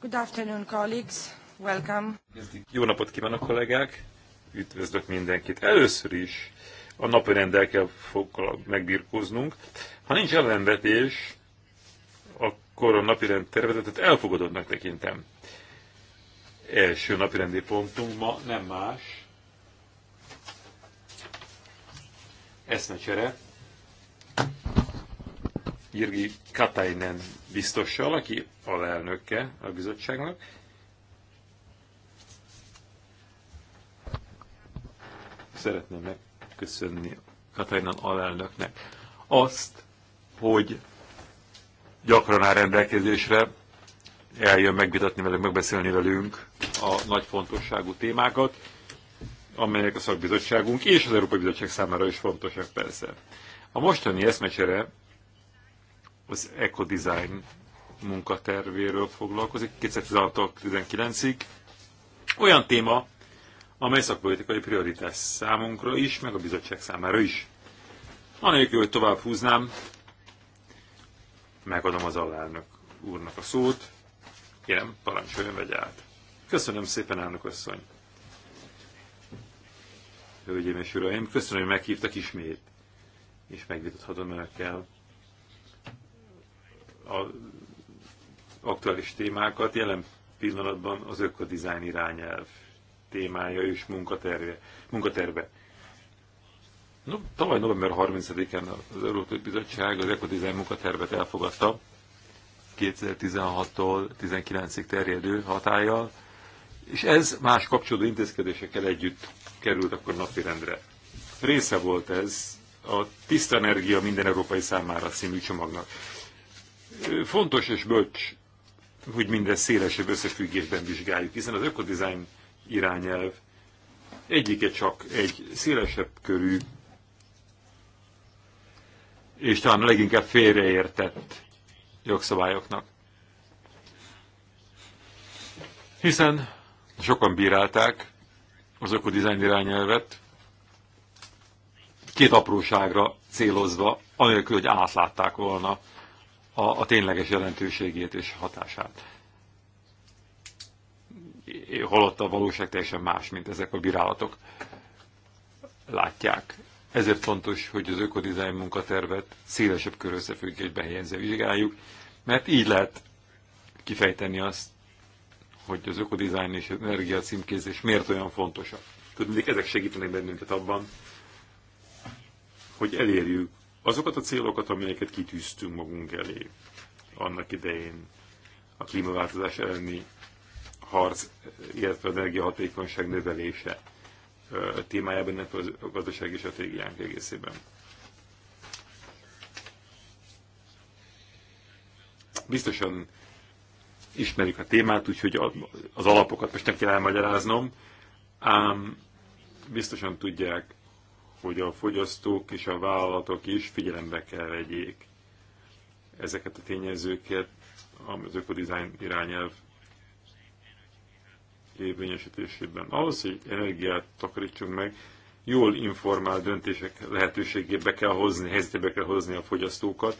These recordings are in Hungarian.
Good afternoon, colleagues. Welcome. Jó napot kívánok, kollégák! Üdvözlök mindenkit! Először is a napirendel kell megbirkóznunk. Ha nincs ellenvetés, akkor a napirend tervezetet elfogadottnak tekintem. Első napirendi pontunk ma nem más. Eszmecsere Jirgi Katainen biztossal, aki alelnöke a bizottságnak. Szeretném megköszönni Katainen alelnöknek azt, hogy gyakran áll rendelkezésre, eljön megvitatni velünk, megbeszélni velünk a nagy fontosságú témákat, amelyek a szakbizottságunk és az Európai Bizottság számára is fontosak persze. A mostani eszmecsere az ecodesign munkatervéről foglalkozik 2016-19-ig. Olyan téma, amely szakpolitikai prioritás számunkra is, meg a bizottság számára is. Anélkül, hogy tovább húznám, megadom az alelnök úrnak a szót. Kérem, parancsoljon, vegy át. Köszönöm szépen, elnök asszony. Hölgyeim és uraim, köszönöm, hogy meghívtak ismét, és megvitathatom önökkel a aktuális témákat. Jelen pillanatban az ökodizájn irányelv témája és munkaterve. munkaterve. No, tavaly november 30-án az Európai Bizottság az ökodizájn munkatervet elfogadta 2016-tól 19-ig terjedő hatállyal, és ez más kapcsolódó intézkedésekkel együtt került akkor napirendre. Része volt ez a Tiszta Energia minden európai számára című csomagnak. Fontos és bölcs, hogy minden szélesebb összefüggésben vizsgáljuk, hiszen az ökodizájn irányelv egyike csak egy szélesebb körű és talán leginkább félreértett jogszabályoknak. Hiszen sokan bírálták az ökodizájn irányelvet, két apróságra célozva, anélkül, hogy átlátták volna a, a tényleges jelentőségét és hatását. Holott a valóság teljesen más, mint ezek a bírálatok látják. Ezért fontos, hogy az ökodizájn munkatervet szélesebb kör összefüggésbe helyezve vizsgáljuk, mert így lehet kifejteni azt, hogy az ökodizájn és az energia címkézés miért olyan fontosak. Tudnék, ezek segítenek bennünket abban, hogy elérjük azokat a célokat, amelyeket kitűztünk magunk elé annak idején a klímaváltozás elleni harc, illetve az energiahatékonyság növelése témájában, illetve a gazdasági stratégiánk egészében. Biztosan ismerjük a témát, úgyhogy az alapokat most nem kell elmagyaráznom, ám biztosan tudják, hogy a fogyasztók és a vállalatok is figyelembe kell vegyék ezeket a tényezőket az ökodizájn irányelv érvényesítésében. Ahhoz, hogy energiát takarítsunk meg, jól informált döntések lehetőségébe kell hozni, helyzetbe kell hozni a fogyasztókat,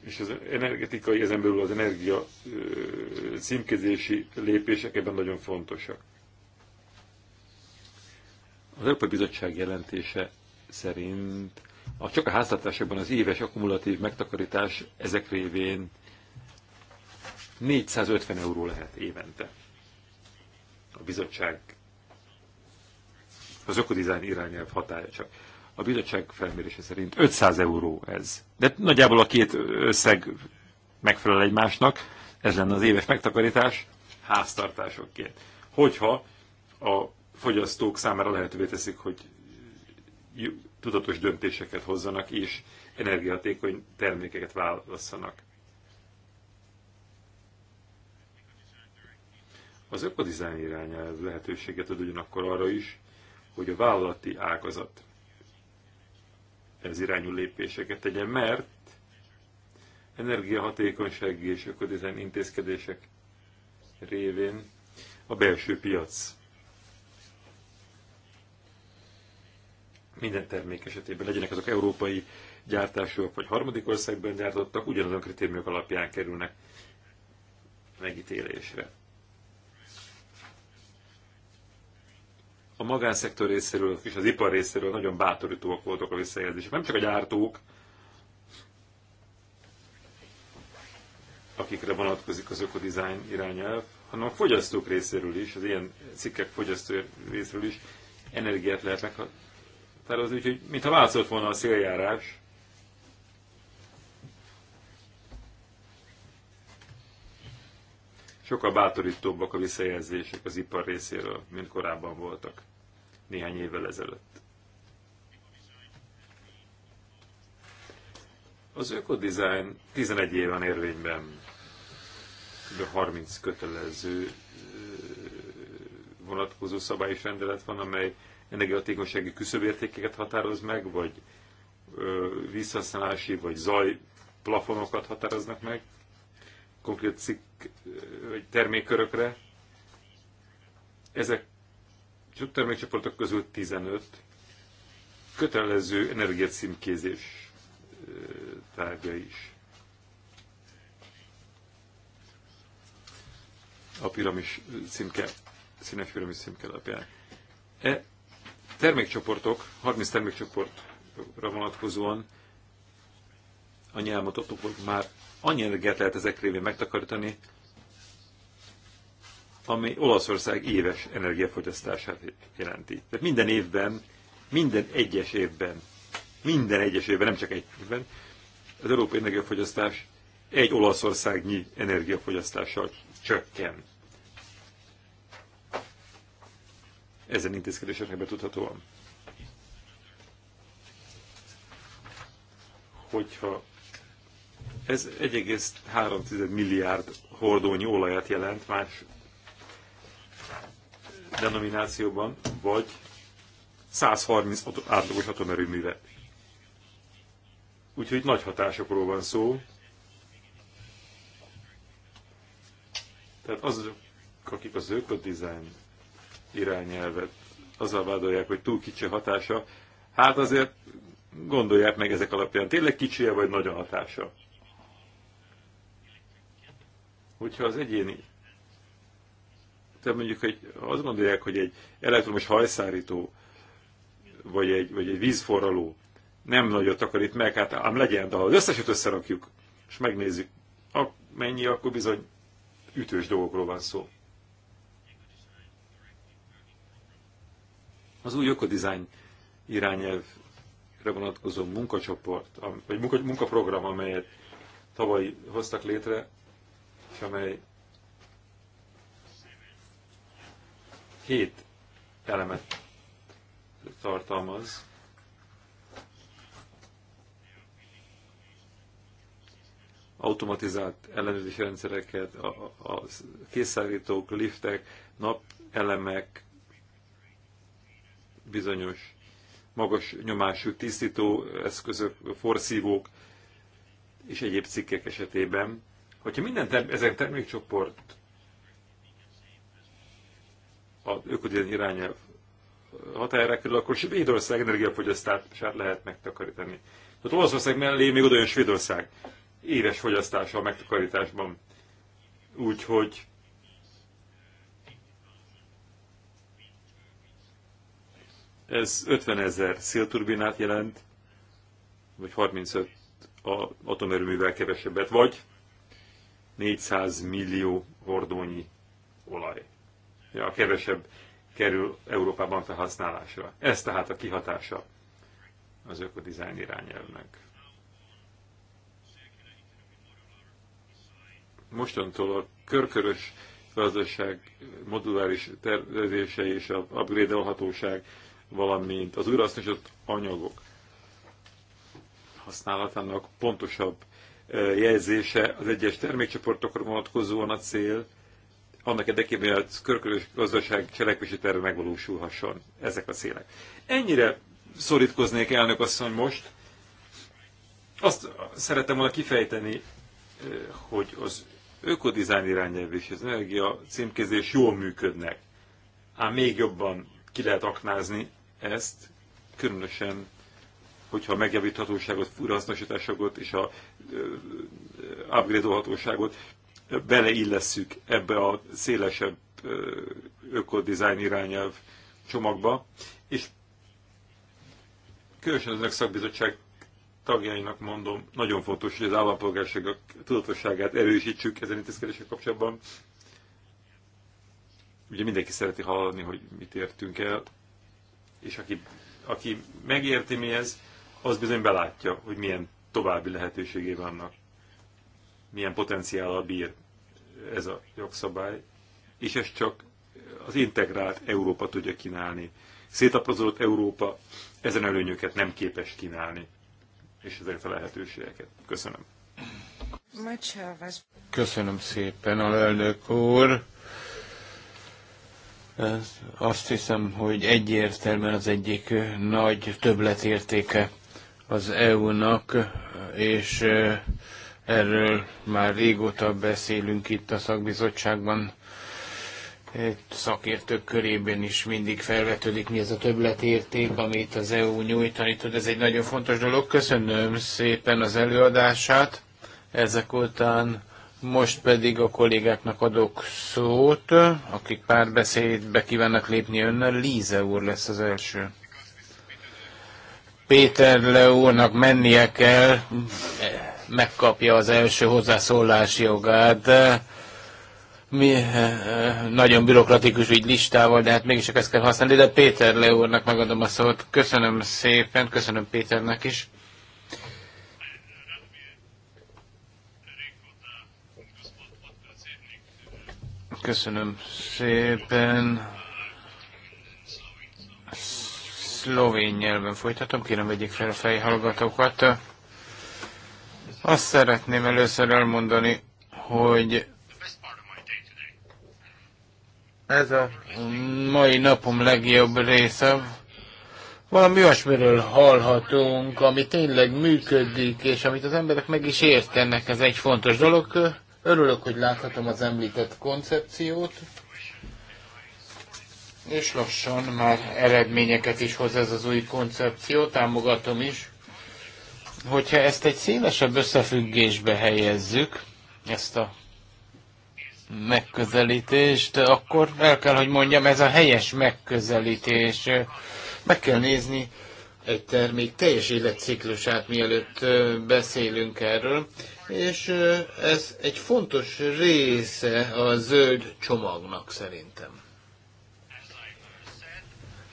és az energetikai, ezen belül az energia címkézési lépések ebben nagyon fontosak. Az Európai Bizottság jelentése szerint a csak a háztartásokban az éves akkumulatív megtakarítás ezek révén 450 euró lehet évente. A bizottság az ökodizájn irányelv hatája csak. A bizottság felmérése szerint 500 euró ez. De nagyjából a két összeg megfelel egymásnak, ez lenne az éves megtakarítás háztartásokként. Hogyha a fogyasztók számára lehetővé teszik, hogy tudatos döntéseket hozzanak és energiahatékony termékeket válasszanak. Az ökodizájn irányelv lehetőséget ad ugyanakkor arra is, hogy a vállalati ágazat ez irányú lépéseket tegyen, mert energiahatékonysági és ökodizájn intézkedések révén a belső piac minden termék esetében, legyenek azok európai gyártásúak, vagy harmadik országban gyártottak, ugyanazon kritériumok alapján kerülnek megítélésre. A magánszektor részéről és az ipar részéről nagyon bátorítóak voltak a visszajelzések. Nem csak a gyártók, akikre vonatkozik az ökodizájn irányelv, hanem a fogyasztók részéről is, az ilyen cikkek fogyasztó részéről is energiát lehet tehát meghatározni, hogy, mintha változott volna a széljárás. Sokkal bátorítóbbak a visszajelzések az ipar részéről, mint korábban voltak néhány évvel ezelőtt. Az ökodizájn 11 éven érvényben, kb. 30 kötelező vonatkozó szabály rendelet van, amely energiahatékonysági küszöbértékeket határoz meg, vagy vízhasználási, vagy zaj plafonokat határoznak meg konkrét cikk, vagy termékkörökre. Ezek termékcsoportok közül 15 kötelező energiacímkézés tárgya is. A piramis címke, színes piramis címke alapján. E Termékcsoportok, 30 termékcsoportra vonatkozóan annyi elmondottuk, hogy már annyi energiát lehet ezek révén megtakarítani, ami Olaszország éves energiafogyasztását jelenti. Tehát minden évben, minden egyes évben, minden egyes évben, nem csak egy évben, az európai energiafogyasztás egy Olaszországnyi energiafogyasztással csökken. ezen intézkedéseknek betudhatóan. Hogyha ez 1,3 milliárd hordónyi olajat jelent más denominációban, vagy 130 átlagos atomerőművet. Úgyhogy nagy hatásokról van szó. Tehát azok, akik az dizájn irányelvet. Azzal vádolják, hogy túl kicsi hatása. Hát azért gondolják meg ezek alapján, tényleg kicsi -e, vagy nagy a hatása. Hogyha az egyéni tehát mondjuk, hogy azt gondolják, hogy egy elektromos hajszárító, vagy egy, vagy egy vízforraló nem nagyot takarít meg, hát ám legyen, de ha az összeset összerakjuk, és megnézzük, a, mennyi, akkor bizony ütős dolgokról van szó. Az új ökodizájn irányelvre vonatkozó munkacsoport, vagy munkaprogram, amelyet tavaly hoztak létre, és amely hét elemet tartalmaz. Automatizált ellenőrzési rendszereket, a, a, a készszállítók, liftek, napelemek, bizonyos magas nyomású tisztító eszközök, forszívók és egyéb cikkek esetében. Hogyha minden ter- ezen termékcsoport az ökodén irányelv hatájára kerül, akkor Svédország energiafogyasztását lehet megtakarítani. Tehát Olaszország mellé még oda jön Svédország éves fogyasztása a megtakarításban. Úgyhogy Ez 50 ezer szélturbinát jelent, vagy 35 a atomerőművel kevesebbet, vagy 400 millió hordónyi olaj. Ja, kevesebb kerül Európában felhasználásra. Ez tehát a kihatása az ökodizájn irányelvnek. Mostantól a körkörös gazdaság moduláris tervezése és a upgrade-olhatóság valamint az újrahasznosított anyagok használatának pontosabb e, jelzése az egyes termékcsoportokra vonatkozóan a cél, annak érdekében, hogy a körkörös gazdaság cselekvési terve megvalósulhasson. Ezek a célek. Ennyire szorítkoznék, elnök asszony, most. Azt szeretem volna kifejteni, e, hogy az ökodizájn irányelv és az energia címkézés jól működnek, ám még jobban ki lehet aknázni ezt, különösen, hogyha a megjavíthatóságot, újrahasznosításokat és a upgradeolhatóságot beleillesszük ebbe a szélesebb ökodizájn irányelv csomagba, és különösen az önök szakbizottság tagjainak mondom, nagyon fontos, hogy az állampolgárságok tudatosságát erősítsük ezen intézkedések kapcsolatban, Ugye mindenki szereti hallani, hogy mit értünk el, és aki, aki megérti mi ez, az bizony belátja, hogy milyen további lehetőségé vannak, milyen potenciállal bír ez a jogszabály, és ez csak az integrált Európa tudja kínálni. Szétaprazódott Európa ezen előnyöket nem képes kínálni, és ezeket a lehetőségeket. Köszönöm. Uh, Köszönöm szépen, alelnök úr. Azt hiszem, hogy egyértelműen az egyik nagy többletértéke az EU-nak, és erről már régóta beszélünk itt a szakbizottságban, szakértők körében is mindig felvetődik, mi ez a többletérték, amit az EU nyújtani tud. Ez egy nagyon fontos dolog. Köszönöm szépen az előadását. Ezek után most pedig a kollégáknak adok szót, akik párbeszédbe kívánnak lépni önnel. Líze úr lesz az első. Péter Leónak mennie kell, megkapja az első hozzászólás jogát. Mi, eh, eh, nagyon bürokratikus ügy listával, de hát mégis ezt kell használni, de Péter Leónak megadom a szót. Köszönöm szépen, köszönöm Péternek is. Köszönöm szépen. Szlovén nyelven folytatom, kérem vegyék fel a fejhallgatókat. Azt szeretném először elmondani, hogy ez a mai napom legjobb része. Valami olyasmiről hallhatunk, ami tényleg működik, és amit az emberek meg is értenek, ez egy fontos dolog. Örülök, hogy láthatom az említett koncepciót, és lassan már eredményeket is hoz ez az új koncepció, támogatom is. Hogyha ezt egy szélesebb összefüggésbe helyezzük, ezt a megközelítést, akkor el kell, hogy mondjam, ez a helyes megközelítés. Meg kell nézni egy termék teljes életciklusát, mielőtt beszélünk erről, és ez egy fontos része a zöld csomagnak szerintem.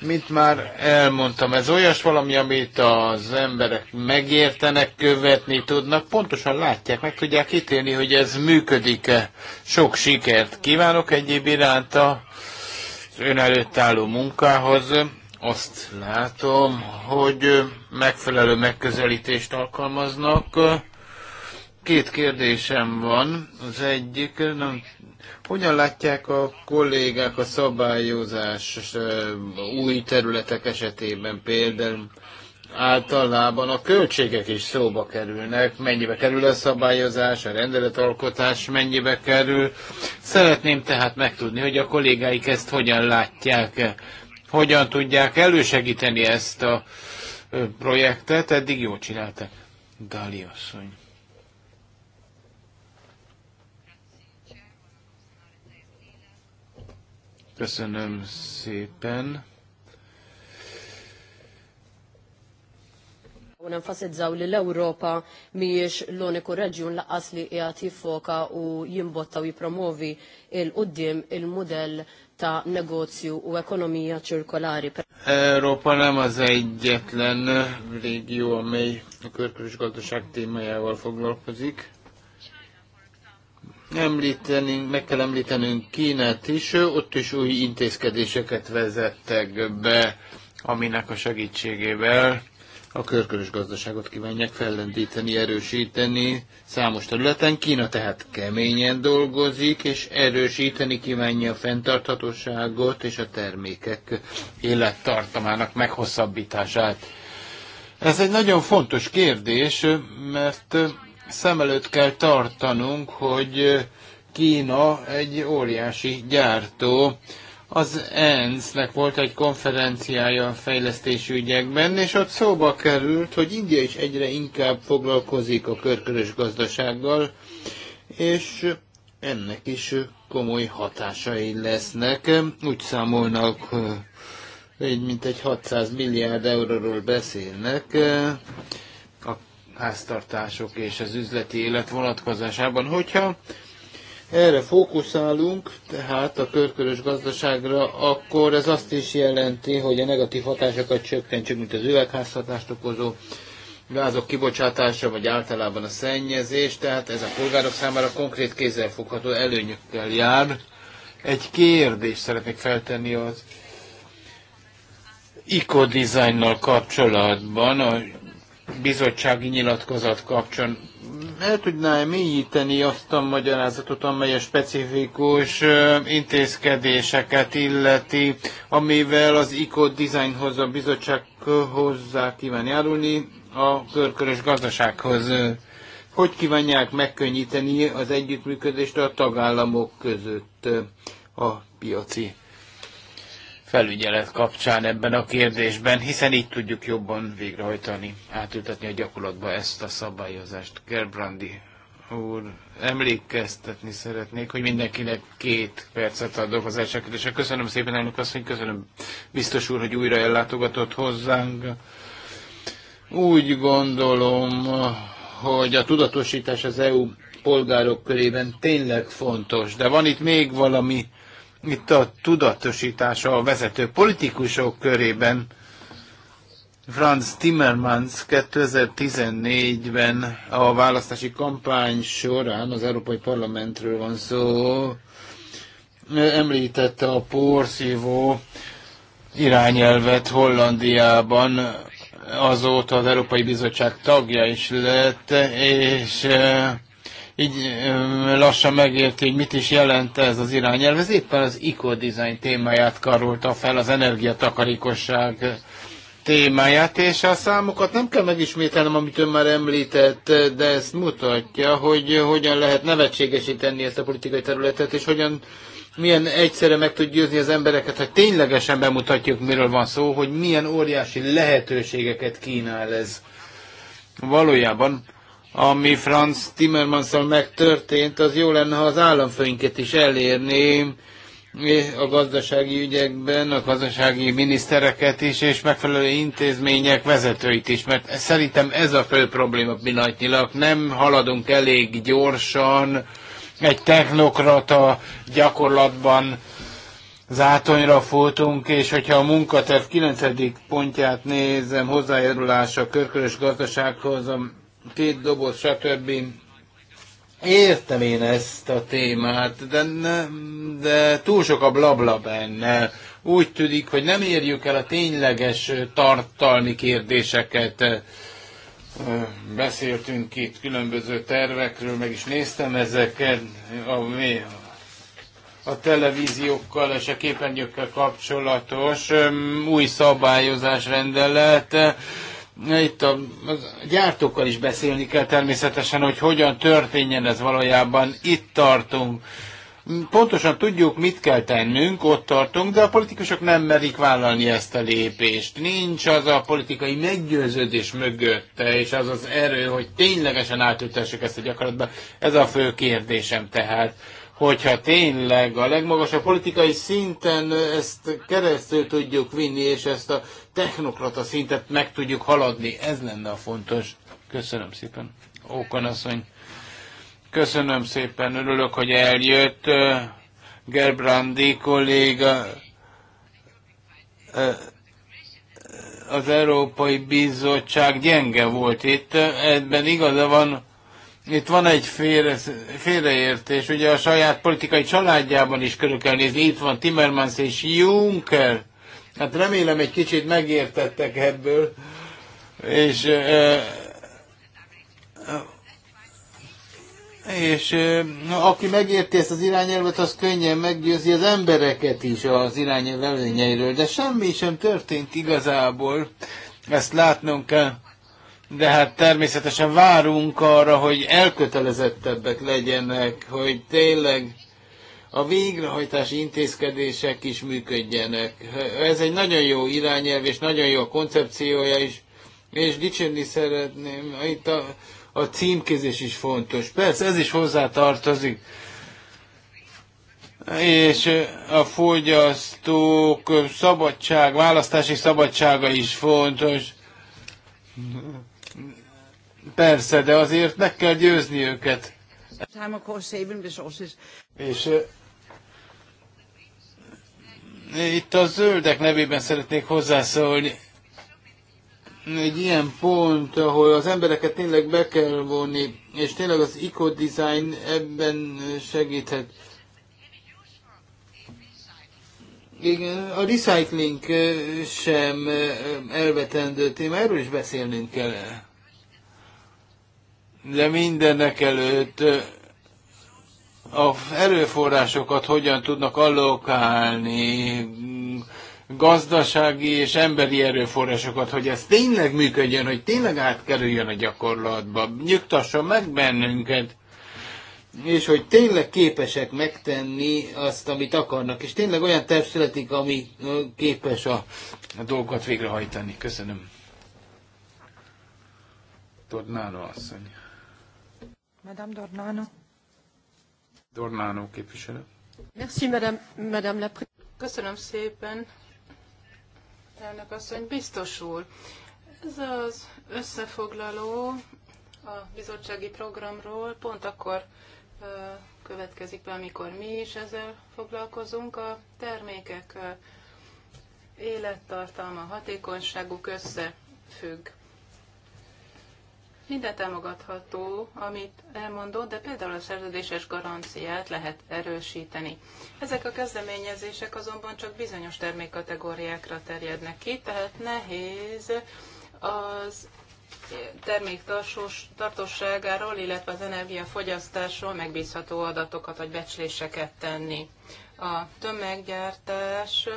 Mint már elmondtam, ez olyas valami, amit az emberek megértenek, követni tudnak, pontosan látják, meg tudják ítélni, hogy ez működik-e. Sok sikert kívánok egyéb iránt az ön előtt álló munkához. Azt látom, hogy megfelelő megközelítést alkalmaznak Két kérdésem van. Az egyik, na, hogyan látják a kollégák a szabályozás új területek esetében például? általában a költségek is szóba kerülnek, mennyibe kerül a szabályozás, a rendeletalkotás mennyibe kerül. Szeretném tehát megtudni, hogy a kollégáik ezt hogyan látják, hogyan tudják elősegíteni ezt a projektet, eddig jól csinálták. Dali asszony. Köszönöm szépen. u nenfasizzaw li l europa miex l-uniku reġjun laqas li qiegħed jiffoka u jimbotta u jipromovi il qudiem il-mudell ta' negozju u ekonomija ċirkolari. Európa nem az egyetlen régió, amely a körkörös gazdaság témájával foglalkozik. Említeni, meg kell említenünk Kínát is, ott is új intézkedéseket vezettek be, aminek a segítségével a körkörös gazdaságot kívánják fellendíteni, erősíteni számos területen. Kína tehát keményen dolgozik, és erősíteni kívánja a fenntarthatóságot és a termékek élettartamának meghosszabbítását. Ez egy nagyon fontos kérdés, mert szem előtt kell tartanunk, hogy Kína egy óriási gyártó. Az ENSZ-nek volt egy konferenciája a fejlesztési ügyekben, és ott szóba került, hogy India is egyre inkább foglalkozik a körkörös gazdasággal, és ennek is komoly hatásai lesznek. Úgy számolnak, hogy mint egy 600 milliárd euróról beszélnek, háztartások és az üzleti élet vonatkozásában. Hogyha erre fókuszálunk, tehát a körkörös gazdaságra, akkor ez azt is jelenti, hogy a negatív hatásokat csökkentsük, mint az üvegházhatást okozó gázok kibocsátása, vagy általában a szennyezés, tehát ez a polgárok számára konkrét kézzelfogható előnyökkel jár. Egy kérdés szeretnék feltenni az eco-designnal kapcsolatban, a bizottsági nyilatkozat kapcsán el tudná mélyíteni azt a magyarázatot, amely a specifikus intézkedéseket illeti, amivel az ICO designhoz a bizottság hozzá kíván járulni a körkörös gazdasághoz. Hogy kívánják megkönnyíteni az együttműködést a tagállamok között a piaci felügyelet kapcsán ebben a kérdésben, hiszen így tudjuk jobban végrehajtani, átültetni a gyakorlatba ezt a szabályozást. Gerbrandi úr, emlékeztetni szeretnék, hogy mindenkinek két percet adok az első kérdésre. Köszönöm szépen, elnök asszony, köszönöm biztos úr, hogy újra ellátogatott hozzánk. Úgy gondolom, hogy a tudatosítás az EU polgárok körében tényleg fontos, de van itt még valami, itt a tudatosítása a vezető politikusok körében. Franz Timmermans 2014-ben a választási kampány során az Európai Parlamentről van szó, említette a porszívó irányelvet Hollandiában, azóta az Európai Bizottság tagja is lett, és így lassan megérti, hogy mit is jelent ez az irányelv. Ez éppen az eco-design témáját karolta fel, az energiatakarékosság témáját, és a számokat nem kell megismételnem, amit ön már említett, de ezt mutatja, hogy hogyan lehet nevetségesíteni ezt a politikai területet, és hogyan milyen egyszerre meg tud győzni az embereket, hogy ténylegesen bemutatjuk, miről van szó, hogy milyen óriási lehetőségeket kínál ez. Valójában ami Franz timmermans megtörtént, az jó lenne, ha az államfőinket is elérni eh, a gazdasági ügyekben, a gazdasági minisztereket is, és megfelelő intézmények vezetőit is, mert szerintem ez a fő probléma pillanatnyilag. Nem haladunk elég gyorsan, egy technokrata gyakorlatban zátonyra futunk, és hogyha a munkaterv 9. pontját nézem, hozzájárulása a körkörös gazdasághoz, két doboz, stb. Értem én ezt a témát, de, de túl sok a blabla benne. Úgy tűnik, hogy nem érjük el a tényleges tartalmi kérdéseket. Beszéltünk itt különböző tervekről, meg is néztem ezeket, a, a televíziókkal és a képernyőkkel kapcsolatos új szabályozás rendelet itt a, a gyártókkal is beszélni kell természetesen, hogy hogyan történjen ez valójában. Itt tartunk. Pontosan tudjuk, mit kell tennünk, ott tartunk, de a politikusok nem merik vállalni ezt a lépést. Nincs az a politikai meggyőződés mögötte, és az az erő, hogy ténylegesen átültessük ezt a gyakorlatba. Ez a fő kérdésem tehát hogyha tényleg a legmagasabb politikai szinten ezt keresztül tudjuk vinni, és ezt a technokrata szintet meg tudjuk haladni, ez lenne a fontos. Köszönöm szépen, Ókan asszony. Köszönöm szépen, örülök, hogy eljött Gerbrandi kolléga az Európai Bizottság gyenge volt itt, ebben igaza van, itt van egy félre, félreértés, ugye a saját politikai családjában is körül kell nézni. Itt van Timmermans és Juncker. Hát remélem egy kicsit megértettek ebből. És e, és aki megérti ezt az irányelvet, az könnyen meggyőzi az embereket is az irányelv előnyeiről. De semmi sem történt igazából. Ezt látnunk kell de hát természetesen várunk arra, hogy elkötelezettebbek legyenek, hogy tényleg a végrehajtási intézkedések is működjenek. Ez egy nagyon jó irányelv, és nagyon jó a koncepciója is, és dicsérni szeretném, itt a, a címkézés is fontos. Persze, ez is hozzá tartozik. És a fogyasztók szabadság, választási szabadsága is fontos. Persze, de azért meg kell győzni őket. És itt a zöldek nevében szeretnék hozzászólni. Egy ilyen pont, ahol az embereket tényleg be kell vonni, és tényleg az eco-design ebben segíthet. Igen, a recycling sem elvetendő téma, erről is beszélnünk kell de mindenek előtt a erőforrásokat hogyan tudnak allokálni, gazdasági és emberi erőforrásokat, hogy ez tényleg működjön, hogy tényleg átkerüljön a gyakorlatba, nyugtasson meg bennünket, és hogy tényleg képesek megtenni azt, amit akarnak, és tényleg olyan terv születik, ami képes a, a dolgokat végrehajtani. Köszönöm. Tornánó asszony. Madame Dornano. Dornano képviselő. Merci, Madame, Madame la Köszönöm szépen, elnök asszony, biztos úr. Ez az összefoglaló a bizottsági programról pont akkor következik be, amikor mi is ezzel foglalkozunk. A termékek élettartalma, hatékonyságuk összefügg minden támogatható, amit elmondott, de például a szerződéses garanciát lehet erősíteni. Ezek a kezdeményezések azonban csak bizonyos termékkategóriákra terjednek ki, tehát nehéz az termék tartóságáról, illetve az energiafogyasztásról megbízható adatokat vagy becsléseket tenni. A tömeggyártás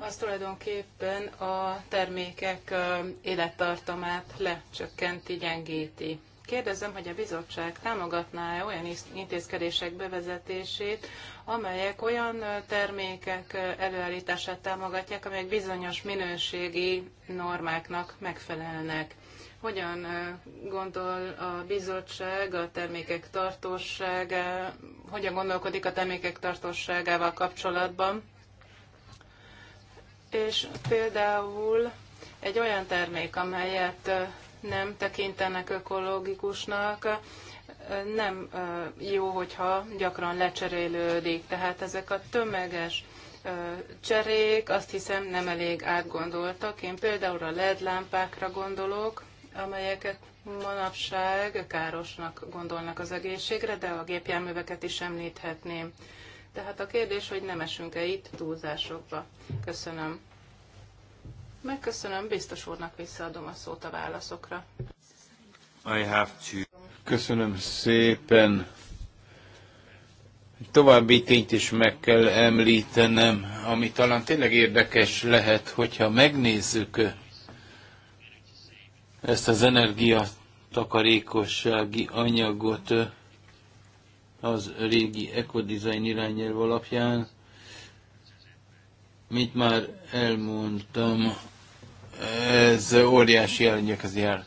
az tulajdonképpen a termékek élettartamát lecsökkenti, gyengíti. Kérdezem, hogy a bizottság támogatná-e olyan intézkedések bevezetését, amelyek olyan termékek előállítását támogatják, amelyek bizonyos minőségi normáknak megfelelnek. Hogyan gondol a bizottság a termékek tartóságá, hogyan gondolkodik a termékek tartóságával kapcsolatban? és például egy olyan termék, amelyet nem tekintenek ökológikusnak, nem jó, hogyha gyakran lecserélődik. Tehát ezek a tömeges cserék azt hiszem nem elég átgondoltak. Én például a LED lámpákra gondolok, amelyeket manapság károsnak gondolnak az egészségre, de a gépjárműveket is említhetném. Tehát a kérdés, hogy nem esünk-e itt túlzásokba. Köszönöm. Megköszönöm, biztos úrnak visszaadom a szót a válaszokra. I have to. Köszönöm szépen. További tényt is meg kell említenem, ami talán tényleg érdekes lehet, hogyha megnézzük ezt az energiatakarékossági anyagot, az régi ecodesign irányelv alapján. Mit már elmondtam, ez óriási az jár.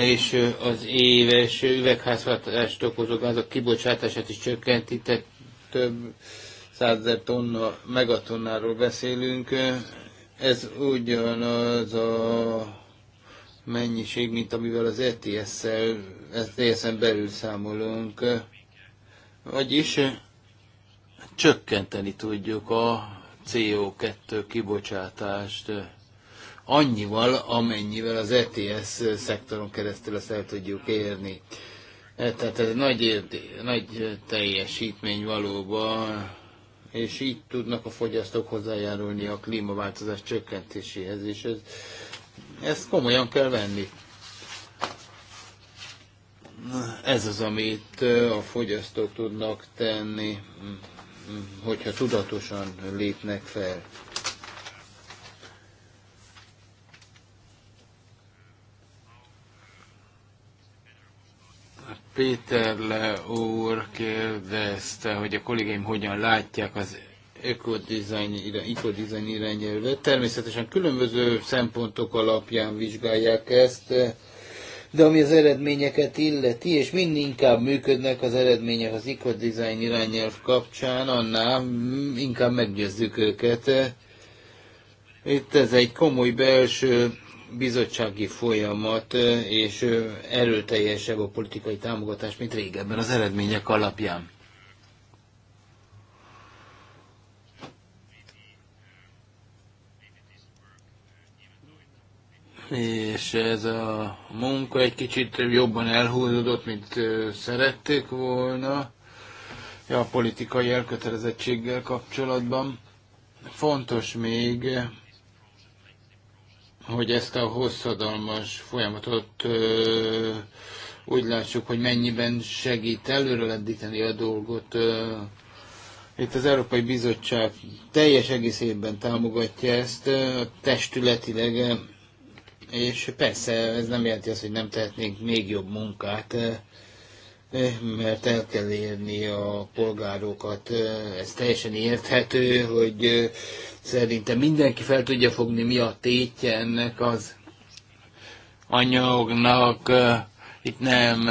És az éves üvegházhatást okozó gázok kibocsátását is csökkenti, tehát több százezer tonna, megatonnáról beszélünk. Ez ugyanaz a mennyiség, mint amivel az ETS-szel, ETS-en belül számolunk. Vagyis csökkenteni tudjuk a CO2 kibocsátást annyival, amennyivel az ETS szektoron keresztül ezt el tudjuk érni. E, tehát ez egy nagy, nagy teljesítmény valóban, és így tudnak a fogyasztók hozzájárulni a klímaváltozás csökkentéséhez, és ez ezt komolyan kell venni. Ez az, amit a fogyasztók tudnak tenni, hogyha tudatosan lépnek fel. Péter Le úr kérdezte, hogy a kollégáim hogyan látják az ökodizájn, irányelvet. Természetesen különböző szempontok alapján vizsgálják ezt, de ami az eredményeket illeti, és mind inkább működnek az eredmények az ökodizájn irányelv kapcsán, annál inkább meggyőzzük őket. Itt ez egy komoly belső bizottsági folyamat, és erőteljesebb a politikai támogatás, mint régebben az eredmények alapján. és ez a munka egy kicsit jobban elhúzódott, mint szerették volna ja, a politikai elkötelezettséggel kapcsolatban. Fontos még, hogy ezt a hosszadalmas folyamatot úgy lássuk, hogy mennyiben segít előre lendíteni a dolgot. itt az Európai Bizottság teljes egészében támogatja ezt ö, testületileg és persze ez nem jelenti azt, hogy nem tehetnénk még jobb munkát, mert el kell érni a polgárokat. Ez teljesen érthető, hogy szerintem mindenki fel tudja fogni, mi a tétje ennek az anyagnak. Itt nem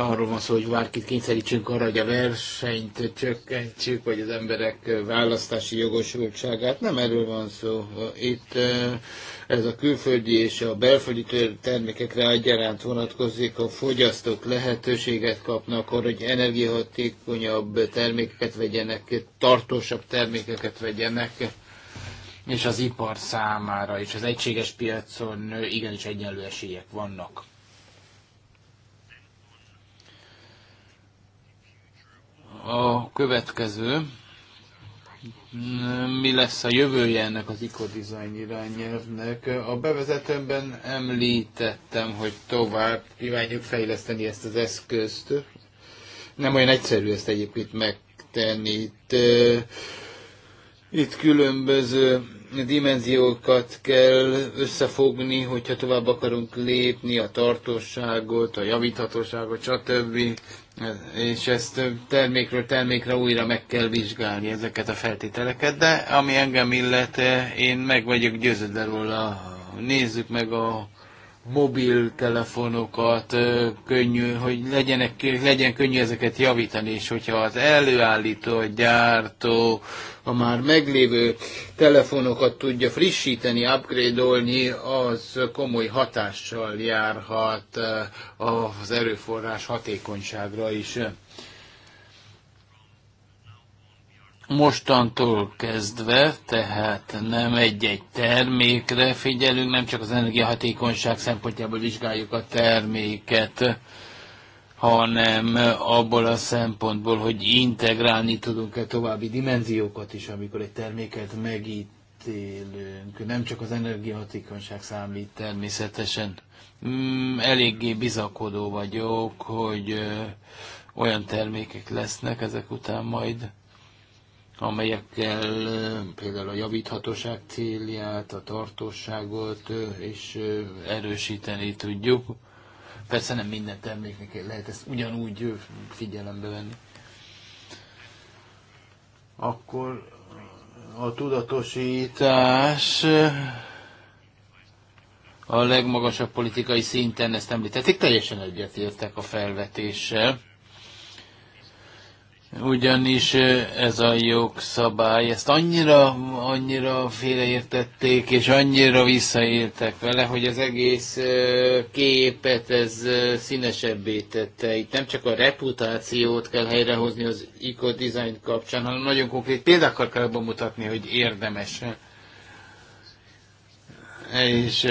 arról van szó, hogy bárkit kényszerítsünk arra, hogy a versenyt csökkentsük, vagy az emberek választási jogosultságát. Nem erről van szó. Itt ez a külföldi és a belföldi termékekre egyaránt vonatkozik, a fogyasztók lehetőséget kapnak arra, hogy energiahatékonyabb termékeket vegyenek, tartósabb termékeket vegyenek és az ipar számára, és az egységes piacon igenis egyenlő esélyek vannak. a következő. Mi lesz a jövője ennek az ikodizájn irányelvnek? A bevezetőmben említettem, hogy tovább kívánjuk fejleszteni ezt az eszközt. Nem olyan egyszerű ezt egyébként megtenni. Itt, itt különböző dimenziókat kell összefogni, hogyha tovább akarunk lépni, a tartóságot, a javíthatóságot, stb és ezt termékről termékre újra meg kell vizsgálni ezeket a feltételeket, de ami engem illet, én meg vagyok győződve róla. Nézzük meg a mobiltelefonokat, könnyű, hogy legyenek, legyen könnyű ezeket javítani, és hogyha az előállító, a gyártó a már meglévő telefonokat tudja frissíteni, upgrade-olni, az komoly hatással járhat az erőforrás hatékonyságra is mostantól kezdve, tehát nem egy-egy termékre figyelünk, nem csak az energiahatékonyság szempontjából vizsgáljuk a terméket, hanem abból a szempontból, hogy integrálni tudunk-e további dimenziókat is, amikor egy terméket megítélünk. Nem csak az energiahatékonyság számít természetesen. Mm, eléggé bizakodó vagyok, hogy olyan termékek lesznek ezek után majd, amelyekkel például a javíthatóság célját, a tartóságot és erősíteni tudjuk. Persze nem minden terméknek lehet ezt ugyanúgy figyelembe venni. Akkor a tudatosítás a legmagasabb politikai szinten ezt említették, teljesen egyetértek a felvetéssel ugyanis ez a jogszabály, ezt annyira, annyira félreértették, és annyira visszaéltek vele, hogy az egész képet ez színesebbé tette. Itt nem csak a reputációt kell helyrehozni az eco design kapcsán, hanem nagyon konkrét példákkal kell bemutatni, hogy érdemes és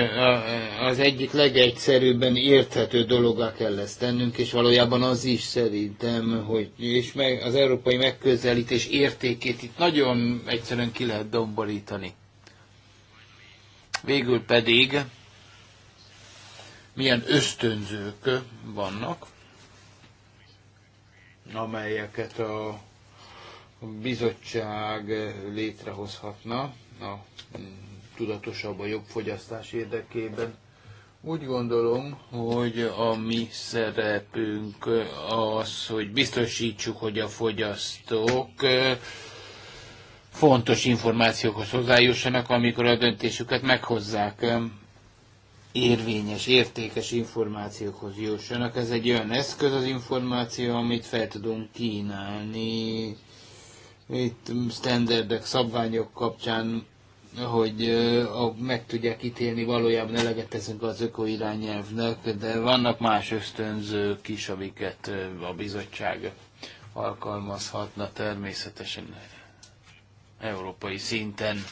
az egyik legegyszerűbben érthető dologá kell ezt tennünk, és valójában az is szerintem, hogy és meg az európai megközelítés értékét itt nagyon egyszerűen ki lehet domborítani. Végül pedig milyen ösztönzők vannak, amelyeket a bizottság létrehozhatna a tudatosabb a jobb fogyasztás érdekében. Úgy gondolom, hogy a mi szerepünk az, hogy biztosítsuk, hogy a fogyasztók fontos információkhoz hozzájussanak, amikor a döntésüket meghozzák érvényes, értékes információkhoz jussanak. Ez egy olyan eszköz az információ, amit fel tudunk kínálni. Itt standardek, szabványok kapcsán hogy ö, meg tudják ítélni, valójában eleget teszünk az ökoirányelvnek, de vannak más ösztönzők is, amiket a bizottság alkalmazhatna természetesen európai szinten.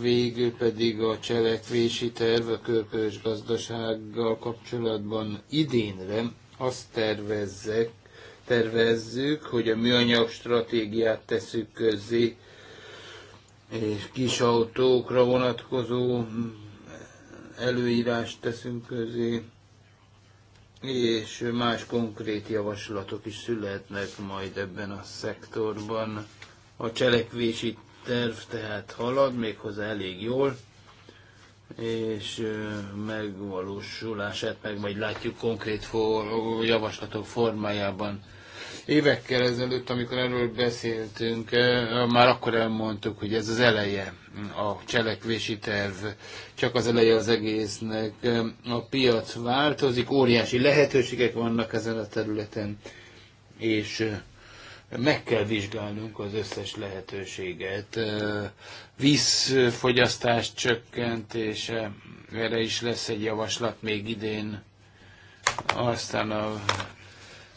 Végül pedig a cselekvési terv a körkörös gazdasággal kapcsolatban idénre azt tervezzek, tervezzük, hogy a műanyag stratégiát teszük közzé, és kis autókra vonatkozó előírást teszünk közé, és más konkrét javaslatok is születnek majd ebben a szektorban. A cselekvési terv tehát halad, méghozzá elég jól, és megvalósulását meg majd látjuk konkrét for, javaslatok formájában. Évekkel ezelőtt, amikor erről beszéltünk, eh, már akkor elmondtuk, hogy ez az eleje a cselekvési terv, csak az eleje az egésznek. Eh, a piac változik, óriási lehetőségek vannak ezen a területen, és eh, meg kell vizsgálnunk az összes lehetőséget. Vízfogyasztás csökkentése, erre is lesz egy javaslat még idén. Aztán a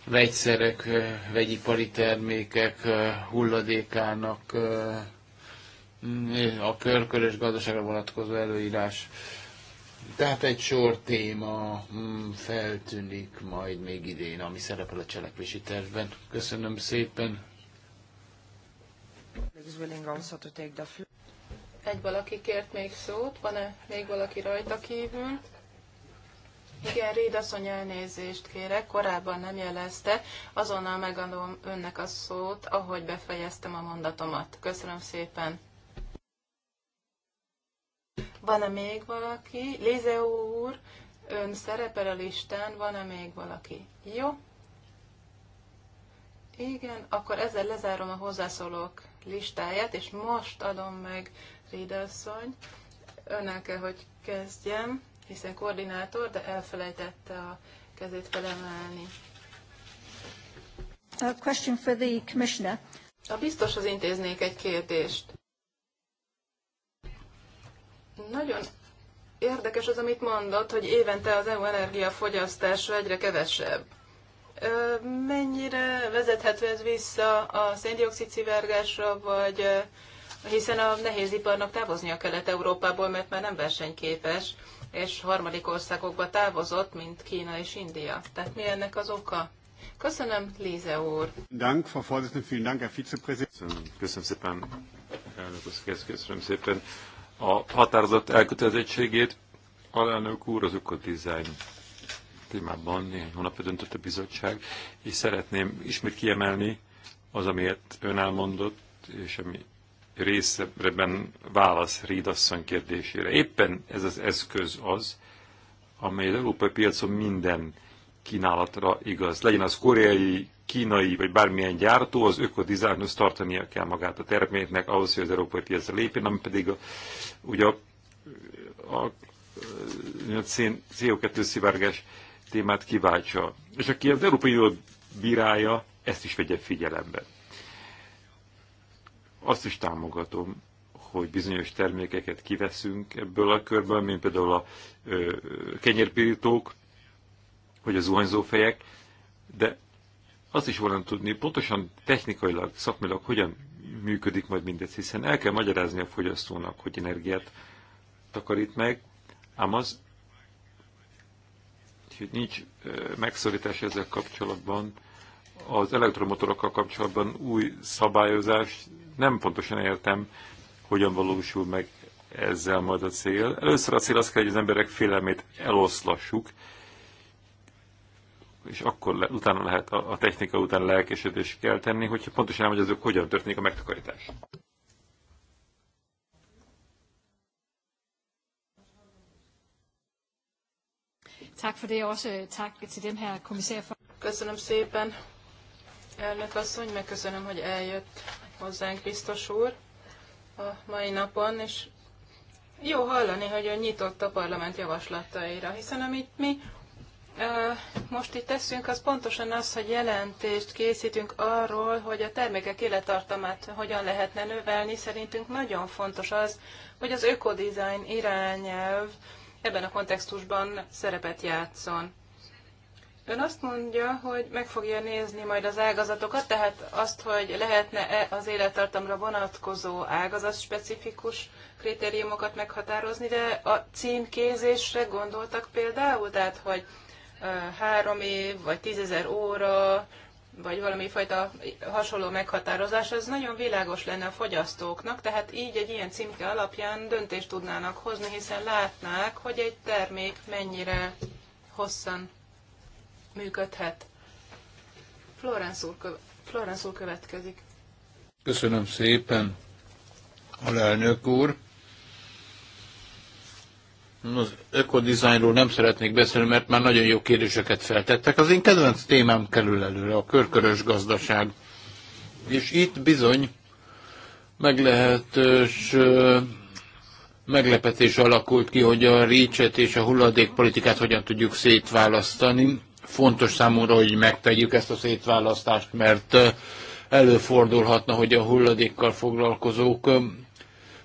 vegyszerek, vegyipari termékek hulladékának a körkörös gazdaságra vonatkozó előírás. Tehát egy sor téma mm, feltűnik majd még idén, ami szerepel a cselekvési tervben. Köszönöm szépen. Egy valaki kért még szót, van-e még valaki rajta kívül? Igen, Réd asszony elnézést kérek, korábban nem jelezte, azonnal megadom önnek a szót, ahogy befejeztem a mondatomat. Köszönöm szépen. Van-e még valaki? Lézeó úr, ön szerepel a listán, van-e még valaki? Jó. Igen, akkor ezzel lezárom a hozzászólók listáját, és most adom meg Rédasszony. Önnel kell, hogy kezdjem hiszen koordinátor, de elfelejtette a kezét felemelni. A question for the commissioner. A az intéznék egy kérdést. Nagyon érdekes az, amit mondott, hogy évente az EU energiafogyasztása egyre kevesebb. Mennyire vezethető ez vissza a széndiokszid szivárgásra, vagy hiszen a nehéziparnak távoznia kellett Európából, mert már nem versenyképes és harmadik országokba távozott, mint Kína és India. Tehát mi ennek az oka? Köszönöm, Líze úr. Dank, Frau Vorsitzende, vielen Dank, Herr Vizepräsident. Köszönöm szépen, elnök úr, köszönöm szépen a határozott elkötelezettségét. Alelnök úr, az ökodizájn témában néhány hónapja döntött a bizottság, és szeretném ismét kiemelni az, amiért ön elmondott, és ami részben válasz Reid asszony kérdésére. Éppen ez az eszköz az, amely az európai piacon minden kínálatra igaz. Legyen az koreai, kínai vagy bármilyen gyártó, az ökodizájnhoz tartania kell magát a terméknek ahhoz, hogy az európai piacra lépjen, ami pedig a, ugye a, a, a a CO2 szivárgás témát kiváltsa. És aki az Európai Uniót bírálja, ezt is vegye figyelembe. Azt is támogatom, hogy bizonyos termékeket kiveszünk ebből a körből, mint például a ö, kenyérpirítók, vagy a zuhanyzófejek, de azt is volna tudni, pontosan technikailag, szakmilag hogyan működik majd mindez, hiszen el kell magyarázni a fogyasztónak, hogy energiát takarít meg, ám az, hogy nincs megszorítás ezzel kapcsolatban, az elektromotorokkal kapcsolatban új szabályozás, nem pontosan értem, hogyan valósul meg ezzel majd a cél. Először a cél az kell, hogy az emberek félelmét eloszlassuk, és akkor le, utána lehet a, a technika után lelkesedést kell tenni, hogyha pontosan nem, hogy azok hogyan történik a megtakarítás. Köszönöm szépen Elnök asszony, megköszönöm, hogy eljött hozzánk biztos úr a mai napon, és jó hallani, hogy ő nyitott a parlament javaslataira, hiszen amit mi most itt teszünk, az pontosan az, hogy jelentést készítünk arról, hogy a termékek élettartamát hogyan lehetne növelni. Szerintünk nagyon fontos az, hogy az ökodizájn irányelv ebben a kontextusban szerepet játszon. Ön azt mondja, hogy meg fogja nézni majd az ágazatokat, tehát azt, hogy lehetne-e az élettartamra vonatkozó ágazat specifikus kritériumokat meghatározni, de a címkézésre gondoltak például, tehát hogy három év, vagy tízezer óra, vagy valami fajta hasonló meghatározás, ez nagyon világos lenne a fogyasztóknak, tehát így egy ilyen címke alapján döntést tudnának hozni, hiszen látnák, hogy egy termék mennyire hosszan működhet. Florence úr, köve- Florence úr következik. Köszönöm szépen, alelnök úr. Az ökodizájnról nem szeretnék beszélni, mert már nagyon jó kérdéseket feltettek. Az én kedvenc témám kerül előre, a körkörös gazdaság. És itt bizony meglehetős meglepetés alakult ki, hogy a rícset és a hulladékpolitikát hogyan tudjuk szétválasztani. Fontos számomra, hogy megtegyük ezt a szétválasztást, mert előfordulhatna, hogy a hulladékkal foglalkozók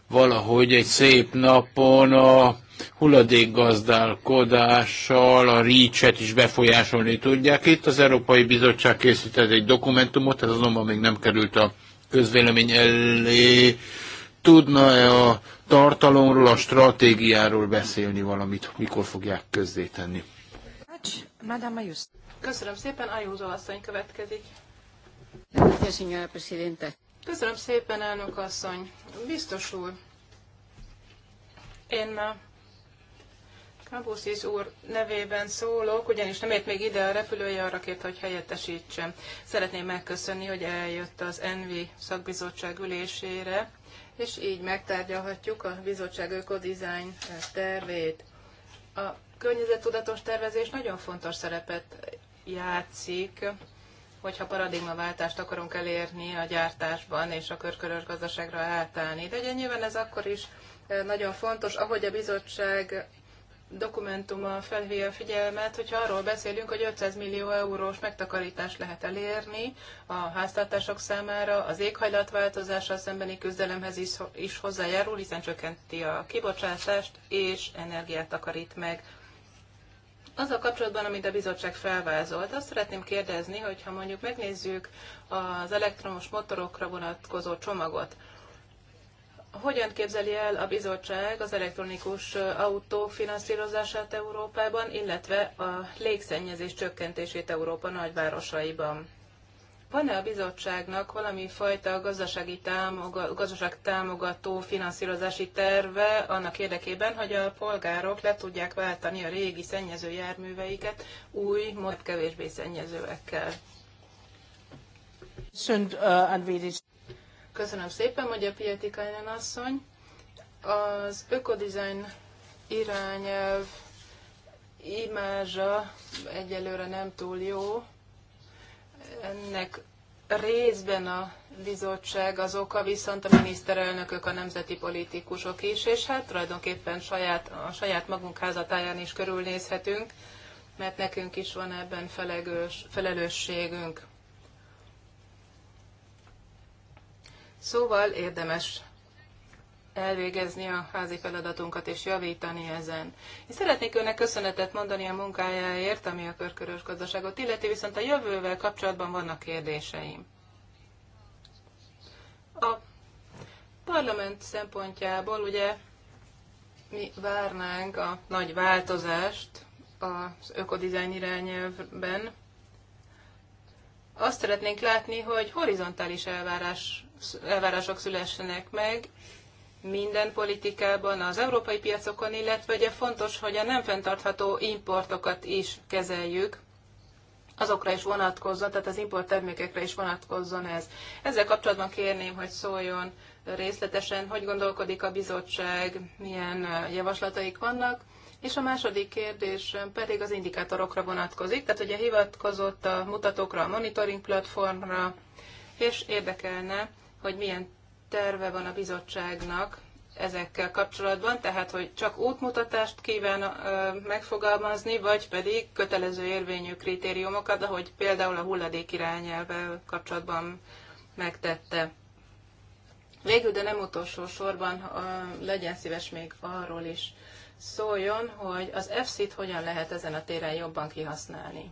valahogy egy szép napon a hulladékgazdálkodással a rícset is befolyásolni tudják. Itt az Európai Bizottság készített egy dokumentumot, ez azonban még nem került a közvélemény elé. Tudna-e a tartalomról, a stratégiáról beszélni valamit, mikor fogják közzétenni? Madame Ayuso. Köszönöm szépen, Ayuso asszony következik. Köszönöm szépen, elnök asszony. Biztos úr, én uh, Kambuszis úr nevében szólok, ugyanis nem ért még ide a repülője, arra kért, hogy helyettesítsem. Szeretném megköszönni, hogy eljött az ENVI szakbizottság ülésére, és így megtárgyalhatjuk a bizottság ökodizájn tervét. A környezettudatos tervezés nagyon fontos szerepet játszik, hogyha paradigmaváltást akarunk elérni a gyártásban és a körkörös gazdaságra átállni. De ugye nyilván ez akkor is e, nagyon fontos, ahogy a bizottság dokumentuma felhívja a figyelmet, hogyha arról beszélünk, hogy 500 millió eurós megtakarítást lehet elérni a háztartások számára, az éghajlatváltozással szembeni küzdelemhez is, is hozzájárul, hiszen csökkenti a kibocsátást és energiát takarít meg. Az a kapcsolatban, amit a bizottság felvázolt, azt szeretném kérdezni, hogy ha mondjuk megnézzük az elektromos motorokra vonatkozó csomagot, hogyan képzeli el a bizottság az elektronikus autók finanszírozását Európában, illetve a légszennyezés csökkentését Európa nagyvárosaiban? Van-e a bizottságnak valami fajta gazdasági támoga, gazdaság támogató finanszírozási terve annak érdekében, hogy a polgárok le tudják váltani a régi szennyező járműveiket új, mod kevésbé szennyezőekkel? Köszönöm szépen, hogy a Pietikainen asszony. Az ökodizájn irányelv imázsa egyelőre nem túl jó, ennek részben a bizottság az oka, viszont a miniszterelnökök, a nemzeti politikusok is, és hát tulajdonképpen saját, a saját magunk házatáján is körülnézhetünk, mert nekünk is van ebben felegős, felelősségünk. Szóval érdemes elvégezni a házi feladatunkat és javítani ezen. Én szeretnék önnek köszönetet mondani a munkájáért, ami a körkörös gazdaságot illeti, viszont a jövővel kapcsolatban vannak kérdéseim. A parlament szempontjából ugye mi várnánk a nagy változást az ökodizájn irányelvben, azt szeretnénk látni, hogy horizontális elvárás, elvárások szülessenek meg, minden politikában, az európai piacokon, illetve ugye fontos, hogy a nem fenntartható importokat is kezeljük, azokra is vonatkozzon, tehát az import termékekre is vonatkozzon ez. Ezzel kapcsolatban kérném, hogy szóljon részletesen, hogy gondolkodik a bizottság, milyen javaslataik vannak, és a második kérdés pedig az indikátorokra vonatkozik, tehát ugye hivatkozott a mutatókra, a monitoring platformra, és érdekelne, hogy milyen terve van a bizottságnak ezekkel kapcsolatban, tehát hogy csak útmutatást kíván megfogalmazni, vagy pedig kötelező érvényű kritériumokat, ahogy például a hulladék irányelvvel kapcsolatban megtette. Végül, de nem utolsó sorban legyen szíves még arról is szóljon, hogy az EFSZ-t hogyan lehet ezen a téren jobban kihasználni.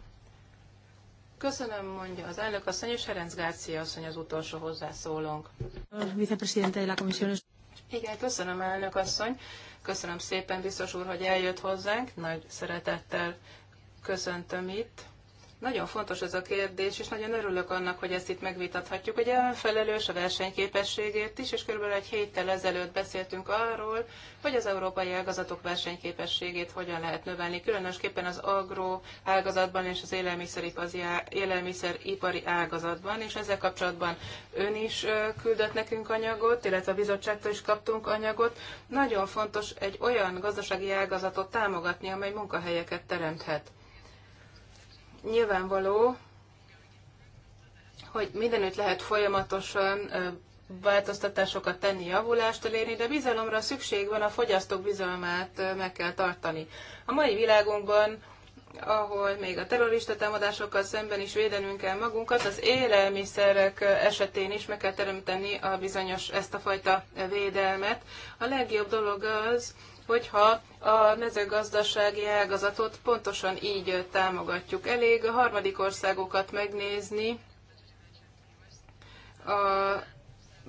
Köszönöm, mondja az elnök asszony, és Herenc Gárcia asszony az utolsó hozzászólónk. Vicepresidente de la Comisión. Igen, köszönöm, elnök asszony. Köszönöm szépen, biztos úr, hogy eljött hozzánk. Nagy szeretettel köszöntöm itt. Nagyon fontos ez a kérdés, és nagyon örülök annak, hogy ezt itt megvitathatjuk. Ugye felelős a versenyképességért is, és körülbelül egy héttel ezelőtt beszéltünk arról, hogy az európai ágazatok versenyképességét hogyan lehet növelni, különösképpen az agro ágazatban és az élelmiszeripari ágazatban, és ezzel kapcsolatban ön is küldött nekünk anyagot, illetve a bizottságtól is kaptunk anyagot. Nagyon fontos egy olyan gazdasági ágazatot támogatni, amely munkahelyeket teremthet nyilvánvaló, hogy mindenütt lehet folyamatosan változtatásokat tenni, javulást elérni, de bizalomra szükség van, a fogyasztók bizalmát meg kell tartani. A mai világunkban ahol még a terrorista támadásokkal szemben is védenünk kell magunkat, az élelmiszerek esetén is meg kell teremteni a bizonyos ezt a fajta védelmet. A legjobb dolog az, hogyha a mezőgazdasági ágazatot pontosan így támogatjuk. Elég a harmadik országokat megnézni, a,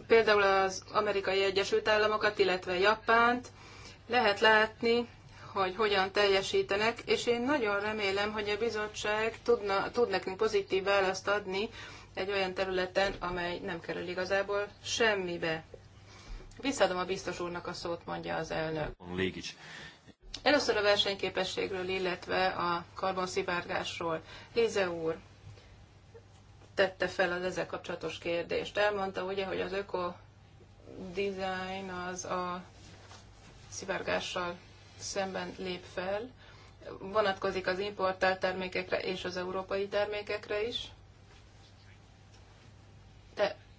például az amerikai Egyesült Államokat, illetve Japánt, lehet látni, hogy hogyan teljesítenek, és én nagyon remélem, hogy a bizottság tudna, tud nekünk pozitív választ adni egy olyan területen, amely nem kerül igazából semmibe. Visszaadom a biztos úrnak a szót, mondja az elnök. Először a versenyképességről, illetve a karbonszivárgásról. Lize úr tette fel az ezzel kapcsolatos kérdést. Elmondta ugye, hogy az öko design az a szivárgással szemben lép fel, vonatkozik az importált termékekre és az európai termékekre is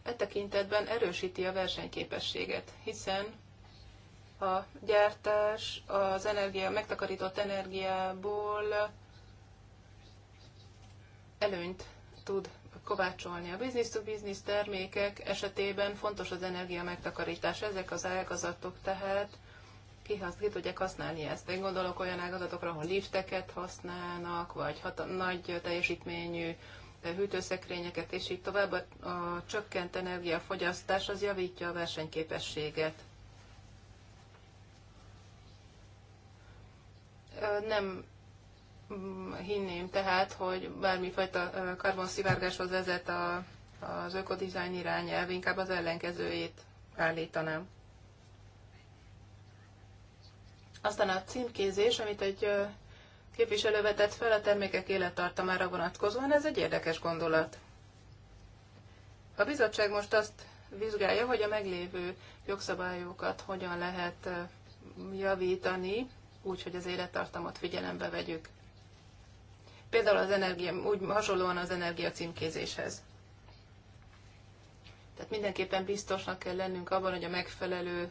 e tekintetben erősíti a versenyképességet, hiszen a gyártás az energia, megtakarított energiából előnyt tud kovácsolni. A business-to-business termékek esetében fontos az energia megtakarítás. Ezek az ágazatok tehát kihasz, ki tudják használni ezt. Én gondolok olyan ágazatokra, ahol lifteket használnak, vagy hat- nagy teljesítményű hűtőszekrényeket, és így tovább a, csökkent energiafogyasztás az javítja a versenyképességet. Nem mm, hinném tehát, hogy bármifajta karbonszivárgáshoz vezet a, az ökodizájn irányelv, inkább az ellenkezőjét állítanám. Aztán a címkézés, amit egy képviselő vetett fel a termékek élettartamára vonatkozóan, ez egy érdekes gondolat. A bizottság most azt vizsgálja, hogy a meglévő jogszabályokat hogyan lehet javítani, úgy, hogy az élettartamot figyelembe vegyük. Például az energia, úgy hasonlóan az energia címkézéshez. Tehát mindenképpen biztosnak kell lennünk abban, hogy a megfelelő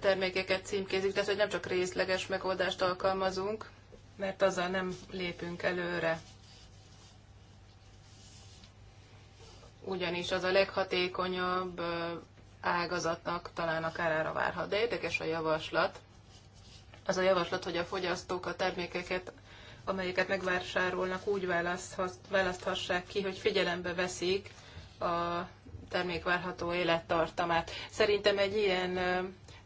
termékeket címkézik, tehát hogy nem csak részleges megoldást alkalmazunk, mert azzal nem lépünk előre. Ugyanis az a leghatékonyabb ágazatnak talán a kárára várhat. De érdekes a javaslat. Az a javaslat, hogy a fogyasztók a termékeket, amelyeket megvásárolnak, úgy választhassák ki, hogy figyelembe veszik a termék várható élettartamát. Szerintem egy ilyen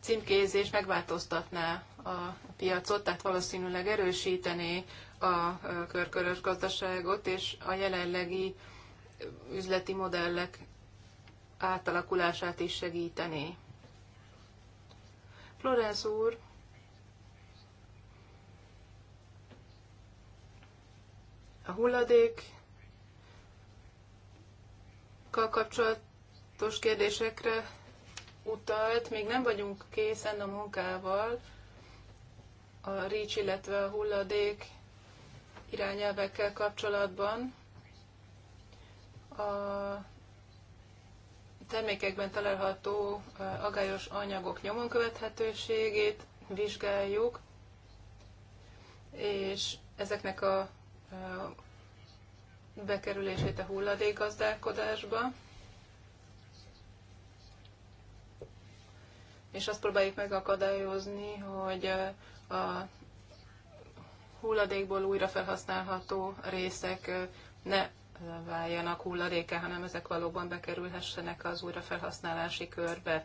címkézés megváltoztatná a piacot, tehát valószínűleg erősítené a körkörös gazdaságot, és a jelenlegi üzleti modellek átalakulását is segítené. Florence úr a hulladék kapcsolatos kérdésekre utalt, még nem vagyunk készen a munkával, a rics, illetve a hulladék irányelvekkel kapcsolatban. A termékekben található agályos anyagok nyomon követhetőségét vizsgáljuk, és ezeknek a bekerülését a hulladékgazdálkodásba. és azt próbáljuk megakadályozni, hogy a hulladékból újra felhasználható részek ne váljanak hulladéke, hanem ezek valóban bekerülhessenek az újrafelhasználási körbe.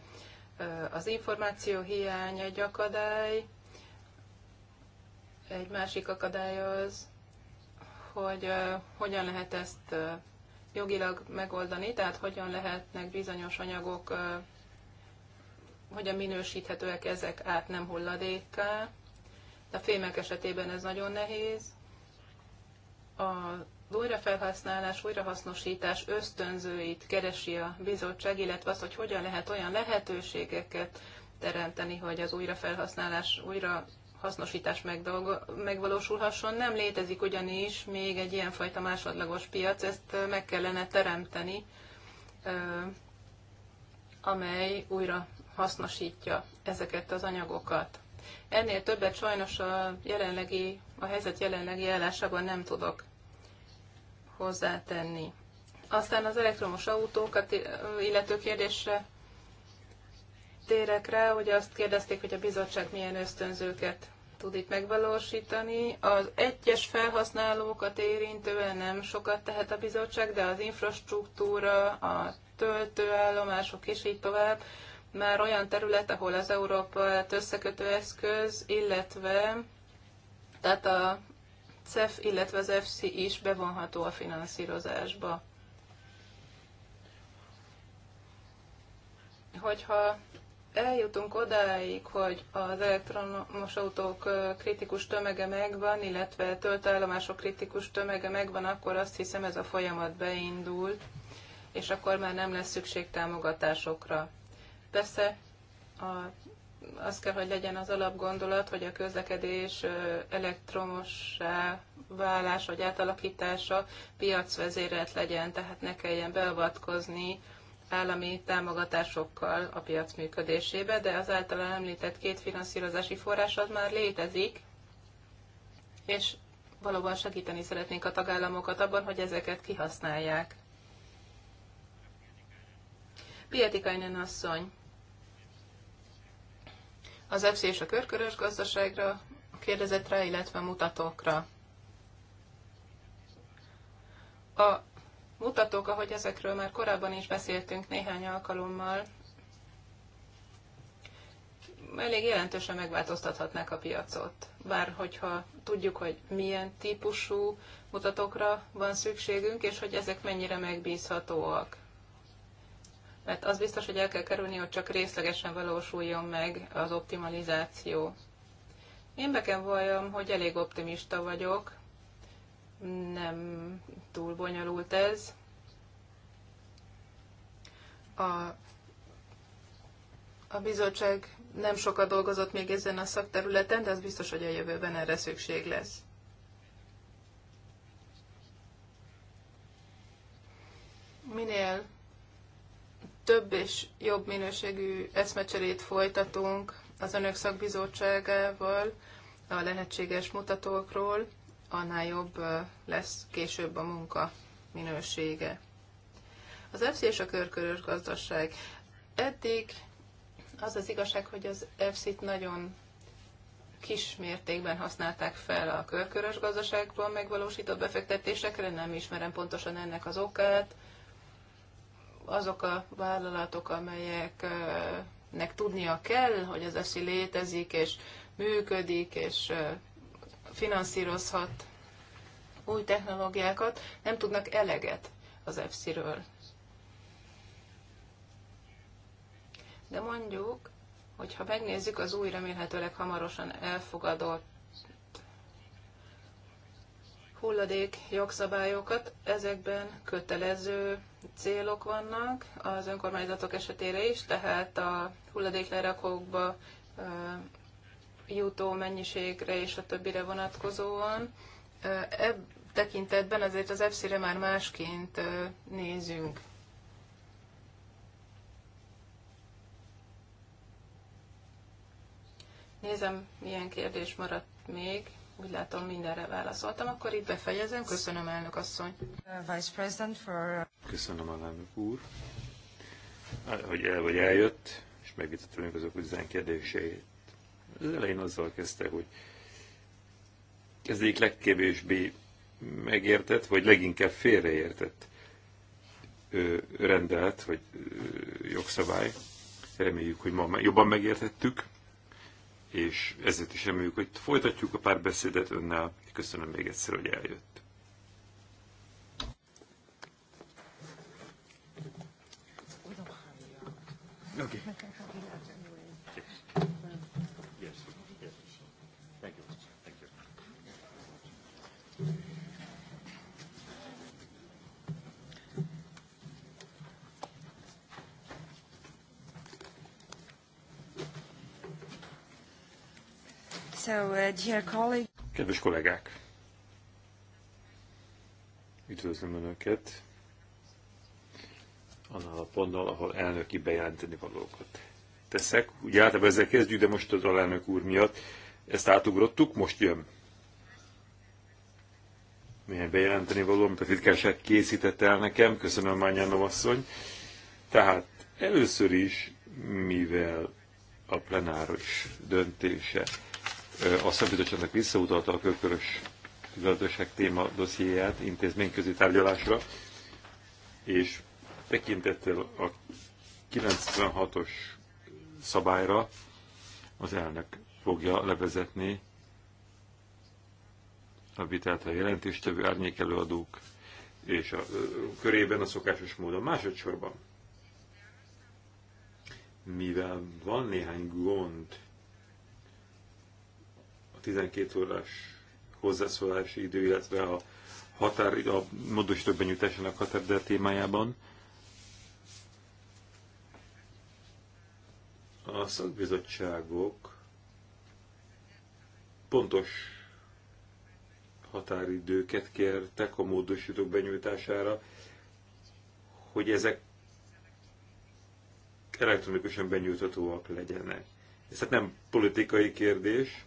Az információ hiány egy akadály, egy másik akadály az, hogy hogyan lehet ezt jogilag megoldani, tehát hogyan lehetnek bizonyos anyagok hogy a minősíthetőek ezek át nem hulladékká. De a fémek esetében ez nagyon nehéz. A újrafelhasználás, újrahasznosítás ösztönzőit keresi a bizottság, illetve az, hogy hogyan lehet olyan lehetőségeket teremteni, hogy az újrafelhasználás, újra hasznosítás megvalósulhasson. Nem létezik ugyanis még egy ilyenfajta másodlagos piac, ezt meg kellene teremteni, amely újra hasznosítja ezeket az anyagokat. Ennél többet sajnos a, jelenlegi, a helyzet jelenlegi állásában nem tudok hozzátenni. Aztán az elektromos autókat illető kérdésre térek rá, hogy azt kérdezték, hogy a bizottság milyen ösztönzőket tud itt megvalósítani. Az egyes felhasználókat érintően nem sokat tehet a bizottság, de az infrastruktúra, a töltőállomások és így tovább, már olyan terület, ahol az Európa összekötő eszköz, illetve tehát a CEF, illetve az FC is bevonható a finanszírozásba. Hogyha eljutunk odáig, hogy az elektromos autók kritikus tömege megvan, illetve töltállomások kritikus tömege megvan, akkor azt hiszem ez a folyamat beindul, és akkor már nem lesz szükség támogatásokra. Persze a, az kell, hogy legyen az alapgondolat, hogy a közlekedés elektromossá válás vagy átalakítása piacvezérelt legyen, tehát ne kelljen beavatkozni állami támogatásokkal a piac működésébe, de az általán említett két finanszírozási forrás az már létezik, és valóban segíteni szeretnénk a tagállamokat abban, hogy ezeket kihasználják. Pietikainen asszony az EPSZ és a körkörös gazdaságra kérdezett rá, illetve mutatókra. A mutatók, ahogy ezekről már korábban is beszéltünk néhány alkalommal, elég jelentősen megváltoztathatnák a piacot. Bár hogyha tudjuk, hogy milyen típusú mutatókra van szükségünk, és hogy ezek mennyire megbízhatóak mert hát az biztos, hogy el kell kerülni, hogy csak részlegesen valósuljon meg az optimalizáció. Én be kell valljam, hogy elég optimista vagyok, nem túl bonyolult ez. A, a bizottság nem sokat dolgozott még ezen a szakterületen, de az biztos, hogy a jövőben erre szükség lesz. Minél több és jobb minőségű eszmecserét folytatunk az Önök szakbizottságával a lehetséges mutatókról, annál jobb lesz később a munka minősége. Az EFSZ és a körkörös gazdaság. Eddig az az igazság, hogy az EFSZ-t nagyon kis mértékben használták fel a körkörös gazdaságban megvalósított befektetésekre, nem ismerem pontosan ennek az okát, azok a vállalatok, amelyeknek tudnia kell, hogy az esi létezik, és működik, és finanszírozhat új technológiákat, nem tudnak eleget az EFSZ-ről. De mondjuk, hogyha megnézzük az új remélhetőleg hamarosan elfogadott hulladék jogszabályokat, ezekben kötelező célok vannak az önkormányzatok esetére is, tehát a hulladéklerakókba jutó mennyiségre és a többire vonatkozóan. Ebb tekintetben azért az EFSZ-re már másként nézünk. Nézem, milyen kérdés maradt még. Úgy látom, mindenre válaszoltam. Akkor itt befejezem. Köszönöm, elnök asszony. Vice President for... Köszönöm, elnök úr, hogy el vagy eljött, és megvitatta velünk az okudizán kérdéseit. Az elején azzal kezdte, hogy ez egyik legkevésbé megértett, vagy leginkább félreértett rendelet, vagy jogszabály. Reméljük, hogy ma jobban megértettük és ezért is reméljük, hogy folytatjuk a párbeszédet önnel. Köszönöm még egyszer, hogy eljött. Okay. So, uh, dear colleague... Kedves kollégák! Üdvözlöm Önöket! Annál a pontnal, ahol elnöki bejelenteni valókat teszek. Ugye általában ezzel kezdjük, de most az alelnök úr miatt ezt átugrottuk, most jön. Milyen bejelenteni való, amit a titkárság készített el nekem. Köszönöm, Mányánom asszony. Tehát először is, mivel a plenáros döntése a szabadságnak visszautalta a körkörös gazdaság téma dossziéját intézményközi tárgyalásra, és tekintettel a 96-os szabályra az elnök fogja levezetni a vitát a jelentéstevő árnyékelőadók és a, a, körében a szokásos módon. Másodszorban, mivel van néhány gond 12 órás hozzászólási idő, illetve a határ, a módosító benyújtásának határidő témájában. A szakbizottságok pontos határidőket kértek a módosítók benyújtására, hogy ezek elektronikusan benyújthatóak legyenek. Ez hát nem politikai kérdés,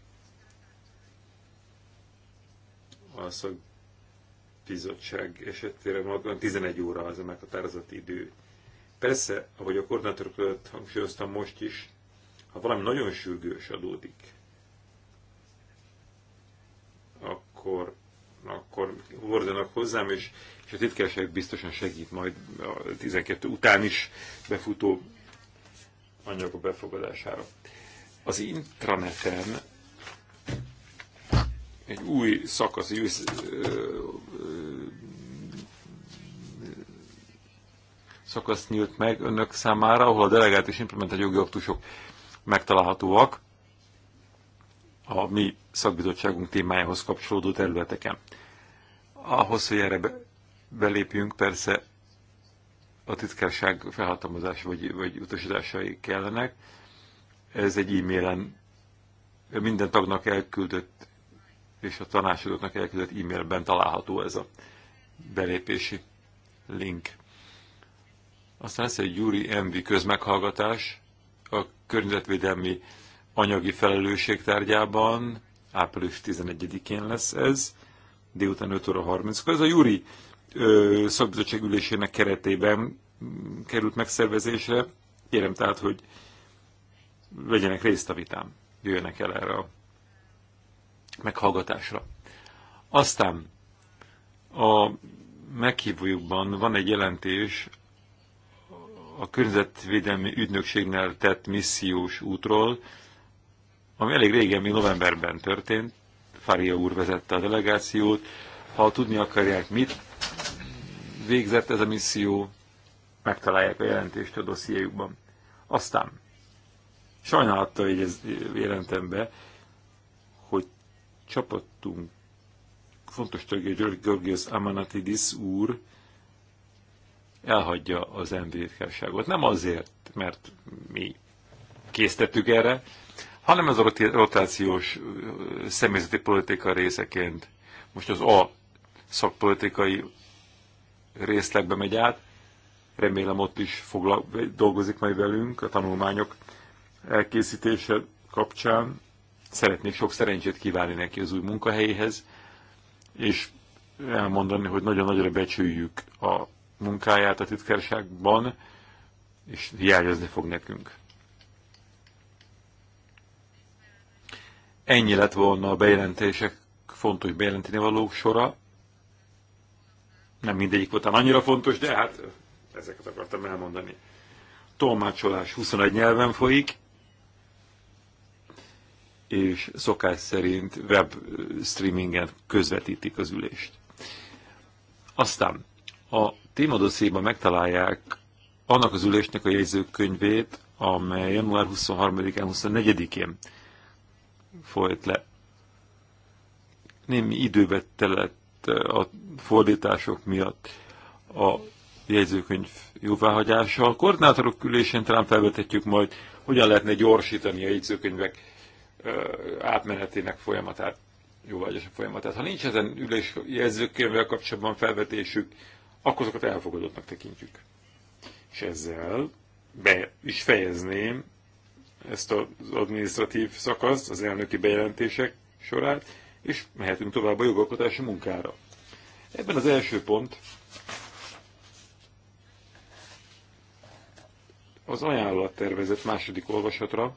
a szakbizottság esetére maga 11 óra az a meghatározott idő. Persze, ahogy a koordinátorok hangsúlyoztam most is, ha valami nagyon sürgős adódik, akkor, akkor hordanak hozzám, és, és a titkárság biztosan segít majd a 12 után is befutó anyagok befogadására. Az intraneten egy új szakasz, egy új szakasz nyílt meg önök számára, ahol a delegált és implementált jogi aktusok megtalálhatóak a mi szakbizottságunk témájához kapcsolódó területeken. Ahhoz, hogy erre belépjünk, persze a titkárság felhatalmazás vagy, vagy utasításai kellenek. Ez egy e-mailen minden tagnak elküldött és a tanácsadóknak elküldött e-mailben található ez a belépési link. Aztán lesz egy Júri Mv közmeghallgatás a környezetvédelmi anyagi felelősség tárgyában. Április 11-én lesz ez, délután 5 óra 30 Ez a Júri szakbizottság ülésének keretében került megszervezésre. Kérem tehát, hogy vegyenek részt a vitám, jöjjenek el erre a meghallgatásra. Aztán a meghívójukban van egy jelentés a környezetvédelmi ügynökségnél tett missziós útról, ami elég régen, még novemberben történt. Faria úr vezette a delegációt. Ha tudni akarják, mit végzett ez a misszió, megtalálják a jelentést a dossziéjukban. Aztán sajnálattal hogy ez jelentem be, csapatunk fontos tagja Georgios Amanatidis úr elhagyja az MVK-ságot. Nem azért, mert mi késztettük erre, hanem ez a rotációs személyzeti politika részeként most az A szakpolitikai részlegbe megy át. Remélem ott is fogla, dolgozik majd velünk a tanulmányok elkészítése kapcsán. Szeretnék sok szerencsét kívánni neki az új munkahelyéhez, és elmondani, hogy nagyon nagyra becsüljük a munkáját a titkárságban, és hiányozni fog nekünk. Ennyi lett volna a bejelentések, fontos bejelenteni valók sora. Nem mindegyik volt annyira fontos, de hát ezeket akartam elmondani. Tolmácsolás 21 nyelven folyik és szokás szerint web streamingen közvetítik az ülést. Aztán a témadosszéban megtalálják annak az ülésnek a jegyzőkönyvét, amely január 23-án, 24-én folyt le. Némi időbe telett a fordítások miatt a jegyzőkönyv jóváhagyása. A koordinátorok ülésén talán felvetetjük majd, hogyan lehetne gyorsítani a jegyzőkönyvek átmenetének folyamatát, jóvágyása folyamatát. Ha nincs ezen ülés jelzőkönyvvel kapcsolatban felvetésük, akkor azokat elfogadottnak tekintjük. És ezzel be is fejezném ezt az administratív szakaszt, az elnöki bejelentések sorát, és mehetünk tovább a jogalkotási munkára. Ebben az első pont az ajánlattervezet második olvasatra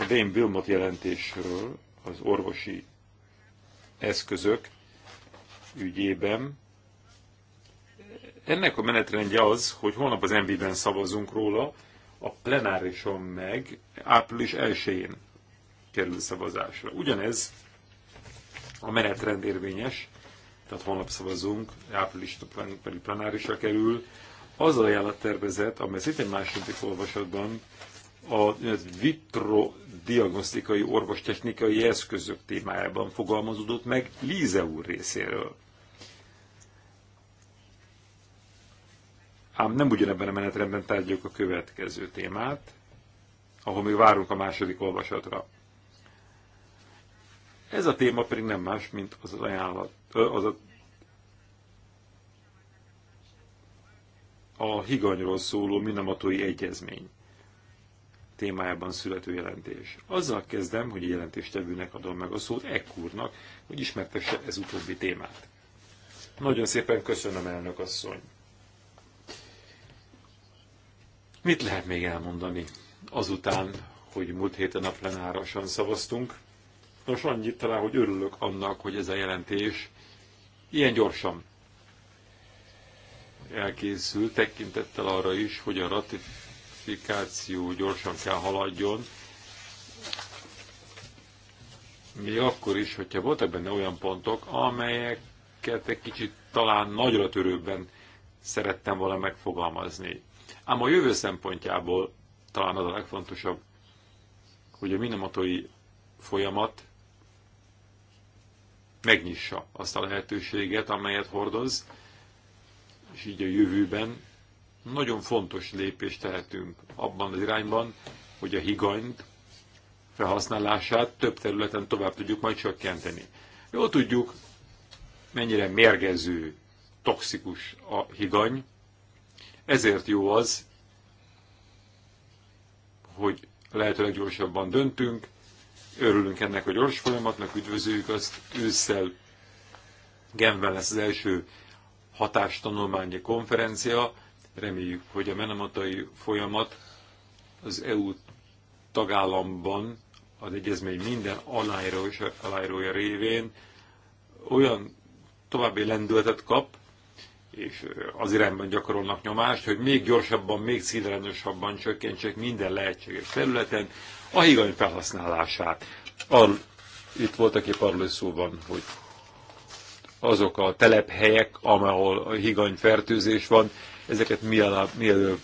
a Dane Wilmot jelentésről az orvosi eszközök ügyében. Ennek a menetrendje az, hogy holnap az MV-ben szavazunk róla, a plenárison meg április 1-én kerül szavazásra. Ugyanez a menetrend érvényes, tehát holnap szavazunk, április pedig plenárisra kerül. Az a ajánlattervezet, amely szintén második olvasatban a vitro diagnosztikai orvostechnikai eszközök témájában fogalmazódott meg Líze úr részéről. Ám nem ugyanebben a menetrendben tárgyaljuk a következő témát, ahol még várunk a második olvasatra. Ez a téma pedig nem más, mint az az ajánlat, az a, a higanyról szóló minamatói egyezmény témájában születő jelentés. Azzal kezdem, hogy a jelentéstevőnek adom meg a szót Ekkúrnak, hogy ismertesse ez utóbbi témát. Nagyon szépen köszönöm, elnök asszony. Mit lehet még elmondani azután, hogy múlt héten a plenárosan szavaztunk? Nos, annyit talán, hogy örülök annak, hogy ez a jelentés ilyen gyorsan elkészült, tekintettel arra is, hogy a ratifikáció ratifikáció gyorsan kell haladjon, még akkor is, hogyha voltak benne olyan pontok, amelyeket egy kicsit talán nagyra törőbben szerettem volna megfogalmazni. Ám a jövő szempontjából talán az a legfontosabb, hogy a minamatói folyamat megnyissa azt a lehetőséget, amelyet hordoz, és így a jövőben nagyon fontos lépést tehetünk abban az irányban, hogy a higanyt felhasználását több területen tovább tudjuk majd csökkenteni. Jól tudjuk, mennyire mérgező, toxikus a higany, ezért jó az, hogy lehetőleg gyorsabban döntünk, örülünk ennek a gyors folyamatnak, üdvözlőjük azt, ősszel Genben lesz az első hatástanulmányi konferencia, Reméljük, hogy a menematai folyamat az EU tagállamban az egyezmény minden aláírója, révén olyan további lendületet kap, és az irányban gyakorolnak nyomást, hogy még gyorsabban, még szilárosabban csökkentsék minden lehetséges területen a higany felhasználását. Ar, itt voltak épp arról szóban, hogy azok a telephelyek, ahol a higany fertőzés van, ezeket mielőbb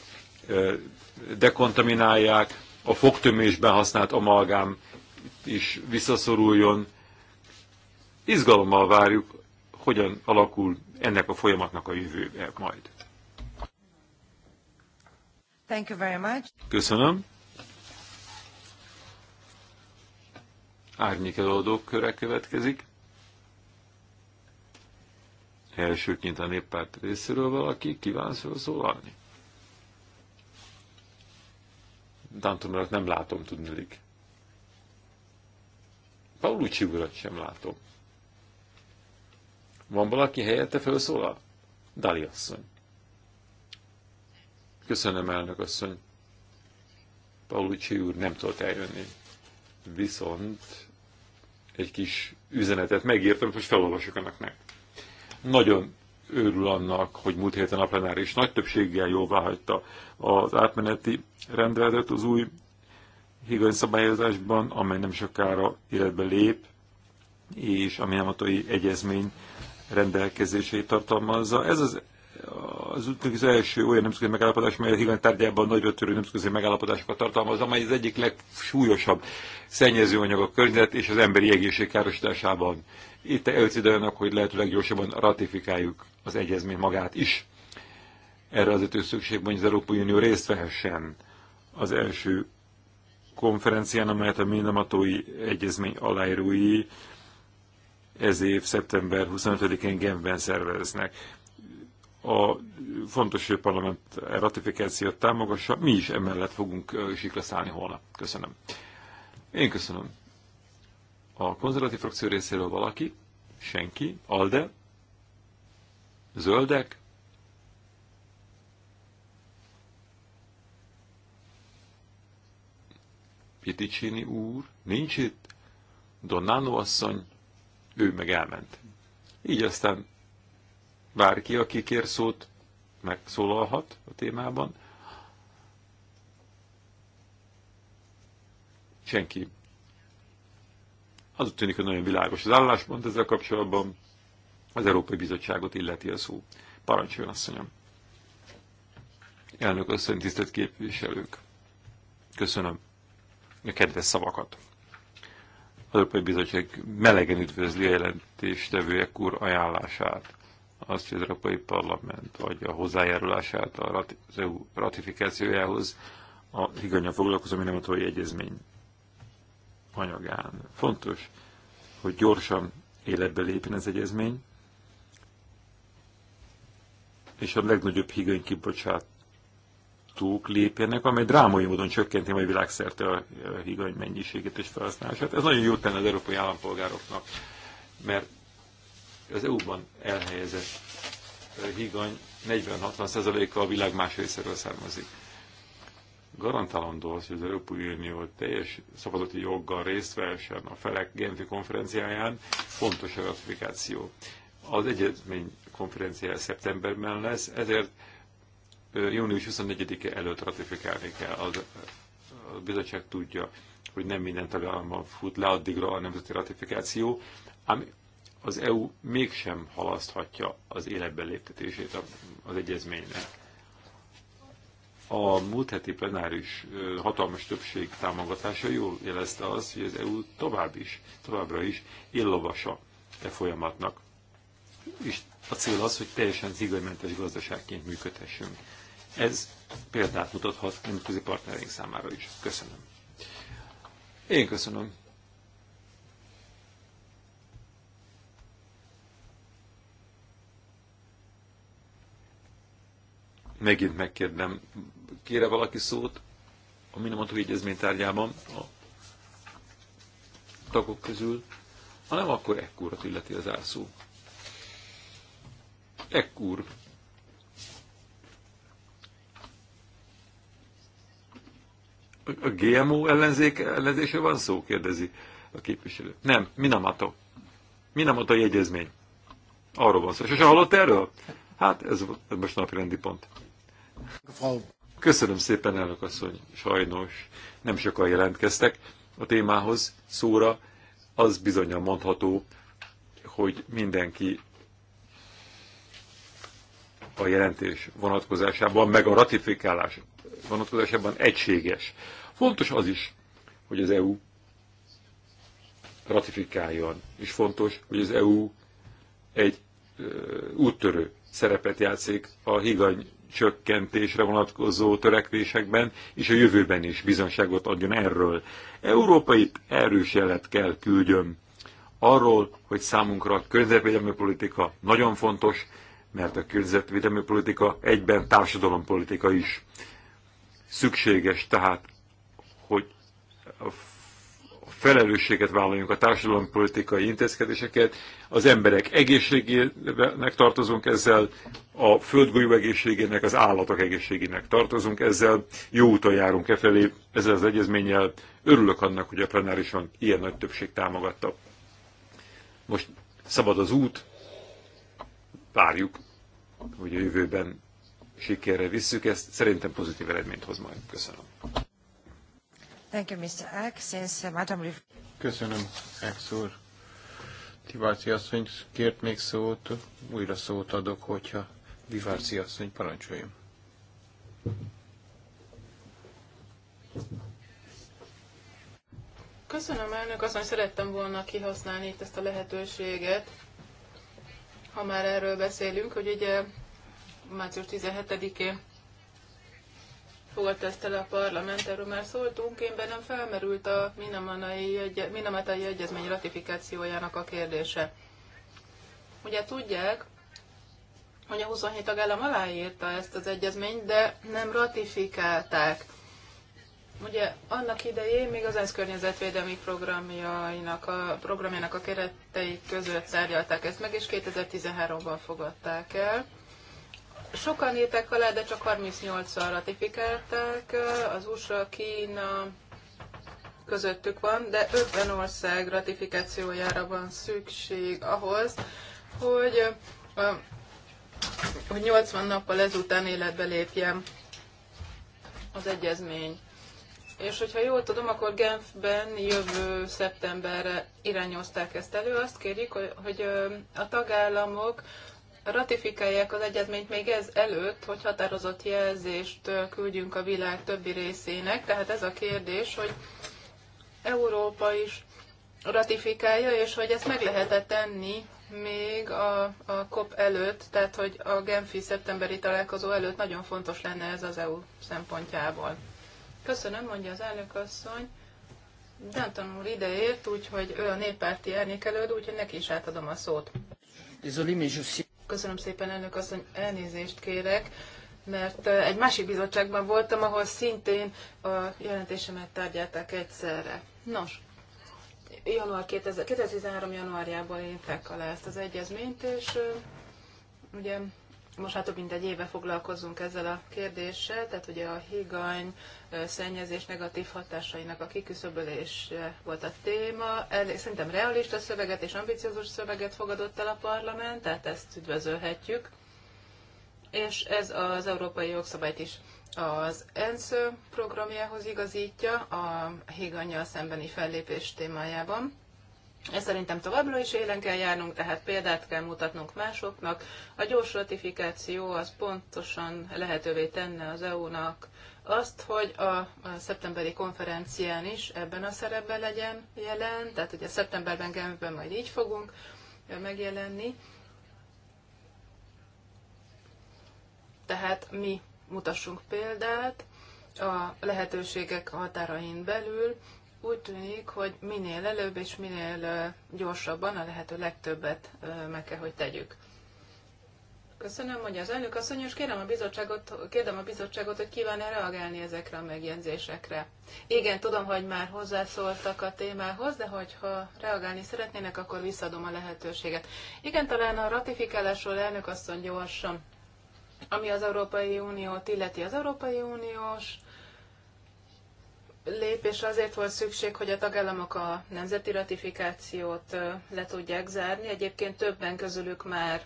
dekontaminálják, a fogtömésben használt amalgám is visszaszoruljon. Izgalommal várjuk, hogyan alakul ennek a folyamatnak a jövője majd. Thank you very much. Köszönöm. Árnyékelődők köre következik. Elsőként a néppárt részéről valaki kíván szólalni? Dantonorat nem látom, tudnilik. Paulucci urat sem látom. Van valaki helyette felszólal? Dali asszony. Köszönöm, elnök asszony. Paulucci úr nem tudott eljönni. Viszont egy kis üzenetet megírtam, hogy felolvasok annak meg nagyon örül annak, hogy múlt héten a plenáris nagy többséggel jóvá hagyta az átmeneti rendeletet az új higany szabályozásban, amely nem sokára életbe lép, és a Minamatai Egyezmény rendelkezését tartalmazza. Ez az az, az első olyan nemzetközi megállapodás, mely a higany tárgyában nagyra törő nemzetközi megállapodásokat tartalmaz, amely az egyik legsúlyosabb szennyezőanyag a környezet és az emberi egészség károsításában itt előtt annak, hogy lehetőleg gyorsabban ratifikáljuk az egyezmény magát is. Erre azért szükség van, hogy az Európai Unió részt vehessen az első konferencián, amelyet a Minamatói Egyezmény aláírói ez év szeptember 25-én Genben szerveznek. A fontos, hogy a parlament ratifikációt támogassa, mi is emellett fogunk siklaszállni holnap. Köszönöm. Én köszönöm. A konzervatív frakció részéről valaki? Senki? Alde? Zöldek? Piticini úr? Nincs itt? Donnano asszony? Ő meg elment. Így aztán bárki, aki kér szót, megszólalhat a témában. Senki az tűnik, hogy nagyon világos az álláspont ezzel kapcsolatban. Az Európai Bizottságot illeti a szó. Parancsoljon, asszonyom. Elnök asszony, tisztelt képviselők. Köszönöm a kedves szavakat. Az Európai Bizottság melegen üdvözli a jelentéstevőek úr ajánlását azt, hogy az Európai Parlament adja hozzájárulását az EU ratifikációjához a higanyan foglalkozó minimatorai egyezmény anyagán. Fontos, hogy gyorsan életbe lépjen az egyezmény, és a legnagyobb higanykibocsátók lépjenek, amely drámai módon csökkenti majd világszerte a higany mennyiségét és felhasználását. Ez nagyon jó tenne az európai állampolgároknak, mert az EU-ban elhelyezett higany 40-60%-a a világ más részéről származik garantálandó az, hogy az Európai Unió teljes szabadati joggal részt vehessen a felek Genfi konferenciáján, fontos a ratifikáció. Az egyezmény konferenciája szeptemberben lesz, ezért június 24-e előtt ratifikálni kell. Az, a bizottság tudja, hogy nem minden tagállamban fut le addigra a nemzeti ratifikáció, ám az EU mégsem halaszthatja az életbe léptetését az egyezménynek a múlt heti plenáris hatalmas többség támogatása jól jelezte azt, hogy az EU tovább is, továbbra is illovasa e folyamatnak. És a cél az, hogy teljesen zigajmentes gazdaságként működhessünk. Ez példát mutathat nemzetközi partnereink számára is. Köszönöm. Én köszönöm. Megint megkérdem kére valaki szót a Minamantó Egyezmény tárgyában a tagok közül, hanem akkor ekkúrat illeti az árszó. Ekkúr. A GMO ellenzék ellenzése van szó? kérdezi a képviselő. Nem, Minamato. Minamato jegyezmény. Arról van szó. Sose hallott erről? Hát ez, ez most napi rendi pont. Köszönöm szépen, elnök asszony. Sajnos nem sokan jelentkeztek a témához szóra. Az bizonyan mondható, hogy mindenki a jelentés vonatkozásában, meg a ratifikálás vonatkozásában egységes. Fontos az is, hogy az EU ratifikáljon, és fontos, hogy az EU egy úttörő szerepet játszik a higany csökkentésre vonatkozó törekvésekben, és a jövőben is bizonságot adjon erről. Európai erős jelet kell küldjön arról, hogy számunkra a környezetvédelmi politika nagyon fontos, mert a környezetvédelmi politika egyben társadalompolitika is. Szükséges tehát, hogy a felelősséget vállaljunk a társadalompolitikai intézkedéseket, az emberek egészségének tartozunk ezzel, a földgolyó egészségének, az állatok egészségének tartozunk ezzel, jó úton járunk e felé ezzel az egyezménnyel. Örülök annak, hogy a plenárison ilyen nagy többség támogatta. Most szabad az út, várjuk, hogy a jövőben sikerre visszük ezt, szerintem pozitív eredményt hoz majd. Köszönöm. Thank you, Mr. Ack. Since, uh, Köszönöm, Ack úr. Tibárci asszony kért még szót, újra szót adok, hogyha Vivárci asszony parancsoljon. Köszönöm, elnök asszony, szerettem volna kihasználni itt ezt a lehetőséget, ha már erről beszélünk, hogy ugye március 17-én fogadta ezt el a parlament, erről már szóltunk, én bennem felmerült a Minamatai Egyezmény ratifikációjának a kérdése. Ugye tudják, hogy a 27 tagállam aláírta ezt az egyezményt, de nem ratifikálták. Ugye annak idején még az ENSZ környezetvédelmi programjainak a, programjának a keretei között tárgyalták ezt meg, és 2013-ban fogadták el. Sokan írták alá, de csak 38-szal ratifikálták. Az USA, Kína közöttük van, de 50 ország ratifikációjára van szükség ahhoz, hogy, hogy 80 nappal ezután életbe lépjen az egyezmény. És hogyha jól tudom, akkor Genfben jövő szeptemberre irányozták ezt elő. Azt kérjük, hogy a tagállamok ratifikálják az egyezményt még ez előtt, hogy határozott jelzést küldjünk a világ többi részének. Tehát ez a kérdés, hogy Európa is ratifikálja, és hogy ezt meg lehet-e tenni még a, a COP előtt, tehát hogy a Genfi szeptemberi találkozó előtt nagyon fontos lenne ez az EU szempontjából. Köszönöm, mondja az elnökasszony. asszony. Danton úr ideért, úgyhogy ő a néppárti árnyékelőd, úgyhogy neki is átadom a szót. Désolé, mais je Köszönöm szépen, elnök asszony, elnézést kérek, mert egy másik bizottságban voltam, ahol szintén a jelentésemet tárgyalták egyszerre. Nos, január 2000, 2013. januárjában írták alá ezt az egyezményt, és ugye most hát több mint egy éve foglalkozunk ezzel a kérdéssel, tehát ugye a higany szennyezés negatív hatásainak a kiküszöbölés volt a téma. Elég, szerintem realista szöveget és ambiciózus szöveget fogadott el a parlament, tehát ezt üdvözölhetjük. És ez az európai jogszabályt is az ENSZ programjához igazítja a higanyjal szembeni fellépés témájában. Ez szerintem továbbra is élen kell járnunk, tehát példát kell mutatnunk másoknak. A gyors ratifikáció az pontosan lehetővé tenne az EU-nak azt, hogy a szeptemberi konferencián is ebben a szerepben legyen jelen, tehát ugye szeptemberben Genfben majd így fogunk megjelenni. Tehát mi mutassunk példát a lehetőségek határain belül, úgy tűnik, hogy minél előbb és minél gyorsabban a lehető legtöbbet meg kell, hogy tegyük. Köszönöm, hogy az elnök asszony, és kérem a bizottságot, kérdem a bizottságot, hogy kíván-e reagálni ezekre a megjegyzésekre. Igen, tudom, hogy már hozzászóltak a témához, de hogyha reagálni szeretnének, akkor visszadom a lehetőséget. Igen, talán a ratifikálásról elnök asszony gyorsan. Ami az Európai Uniót illeti, az Európai Uniós lépésre azért volt szükség, hogy a tagállamok a nemzeti ratifikációt le tudják zárni. Egyébként többen közülük már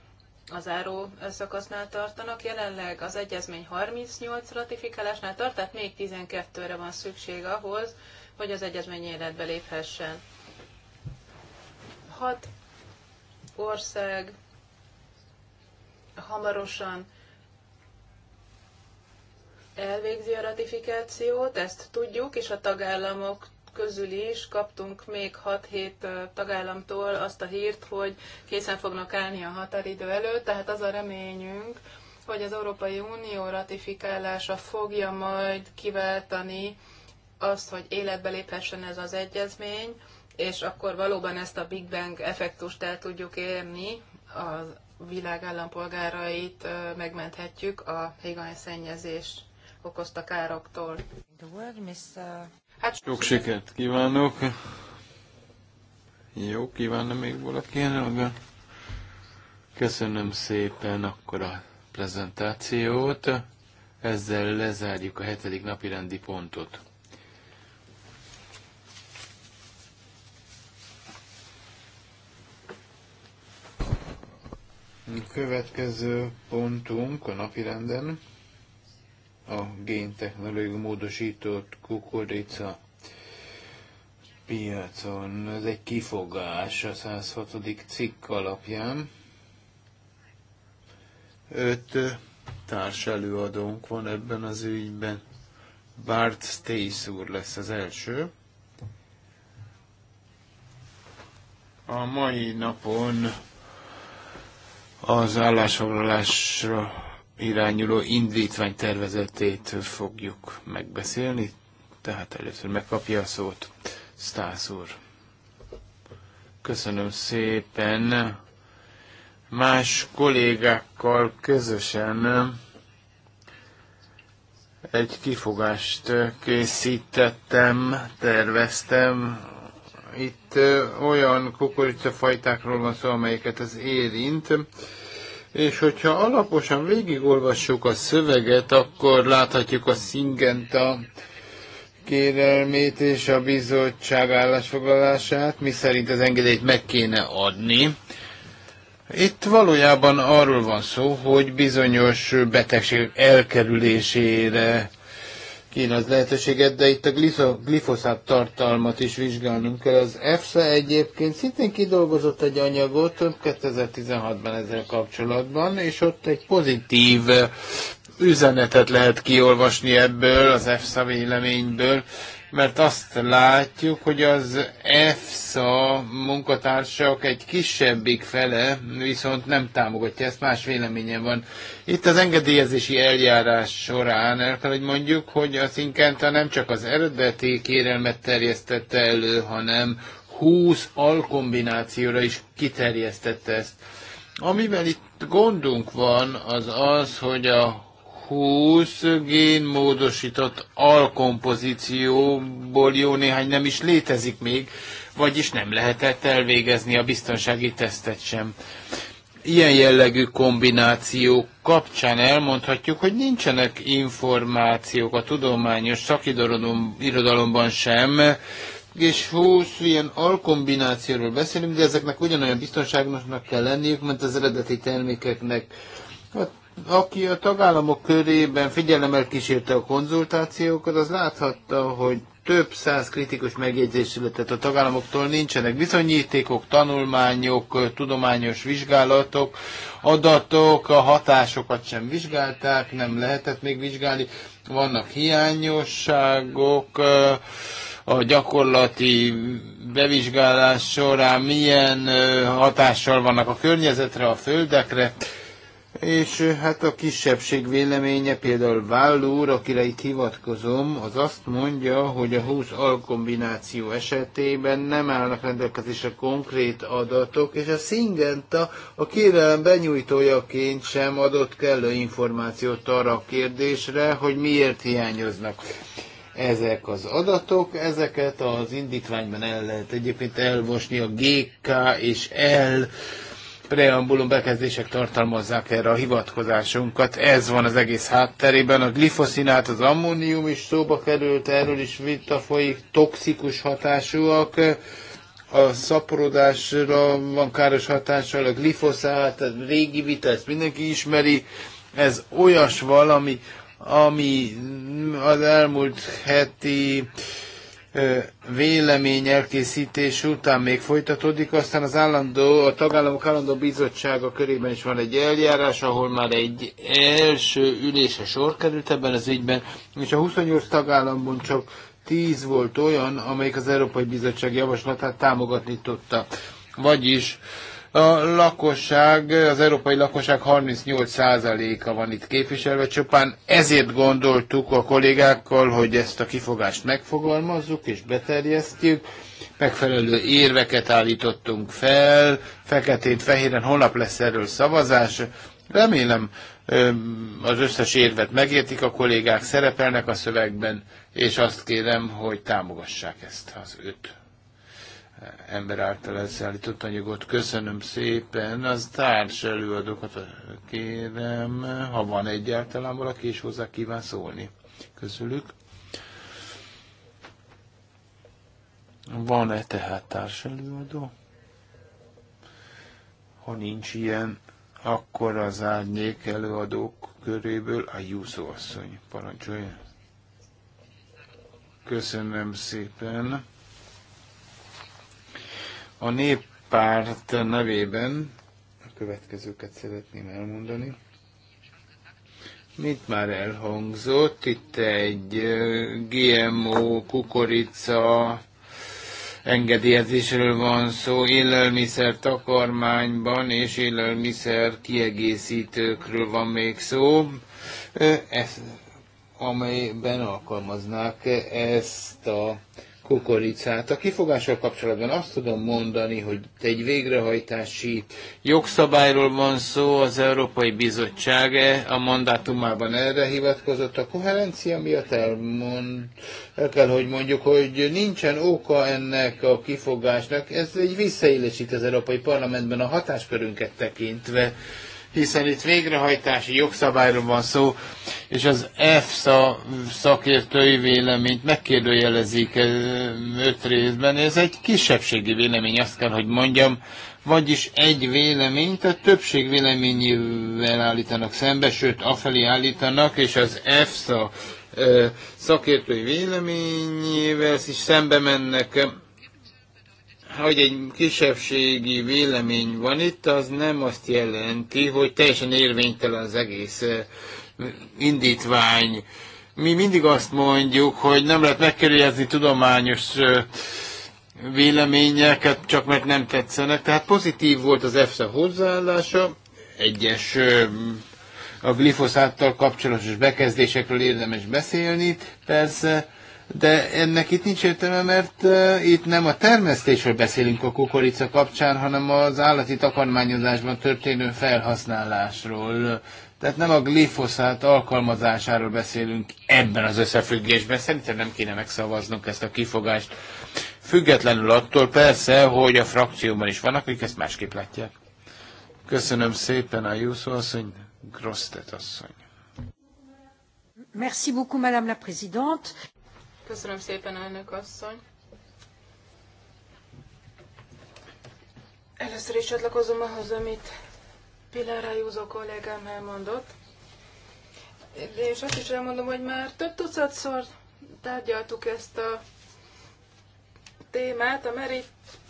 a záró szakasznál tartanak. Jelenleg az egyezmény 38 ratifikálásnál tart, tehát még 12-re van szükség ahhoz, hogy az egyezmény életbe léphessen. Hat ország hamarosan elvégzi a ratifikációt, ezt tudjuk, és a tagállamok közül is kaptunk még 6-7 tagállamtól azt a hírt, hogy készen fognak állni a határidő előtt, tehát az a reményünk, hogy az Európai Unió ratifikálása fogja majd kiváltani azt, hogy életbe léphessen ez az egyezmény, és akkor valóban ezt a Big Bang effektust el tudjuk érni, a világ állampolgárait megmenthetjük a higany szennyezés okozta károktól. Hát sok sikert kívánok! Jó, kívánom még valaki ennek. Köszönöm szépen akkor a prezentációt. Ezzel lezárjuk a hetedik napi rendi pontot. Következő pontunk a napirenden a géntechnológiai módosított kukorica piacon. Ez egy kifogás a 106. cikk alapján. Öt társelőadónk van ebben az ügyben. Bart Stace úr lesz az első. A mai napon az állásfoglalásra irányuló indítvány tervezetét fogjuk megbeszélni, tehát először megkapja a szót Stász úr. Köszönöm szépen. Más kollégákkal közösen egy kifogást készítettem, terveztem. Itt olyan kukoricafajtákról van szó, amelyeket ez érint és hogyha alaposan végigolvassuk a szöveget, akkor láthatjuk a Szingenta kérelmét és a bizottság állásfoglalását, mi szerint az engedélyt meg kéne adni. Itt valójában arról van szó, hogy bizonyos betegség elkerülésére az lehetőséget, de itt a glifoszát tartalmat is vizsgálnunk kell. Az EFSA egyébként szintén kidolgozott egy anyagot 2016-ban ezzel kapcsolatban, és ott egy pozitív eh, üzenetet lehet kiolvasni ebből, az EFSA véleményből, mert azt látjuk, hogy az EFSA munkatársak egy kisebbik fele viszont nem támogatja ezt, más véleményen van. Itt az engedélyezési eljárás során el kell, hogy mondjuk, hogy a Szinkenta nem csak az eredeti kérelmet terjesztette elő, hanem 20 alkombinációra is kiterjesztette ezt. Amivel itt gondunk van, az az, hogy a 20 módosított alkompozícióból jó néhány nem is létezik még, vagyis nem lehetett elvégezni a biztonsági tesztet sem. Ilyen jellegű kombinációk kapcsán elmondhatjuk, hogy nincsenek információk a tudományos szakirodalomban sem, és 20 ilyen alkombinációról beszélünk, de ezeknek ugyanolyan biztonságosnak kell lenniük, mint az eredeti termékeknek. A aki a tagállamok körében figyelemmel kísérte a konzultációkat, az láthatta, hogy több száz kritikus megjegyzés született a tagállamoktól, nincsenek bizonyítékok, tanulmányok, tudományos vizsgálatok, adatok, a hatásokat sem vizsgálták, nem lehetett még vizsgálni, vannak hiányosságok, a gyakorlati bevizsgálás során milyen hatással vannak a környezetre, a földekre, és hát a kisebbség véleménye, például Válló úr, akire itt hivatkozom, az azt mondja, hogy a 20 alkombináció esetében nem állnak rendelkezésre konkrét adatok, és a Szingenta a kérelem benyújtójaként sem adott kellő információt arra a kérdésre, hogy miért hiányoznak ezek az adatok, ezeket az indítványban el lehet egyébként elvosni a GK és L preambulum bekezdések tartalmazzák erre a hivatkozásunkat. Ez van az egész hátterében. A glifoszinát, az ammónium is szóba került, erről is vita folyik, toxikus hatásúak. A szaporodásra van káros hatással a glifoszát, a régi vita, ezt mindenki ismeri. Ez olyas valami, ami az elmúlt heti uh, vélemény elkészítés után még folytatódik, aztán az állandó, a tagállamok állandó bizottsága körében is van egy eljárás, ahol már egy első ülése sor került ebben az ügyben, és a 28 tagállamban csak 10 volt olyan, amelyik az Európai Bizottság javaslatát támogatni tudta. Vagyis a lakosság, az európai lakosság 38%-a van itt képviselve, csupán ezért gondoltuk a kollégákkal, hogy ezt a kifogást megfogalmazzuk és beterjesztjük. Megfelelő érveket állítottunk fel, feketén-fehéren holnap lesz erről szavazás. Remélem az összes érvet megértik, a kollégák szerepelnek a szövegben, és azt kérem, hogy támogassák ezt az öt ember által elszállított anyagot. Köszönöm szépen. Az társ előadókat kérem, ha van egyáltalán valaki, és hozzá kíván szólni közülük. Van-e tehát társ előadó? Ha nincs ilyen, akkor az árnyék előadók köréből a Júzó asszony parancsolja. Köszönöm szépen. A néppárt nevében a következőket szeretném elmondani. Mit már elhangzott? Itt egy GMO, kukorica, engedélyezésről van szó, élelmiszer takarmányban és élelmiszer kiegészítőkről van még szó, ez, amelyben alkalmaznák ezt a kukoricát. A kifogással kapcsolatban azt tudom mondani, hogy egy végrehajtási jogszabályról van szó, az Európai Bizottság a mandátumában erre hivatkozott. A koherencia miatt elmond, el kell, hogy mondjuk, hogy nincsen oka ennek a kifogásnak. Ez egy visszaélesít az Európai Parlamentben a hatáskörünket tekintve hiszen itt végrehajtási jogszabályról van szó, és az EFSA szakértői véleményt megkérdőjelezik eh, öt részben. Ez egy kisebbségi vélemény, azt kell, hogy mondjam, vagyis egy véleményt a többség véleményével állítanak szembe, sőt, afelé állítanak, és az EFSA eh, szakértői véleményével is szembe mennek hogy egy kisebbségi vélemény van itt, az nem azt jelenti, hogy teljesen érvénytelen az egész eh, indítvány. Mi mindig azt mondjuk, hogy nem lehet megkérdezni tudományos eh, véleményeket, csak mert nem tetszenek. Tehát pozitív volt az EFSA hozzáállása, egyes eh, a glifoszáttal kapcsolatos bekezdésekről érdemes beszélni, persze, de ennek itt nincs értelme, mert uh, itt nem a termesztésről beszélünk a kukorica kapcsán, hanem az állati takarmányozásban történő felhasználásról. Tehát nem a glifoszát alkalmazásáról beszélünk ebben az összefüggésben. Szerintem nem kéne megszavaznunk ezt a kifogást. Függetlenül attól persze, hogy a frakcióban is vannak, akik ezt másképp látják. Köszönöm szépen a Jusszó asszony, Grosztet asszony. Merci beaucoup, Madame la Présidente. Köszönöm szépen, elnök asszony. Először is csatlakozom ahhoz, amit Pilar Ayuso kollégám elmondott. És azt is elmondom, hogy már több tucatszor tárgyaltuk ezt a témát, a Meri,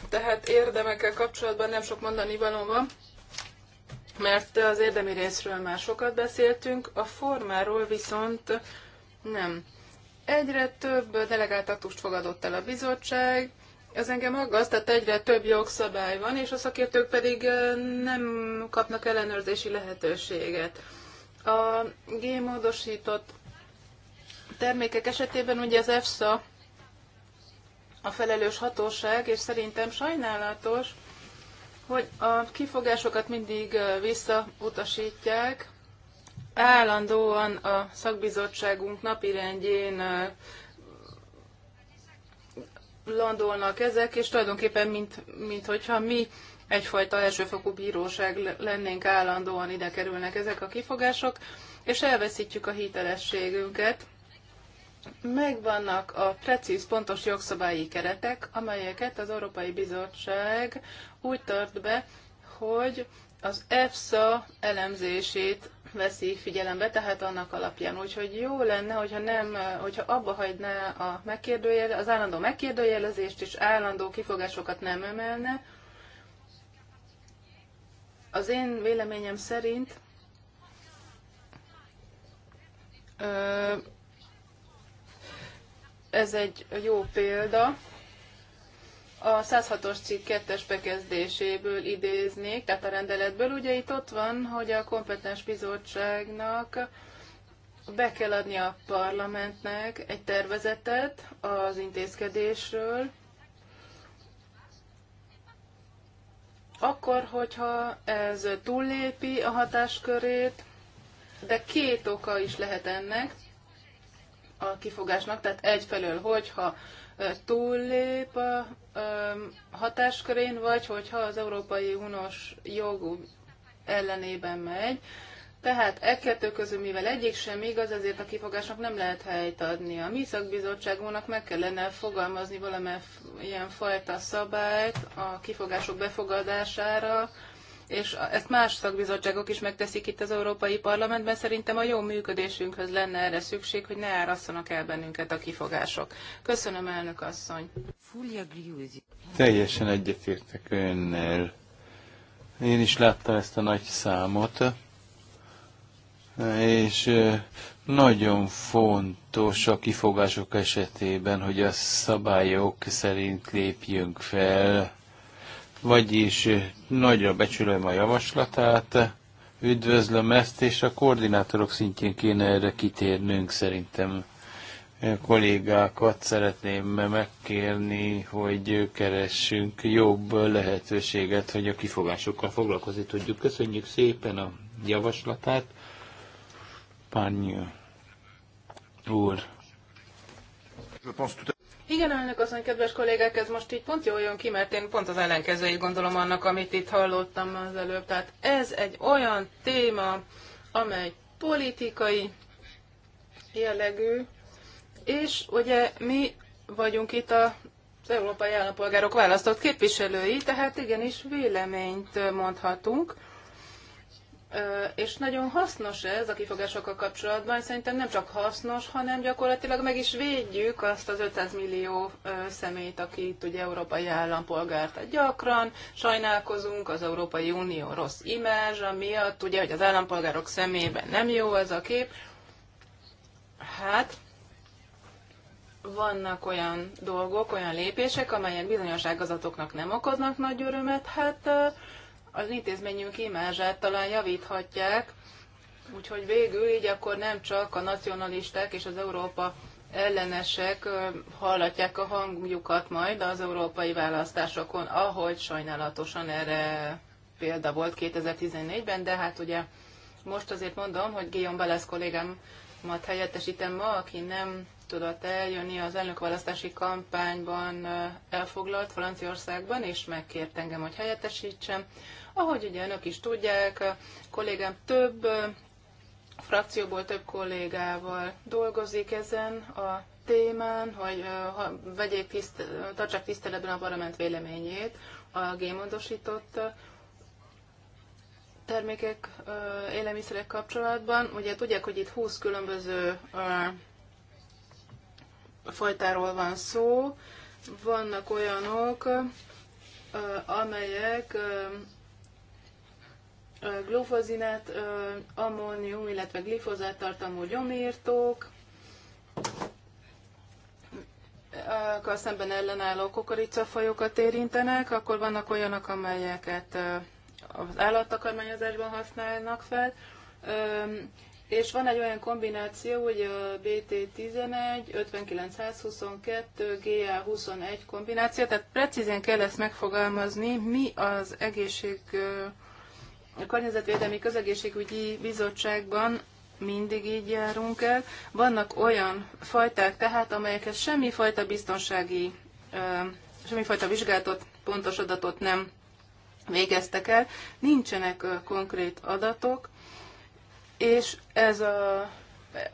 tehát érdemekkel kapcsolatban nem sok mondani való van, mert az érdemi részről már sokat beszéltünk, a formáról viszont nem. Egyre több delegáltatust fogadott el a bizottság, ez engem aggaszt, tehát egyre több jogszabály van, és a szakértők pedig nem kapnak ellenőrzési lehetőséget. A gémódosított termékek esetében ugye az EFSA a felelős hatóság, és szerintem sajnálatos, hogy a kifogásokat mindig visszautasítják, állandóan a szakbizottságunk napirendjén landolnak ezek, és tulajdonképpen mint, mint hogyha mi egyfajta elsőfokú bíróság lennénk állandóan ide kerülnek ezek a kifogások, és elveszítjük a hitelességünket. Megvannak a precíz, pontos jogszabályi keretek, amelyeket az Európai Bizottság úgy tart be, hogy az EFSA elemzését veszi figyelembe, tehát annak alapján. Úgyhogy jó lenne, hogyha, nem, hogyha abba hagyná a megkérdőjel, az állandó megkérdőjelezést és állandó kifogásokat nem emelne. Az én véleményem szerint ez egy jó példa, a 106-os cikk 2-es bekezdéséből idéznék, tehát a rendeletből. Ugye itt ott van, hogy a kompetens bizottságnak be kell adni a parlamentnek egy tervezetet az intézkedésről, akkor, hogyha ez túllépi a hatáskörét, de két oka is lehet ennek a kifogásnak, tehát egyfelől, hogyha túllép a hatáskörén, vagy hogyha az Európai Uniós jog ellenében megy. Tehát e kettő közül, mivel egyik sem igaz, ezért a kifogásnak nem lehet helyt adni. A mi szakbizottságunknak meg kellene fogalmazni valamilyen fajta szabályt a kifogások befogadására, és ezt más szakbizottságok is megteszik itt az Európai Parlamentben, szerintem a jó működésünkhöz lenne erre szükség, hogy ne árasszanak el bennünket a kifogások. Köszönöm, elnök asszony. Teljesen egyetértek önnel. Én is láttam ezt a nagy számot, és nagyon fontos a kifogások esetében, hogy a szabályok szerint lépjünk fel, vagyis eh, nagyra becsülöm a javaslatát, üdvözlöm ezt, és a koordinátorok szintjén kéne erre kitérnünk szerintem. Eh, kollégákat szeretném megkérni, hogy keressünk jobb lehetőséget, hogy a kifogásokkal foglalkozni tudjuk. Köszönjük szépen a javaslatát. Pányi úr. Igen, elnök asszony, kedves kollégák, ez most így pont jól jön ki, mert én pont az ellenkezőjét gondolom annak, amit itt hallottam az előbb. Tehát ez egy olyan téma, amely politikai jellegű, és ugye mi vagyunk itt a az európai állampolgárok választott képviselői, tehát igenis véleményt mondhatunk és nagyon hasznos ez a kifogásokkal kapcsolatban, szerintem nem csak hasznos, hanem gyakorlatilag meg is védjük azt az 500 millió személyt, akit ugye európai állampolgárt. Tehát gyakran sajnálkozunk az Európai Unió rossz imázs, miatt, ugye, hogy az állampolgárok szemében nem jó ez a kép. Hát, vannak olyan dolgok, olyan lépések, amelyek bizonyos ágazatoknak nem okoznak nagy örömet, hát az intézményünk imázsát talán javíthatják, úgyhogy végül így akkor nem csak a nacionalisták és az Európa ellenesek hallatják a hangjukat majd az európai választásokon, ahogy sajnálatosan erre példa volt 2014-ben, de hát ugye most azért mondom, hogy Guillaume Balázs kollégámat helyettesítem ma, aki nem tudott eljönni az elnökválasztási kampányban elfoglalt Franciaországban, és megkért engem, hogy helyettesítsem. Ahogy ugye önök is tudják, a kollégám több frakcióból több kollégával dolgozik ezen a témán, hogy ha vegyék tiszt, tartsák tiszteletben a parlament véleményét a gémondosított termékek, élelmiszerek kapcsolatban. Ugye tudják, hogy itt 20 különböző fajtáról van szó. Vannak olyanok, amelyek glufozinát, ammónium, illetve glifozát tartalmú gyomírtók, a szemben ellenálló kukoricafajokat érintenek, akkor vannak olyanok, amelyeket az állattakarmányozásban használnak fel, és van egy olyan kombináció, hogy a BT11, 59122, GA21 kombináció, tehát precízen kell ezt megfogalmazni, mi az egészség a Környezetvédelmi Közegészségügyi Bizottságban mindig így járunk el. Vannak olyan fajták tehát, amelyekhez semmifajta biztonsági, semmifajta vizsgálatot, pontos adatot nem végeztek el. Nincsenek konkrét adatok, és ez a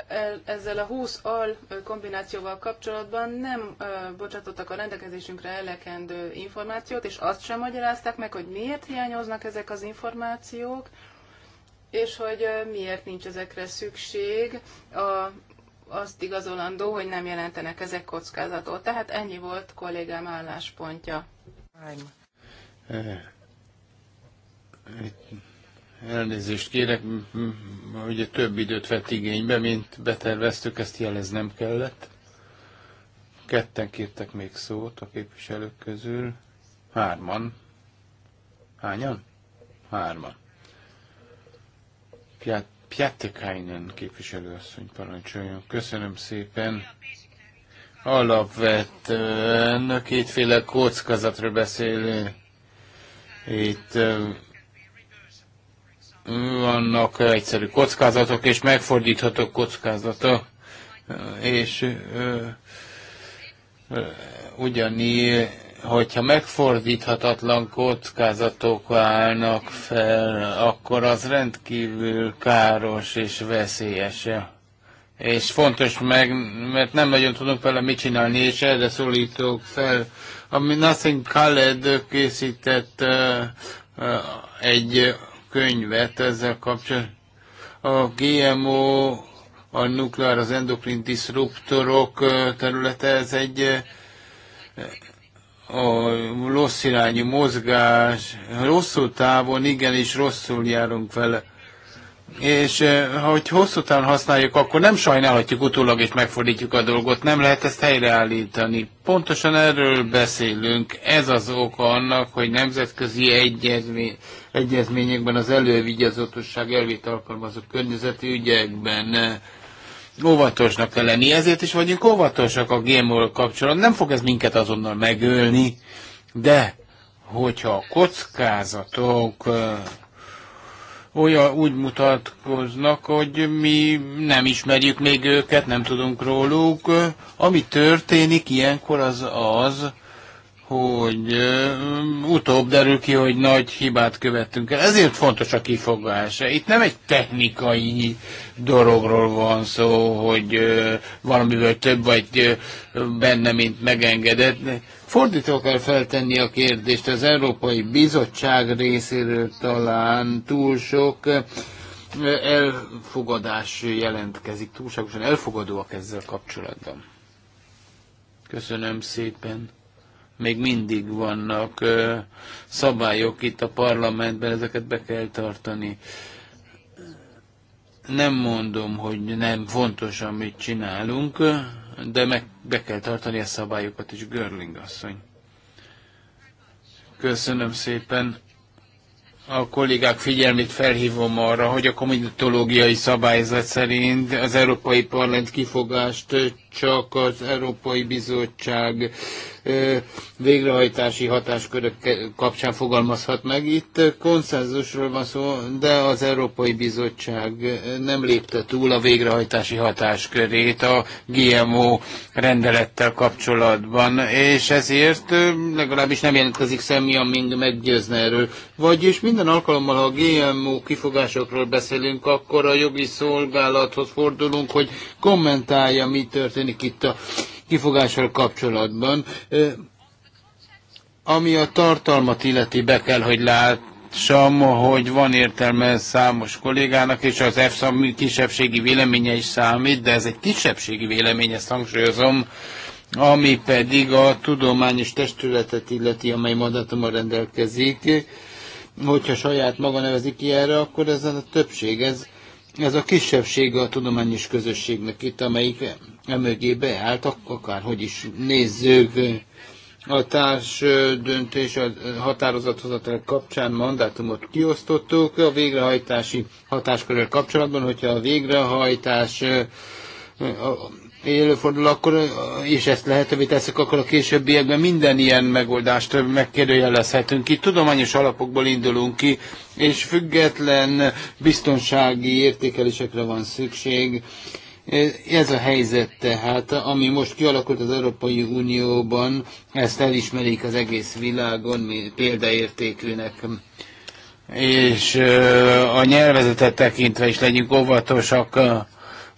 E, ezzel a 20 al kombinációval kapcsolatban nem e, bocsátottak a rendelkezésünkre elekendő információt, és azt sem magyarázták meg, hogy miért hiányoznak ezek az információk, és hogy e, miért nincs ezekre szükség, a, azt igazolandó, hogy nem jelentenek ezek kockázatot. Tehát ennyi volt kollégám álláspontja. Itt Elnézést kérek, ugye több időt vett igénybe, mint beterveztük, ezt jeleznem kellett. Ketten kértek még szót a képviselők közül. Hárman. Hányan? Hárman. Piat, Piatekainen képviselőasszony parancsoljon. Köszönöm szépen. Alapvetően kétféle kockázatra beszélünk. Itt vannak eh, egyszerű kockázatok és megfordítható kockázata, eh, és eh, ugyanígy, hogyha megfordíthatatlan kockázatok állnak fel, akkor az rendkívül káros és veszélyes. És fontos meg, mert nem nagyon tudunk vele mit csinálni, és erre szólítok fel. Ami Nothing Khaled készített egy könyvet ezzel kapcsolatban. A GMO, a nukleár, az endokrin disruptorok területe, ez egy a rossz irányú mozgás, rosszul távon igenis rosszul járunk vele. És hogy hosszú távon használjuk, akkor nem sajnálhatjuk utólag, és megfordítjuk a dolgot. Nem lehet ezt helyreállítani. Pontosan erről beszélünk. Ez az oka annak, hogy nemzetközi egyezmény, egyezményekben az elővigyazatosság elvét alkalmazó környezeti ügyekben óvatosnak kell lenni. Ezért is vagyunk óvatosak a gmo kapcsolatban. Nem fog ez minket azonnal megölni, de hogyha a kockázatok olyan úgy mutatkoznak, hogy mi nem ismerjük még őket, nem tudunk róluk. Ami történik ilyenkor az az, hogy utóbb derül ki, hogy nagy hibát követtünk el. Ezért fontos a kifogás. Itt nem egy technikai dologról van szó, hogy valamivel több vagy benne, mint megengedett. Fordítva kell feltenni a kérdést, az Európai Bizottság részéről talán túl sok elfogadás jelentkezik, túlságosan elfogadóak ezzel kapcsolatban. Köszönöm szépen még mindig vannak szabályok itt a parlamentben, ezeket be kell tartani. Nem mondom, hogy nem fontos, amit csinálunk, de meg be kell tartani a szabályokat is, Görling asszony. Köszönöm szépen. A kollégák figyelmét felhívom arra, hogy a komitológiai szabályzat szerint az Európai Parlament kifogást csak az Európai Bizottság végrehajtási hatáskörök kapcsán fogalmazhat meg. Itt konszenzusról van szó, de az Európai Bizottság nem lépte túl a végrehajtási hatáskörét a GMO rendelettel kapcsolatban, és ezért legalábbis nem jelentkezik semmi amíg meggyőzne erről. Vagyis minden alkalommal, ha a GMO kifogásokról beszélünk, akkor a jogi szolgálathoz fordulunk, hogy kommentálja, mi történt történik itt a kifogással kapcsolatban. Ami a tartalmat illeti, be kell, hogy lát, lássam, hogy van értelme számos kollégának, és az EFSA kisebbségi véleménye is számít, de ez egy kisebbségi vélemény, ezt hangsúlyozom, ami pedig a tudományos testületet illeti, amely mandátummal rendelkezik. Hogyha saját maga nevezik ki erre, akkor ezen a többség, ez ez a kisebbség a tudományos közösségnek itt, amelyik emögé beállt, akárhogy is nézzük, a társ döntés a határozathozatal kapcsán mandátumot kiosztottuk a végrehajtási hatáskörrel kapcsolatban, hogyha a végrehajtás élőfordul, akkor, és ezt lehetővé teszek, akkor a későbbiekben minden ilyen megoldást megkérdőjelezhetünk ki. Tudományos alapokból indulunk ki, és független biztonsági értékelésekre van szükség. Ez a helyzet tehát, ami most kialakult az Európai Unióban, ezt elismerik az egész világon példaértékűnek és a nyelvezetet tekintve is legyünk óvatosak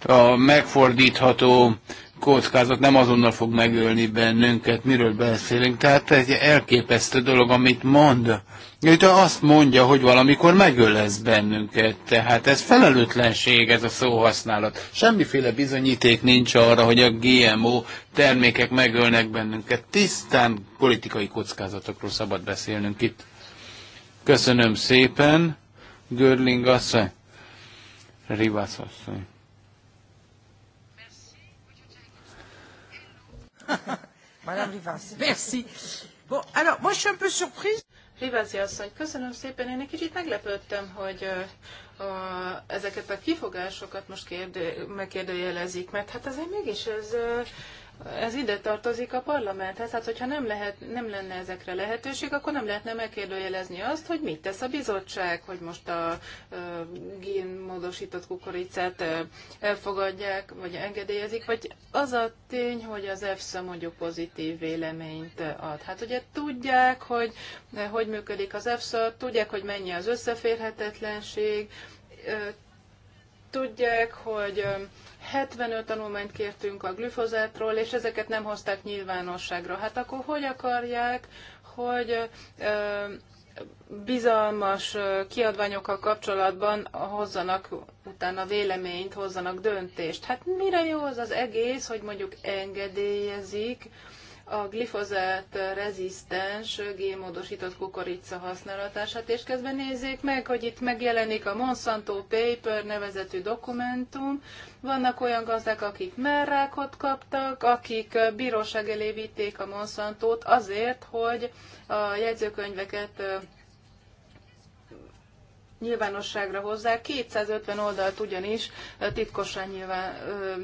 a megfordítható kockázat nem azonnal fog megölni bennünket, miről beszélünk. Tehát egy elképesztő dolog, amit mond. Ő azt mondja, hogy valamikor megölesz bennünket. Tehát ez felelőtlenség, ez a szóhasználat. Semmiféle bizonyíték nincs arra, hogy a GMO termékek megölnek bennünket. Tisztán politikai kockázatokról szabad beszélnünk itt. Köszönöm szépen, Görling asszony, Rivas asszony. Madame Rivasi, merci. Bon, alors, moi, je suis un peu surprise. Rivázi asszony, köszönöm szépen. Én egy kicsit meglepődtem, hogy a, a, ezeket a kifogásokat most kérde, megkérdőjelezik, mert hát azért mégis ez ez ide tartozik a parlamenthez, hát hogyha nem, lehet, nem lenne ezekre lehetőség, akkor nem lehetne megkérdőjelezni azt, hogy mit tesz a bizottság, hogy most a, a génmódosított kukoricát elfogadják, vagy engedélyezik, vagy az a tény, hogy az EFSA mondjuk pozitív véleményt ad. Hát ugye tudják, hogy hogy működik az EFSA, tudják, hogy mennyi az összeférhetetlenség, tudják, hogy 75 tanulmányt kértünk a glüfozátról, és ezeket nem hozták nyilvánosságra. Hát akkor hogy akarják, hogy bizalmas kiadványokkal kapcsolatban hozzanak utána véleményt, hozzanak döntést. Hát mire jó az az egész, hogy mondjuk engedélyezik, a glifozát rezisztens génmódosított kukorica használatását, és közben nézzék meg, hogy itt megjelenik a Monsanto Paper nevezetű dokumentum. Vannak olyan gazdák, akik merrákot kaptak, akik bíróság elé vitték a Monsantót azért, hogy a jegyzőkönyveket nyilvánosságra hozzá. 250 oldalt ugyanis titkosan nyilván,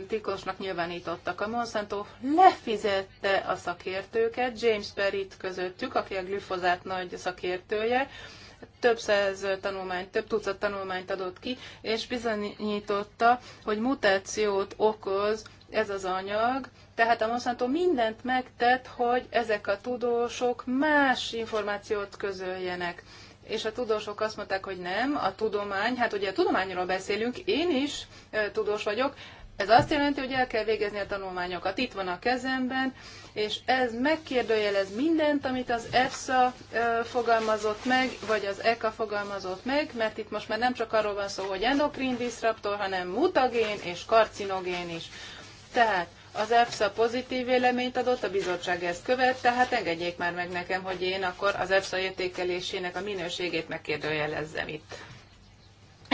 titkosnak nyilvánítottak. A Monsanto lefizette a szakértőket, James Perry-t közöttük, aki a glifozát nagy szakértője, több száz tanulmányt, több tucat tanulmányt adott ki, és bizonyította, hogy mutációt okoz ez az anyag, tehát a Monsanto mindent megtett, hogy ezek a tudósok más információt közöljenek és a tudósok azt mondták, hogy nem, a tudomány, hát ugye a tudományról beszélünk, én is tudós vagyok, ez azt jelenti, hogy el kell végezni a tanulmányokat. Itt van a kezemben, és ez megkérdőjelez mindent, amit az EFSA fogalmazott meg, vagy az ECA fogalmazott meg, mert itt most már nem csak arról van szó, hogy endokrin diszraptor, hanem mutagén és karcinogén is. Tehát az EFSA pozitív véleményt adott, a bizottság ezt követ, tehát engedjék már meg nekem, hogy én akkor az EFSA értékelésének a minőségét megkérdőjelezzem itt.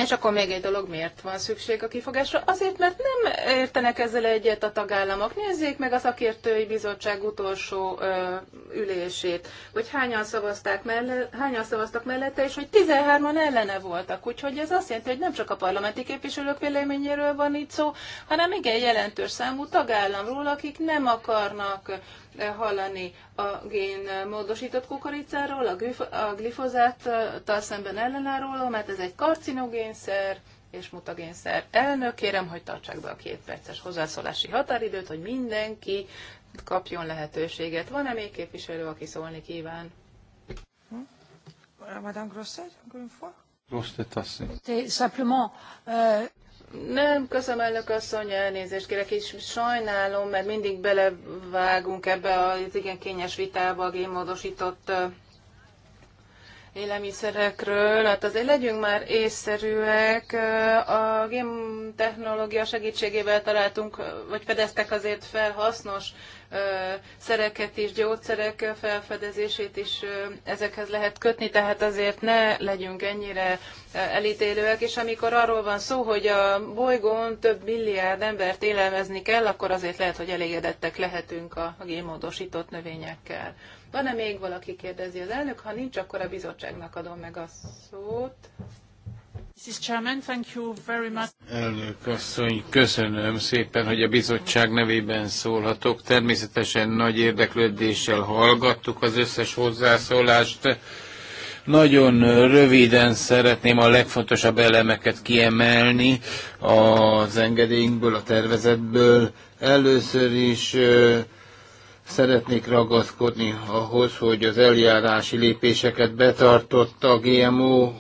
És akkor még egy dolog, miért van szükség a kifogásra? Azért, mert nem értenek ezzel egyet a tagállamok. Nézzék meg a szakértői bizottság utolsó ö, ülését, hogy hányan, szavazták melle, hányan szavaztak mellette, és hogy 13-an ellene voltak. Úgyhogy ez azt jelenti, hogy nem csak a parlamenti képviselők véleményéről van itt szó, hanem igen jelentős számú tagállamról, akik nem akarnak hallani a gén módosított kukoricáról, a glifozáttal szemben ellenálló, mert ez egy karcinogénszer, és mutagénszer. Elnök, kérem, hogy tartsák be a két perces hozzászólási határidőt, hogy mindenki kapjon lehetőséget. Van-e még képviselő, aki szólni kíván? Hm? Madame Grosset, encore une fois? Grosset Simplement, euh, nem, köszönöm elnök asszony, elnézést kérek, és sajnálom, mert mindig belevágunk ebbe az igen kényes vitába a génmódosított élelmiszerekről. Hát azért legyünk már észszerűek. A géntechnológia segítségével találtunk, vagy fedeztek azért fel hasznos szereket és gyógyszerek felfedezését is ezekhez lehet kötni, tehát azért ne legyünk ennyire elítélőek, és amikor arról van szó, hogy a bolygón több milliárd embert élelmezni kell, akkor azért lehet, hogy elégedettek lehetünk a gémódosított növényekkel. Van-e még valaki kérdezi az elnök? Ha nincs, akkor a bizottságnak adom meg a szót. Elnök asszony, köszönöm szépen, hogy a bizottság nevében szólhatok. Természetesen nagy érdeklődéssel hallgattuk az összes hozzászólást. Nagyon röviden szeretném a legfontosabb elemeket kiemelni az engedélyünkből, a tervezetből. Először is szeretnék ragaszkodni ahhoz, hogy az eljárási lépéseket betartotta a GMO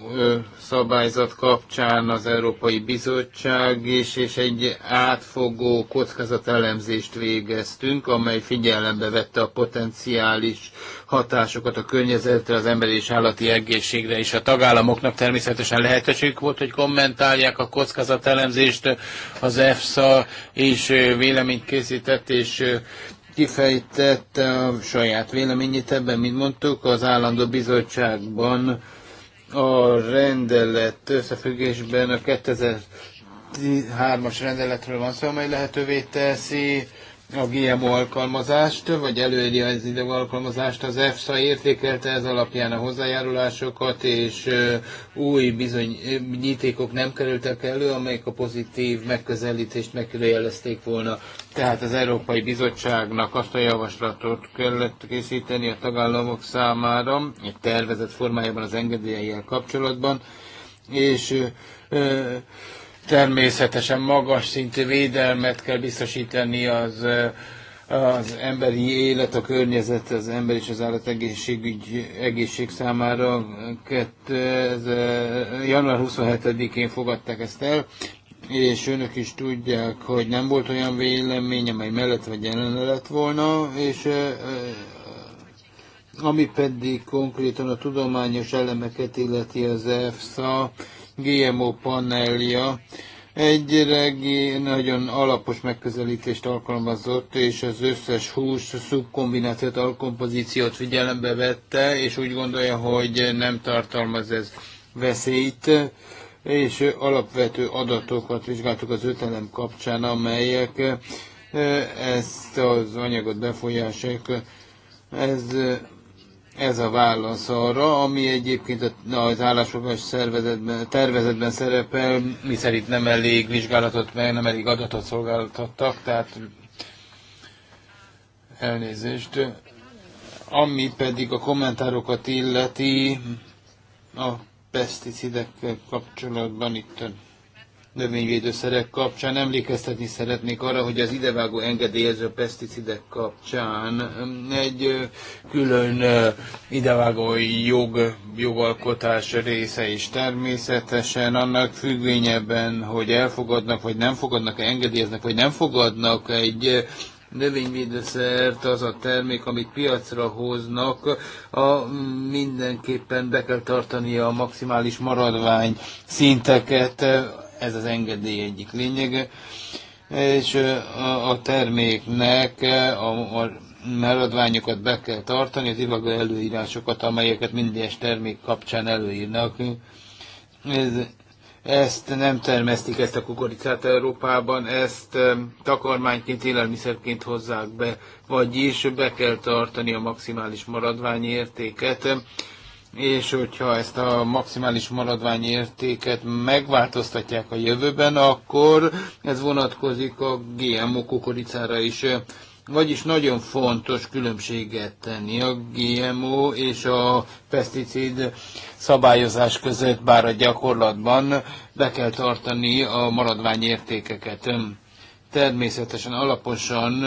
szabályzat kapcsán az Európai Bizottság is, és egy átfogó kockázatelemzést végeztünk, amely figyelembe vette a potenciális hatásokat a környezetre, az emberi és állati egészségre, és a tagállamoknak természetesen lehetőségük volt, hogy kommentálják a kockázatelemzést, az EFSA is véleményt készített, és kifejtette a saját véleményét ebben, mint mondtuk, az állandó bizottságban a rendelet összefüggésben a 2003-as rendeletről van szó, amely lehetővé teszi a GM alkalmazást, vagy előírja az ide alkalmazást. Az EFSA értékelte ez alapján a hozzájárulásokat, és új bizony nyitékok nem kerültek elő, amelyek a pozitív megközelítést megkülönjelezték volna. Tehát az Európai Bizottságnak azt a javaslatot kellett készíteni a tagállamok számára, egy tervezett formájában az engedélyeivel kapcsolatban, és ö, Természetesen magas szintű védelmet kell biztosítani az, az emberi élet, a környezet, az ember és az állat egészségügy, egészség számára. ez, január 27-én fogadták ezt el, és önök is tudják, hogy nem volt olyan vélemény, amely mellett vagy ellen lett volna, és ami pedig konkrétan a tudományos elemeket illeti az EFSA, GMO panelja egyre nagyon alapos megközelítést alkalmazott, és az összes hús szubkombinációt, alkompozíciót figyelembe vette, és úgy gondolja, hogy nem tartalmaz ez veszélyt, és alapvető adatokat vizsgáltuk az ötelem kapcsán, amelyek eh, ezt az anyagot befolyásolják. Ez ez a válasz arra, ami egyébként az állásfoglalás szervezetben, tervezetben szerepel, miszerint nem elég vizsgálatot, meg nem elég adatot szolgáltattak, tehát elnézést. Ami pedig a kommentárokat illeti, a peszticidekkel kapcsolatban itt növényvédőszerek kapcsán. Emlékeztetni szeretnék arra, hogy az idevágó engedélyező peszticidek kapcsán um, egy külön idevágó jog, jogalkotás része is természetesen, annak függvényeben, hogy elfogadnak, vagy nem fogadnak, engedélyeznek, vagy nem fogadnak egy növényvédőszert, az a termék, amit piacra hoznak, a, mindenképpen be kell tartani a maximális maradvány szinteket. Ez az engedély egyik lényege. És a terméknek a, a maradványokat be kell tartani, az ivaga előírásokat, amelyeket minden termék kapcsán előírnak. Ez, ezt nem termesztik, ezt a kukoricát Európában, ezt takarmányként, élelmiszerként hozzák be, vagyis be kell tartani a maximális értéket és hogyha ezt a maximális maradványértéket megváltoztatják a jövőben, akkor ez vonatkozik a GMO kukoricára is. Vagyis nagyon fontos különbséget tenni a GMO és a peszticid szabályozás között, bár a gyakorlatban be kell tartani a maradványértékeket. Természetesen alaposan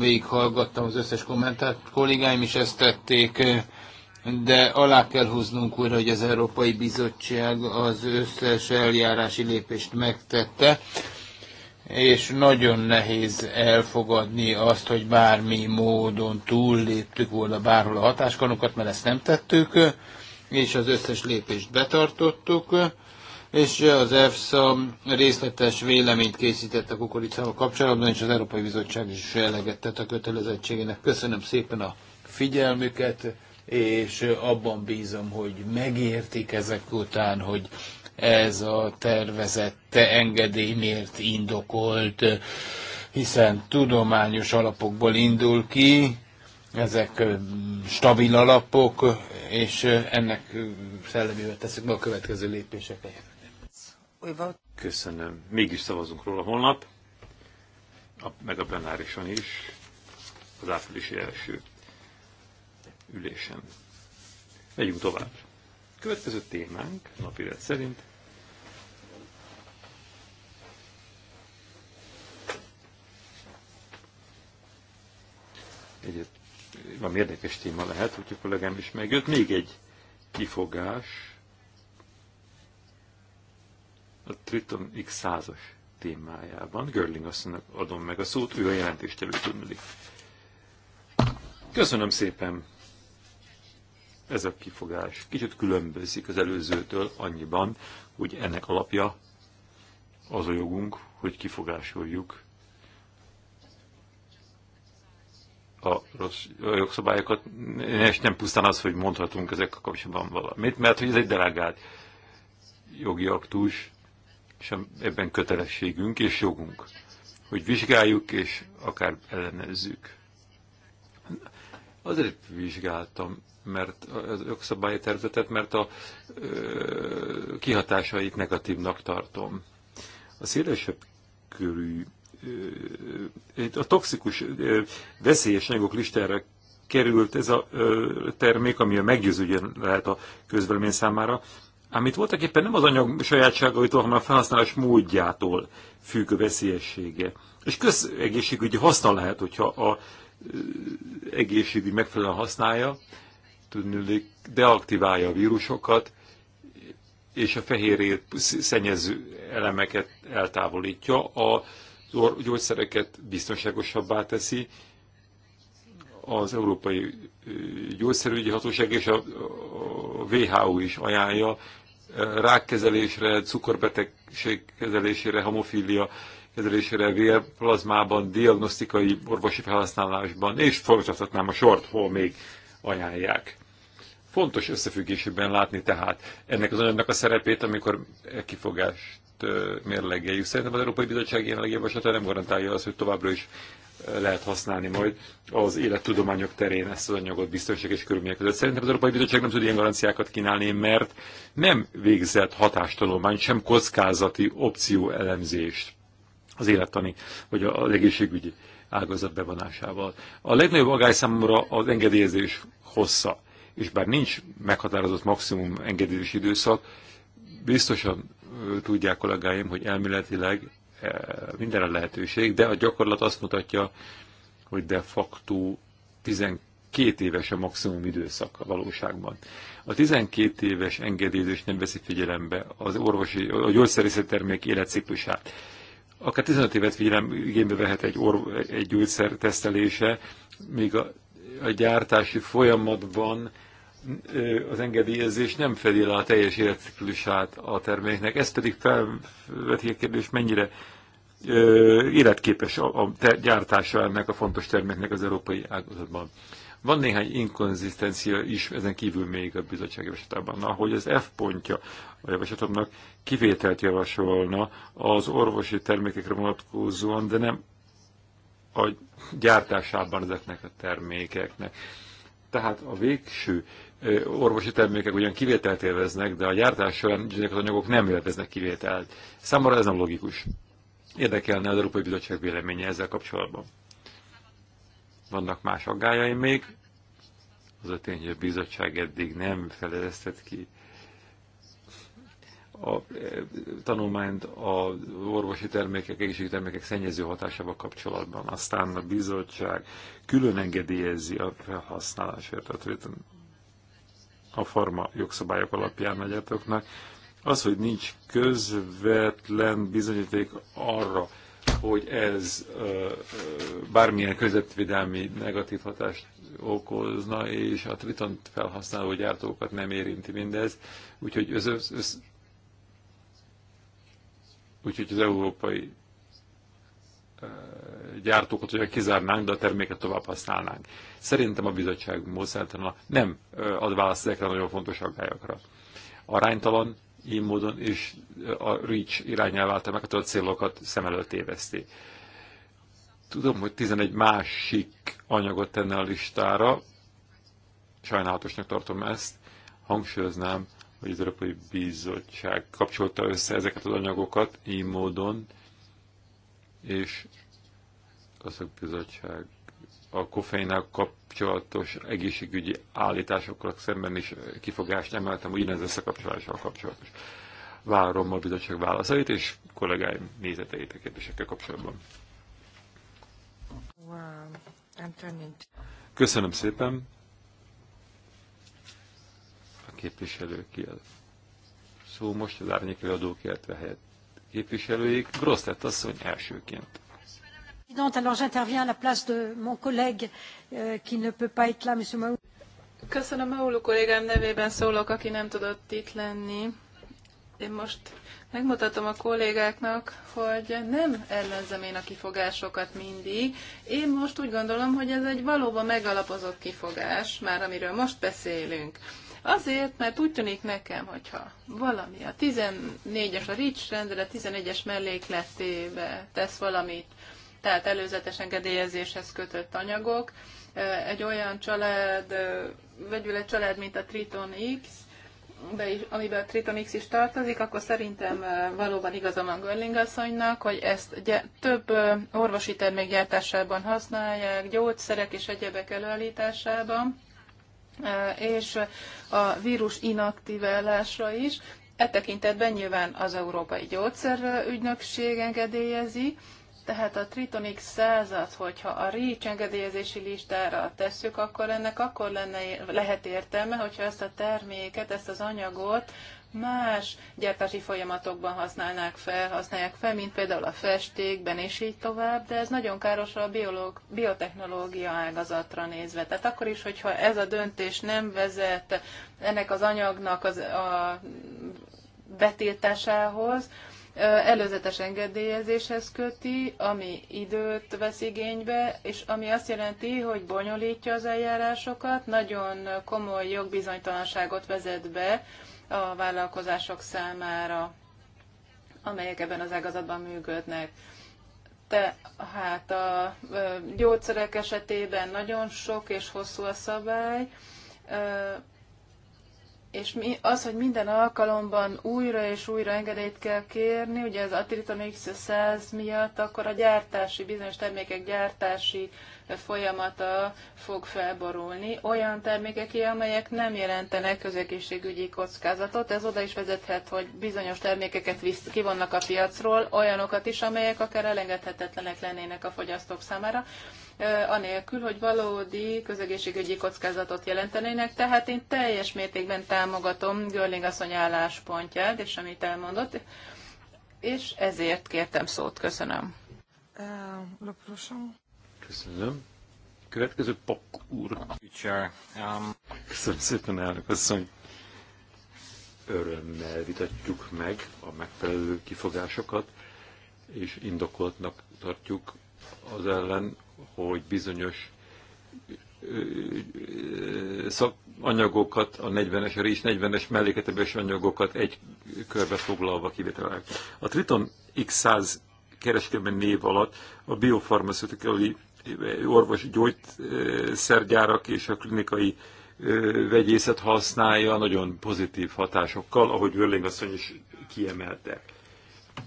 végighallgattam az összes kommentát, kollégáim is ezt tették, de alá kell húznunk újra, hogy az Európai Bizottság az összes eljárási lépést megtette, és nagyon nehéz elfogadni azt, hogy bármi módon túlléptük volna bárhol a hatáskanokat, mert ezt nem tettük, és az összes lépést betartottuk, és az EFSA részletes véleményt készített a kukoricával kapcsolatban, és az Európai Bizottság is eleget tett a kötelezettségének. Köszönöm szépen a figyelmüket! és abban bízom, hogy megértik ezek után, hogy ez a tervezette engedély miért indokolt, hiszen tudományos alapokból indul ki, ezek stabil alapok, és ennek szellemével teszünk be a következő lépéseket. Köszönöm. Mégis szavazunk róla holnap, a, meg a plenárison is, az április első ülésen. Megyünk tovább. Következő témánk, napiret szerint, egy, van érdekes téma lehet, úgyhogy a kollégám is megjött. Még egy kifogás, a Triton x 100 témájában. Görling asszonynak adom meg a szót, ő a jelentéstevő tudni. Köszönöm szépen! Ez a kifogás kicsit különbözik az előzőtől annyiban, hogy ennek alapja az a jogunk, hogy kifogásoljuk a rossz a jogszabályokat, és nem pusztán az, hogy mondhatunk ezek a kapcsolatban valamit, mert hogy ez egy delegált jogi aktus, és ebben kötelességünk és jogunk, hogy vizsgáljuk és akár ellenezzük. Azért vizsgáltam, mert az jogszabályi tervezetet, mert a ö, kihatásait negatívnak tartom. A szélesebb körű ö, a toxikus ö, veszélyes anyagok listára került ez a ö, termék, ami a meggyőzője lehet a közvélemény számára, ám itt voltak éppen nem az anyag sajátságaitól, hanem a felhasználás módjától függ a veszélyessége. És közegészségügyi haszna lehet, hogyha a egészségügy megfelelően használja, tudnék, deaktiválja a vírusokat, és a fehérét szennyező elemeket eltávolítja, a gyógyszereket biztonságosabbá teszi, az Európai Gyógyszerügyi Hatóság és a WHO is ajánlja rákkezelésre, cukorbetegség kezelésére, homofília kezelésére, vérplazmában, diagnosztikai orvosi felhasználásban, és folytathatnám a sort, hol még ajánlják. Fontos összefüggésében látni tehát ennek az anyagnak a szerepét, amikor e kifogást mérlegeljük. Szerintem az Európai Bizottság jelenlegi javaslata nem garantálja azt, hogy továbbra is lehet használni majd az élettudományok terén ezt az anyagot biztonságos körülmények között. Szerintem az Európai Bizottság nem tud ilyen garanciákat kínálni, mert nem végzett hatástanulmány, sem kockázati opció elemzést az élettani, vagy az egészségügyi ágazat bevonásával. A legnagyobb agály számomra az engedélyezés hossza, és bár nincs meghatározott maximum engedélyes időszak, biztosan tudják kollégáim, hogy elméletileg e, mindenre lehetőség, de a gyakorlat azt mutatja, hogy de facto 12 éves a maximum időszak a valóságban. A 12 éves engedélyezés nem veszi figyelembe az orvosi, a gyógyszerészeti termék életciklusát akár 15 évet figyelem igénybe vehet egy, orv, egy gyógyszer tesztelése, míg a, a gyártási folyamatban az engedélyezés nem fedi le a teljes életciklusát a terméknek. Ez pedig felveti a kérdés, mennyire életképes a, a gyártása ennek a fontos terméknek az európai ágazatban. Van néhány inkonzisztencia is ezen kívül még a bizottság javaslatában, ahogy az F pontja a javaslatomnak kivételt javasolna az orvosi termékekre vonatkozóan, de nem a gyártásában ezeknek a termékeknek. Tehát a végső orvosi termékek ugyan kivételt élveznek, de a gyártás során ezek az anyagok nem élveznek kivételt. Számomra ez nem logikus. Érdekelne az Európai Bizottság véleménye ezzel kapcsolatban. Vannak más aggájaim még. Az a tény, hogy a bizottság eddig nem feleztett ki a e, tanulmányt az orvosi termékek, egészségügyi termékek szennyező hatásával kapcsolatban. Aztán a bizottság külön engedélyezi a felhasználásért, tehát a farma jogszabályok alapján megyetoknak. Az, hogy nincs közvetlen bizonyíték arra, hogy ez bármilyen közvetvédelmi negatív hatást okozna, és a Triton felhasználó gyártókat nem érinti mindez. Úgyhogy az, az, az, úgyhogy az európai gyártókat ugye kizárnánk, de a terméket tovább használnánk. Szerintem a bizottság módszertelen nem ad választ ezekre a nagyon fontos aggályokra. Aránytalan így módon és a REACH irányává a meghatározott célokat szem előtt éveszti. Tudom, hogy 11 másik anyagot tenne a listára, sajnálatosnak tartom ezt, hangsúlyoznám, hogy az Európai Bizottság kapcsolta össze ezeket az anyagokat így módon, és a bizottság a koffeinnel kapcsolatos egészségügyi állításokkal szemben is kifogást emeltem, ez összekapcsolással kapcsolatos. Várom a bizottság válaszait és kollégáim nézeteit a kérdésekkel kapcsolatban. Köszönöm szépen a képviselőkért. Szó most az árnyék előadók, illetve helyett képviselőik. Grossz lett asszony elsőként. Euh, Köszönöm, Maulu kollégám nevében szólok, aki nem tudott itt lenni. Én most megmutatom a kollégáknak, hogy nem ellenzem én a kifogásokat mindig. Én most úgy gondolom, hogy ez egy valóban megalapozott kifogás, már amiről most beszélünk. Azért, mert úgy tűnik nekem, hogyha valami a 14-es, a RICS rendelet 11-es mellékletébe tesz valamit, tehát előzetes engedélyezéshez kötött anyagok. Egy olyan család, egy család, mint a Triton X, de is, amiben a Triton X is tartozik, akkor szerintem valóban igazam van Görling asszonynak, hogy ezt gy- több orvosi termékgyártásában használják, gyógyszerek és egyebek előállításában, és a vírus inaktiválásra is. E tekintetben nyilván az Európai Gyógyszerügynökség engedélyezi, tehát a Triton X 100 hogyha a REACH engedélyezési listára tesszük, akkor ennek akkor lenne, lehet értelme, hogyha ezt a terméket, ezt az anyagot más gyártási folyamatokban használnák fel, használják fel, mint például a festékben, és így tovább, de ez nagyon káros a biológ, biotechnológia ágazatra nézve. Tehát akkor is, hogyha ez a döntés nem vezet ennek az anyagnak az, a betiltásához, előzetes engedélyezéshez köti, ami időt vesz igénybe, és ami azt jelenti, hogy bonyolítja az eljárásokat, nagyon komoly jogbizonytalanságot vezet be a vállalkozások számára, amelyek ebben az ágazatban működnek. Tehát a gyógyszerek esetében nagyon sok és hosszú a szabály, és mi, az, hogy minden alkalomban újra és újra engedélyt kell kérni, ugye az Atiriton X100 miatt, akkor a gyártási, bizonyos termékek gyártási folyamata fog felborulni. Olyan termékeké, amelyek nem jelentenek közegészségügyi kockázatot. Ez oda is vezethet, hogy bizonyos termékeket visz, kivonnak a piacról, olyanokat is, amelyek akár elengedhetetlenek lennének a fogyasztók számára anélkül, hogy valódi közegészségügyi kockázatot jelentenének, tehát én teljes mértékben támogatom Görling asszony álláspontját, és amit elmondott, és ezért kértem szót. Köszönöm. Köszönöm. Következő Pak úr. Um, Köszönöm szépen, elnök asszony. Örömmel vitatjuk meg a megfelelő kifogásokat, és indokoltnak tartjuk az ellen, hogy bizonyos anyagokat, a 40-es, a rés 40-es melléketebes anyagokat egy körbe foglalva kivételek. A Triton X100 kereskedelmi név alatt a biofarmaceutikai orvosi gyógyszergyárak és a klinikai vegyészet használja, nagyon pozitív hatásokkal, ahogy Wörling asszony is kiemelte.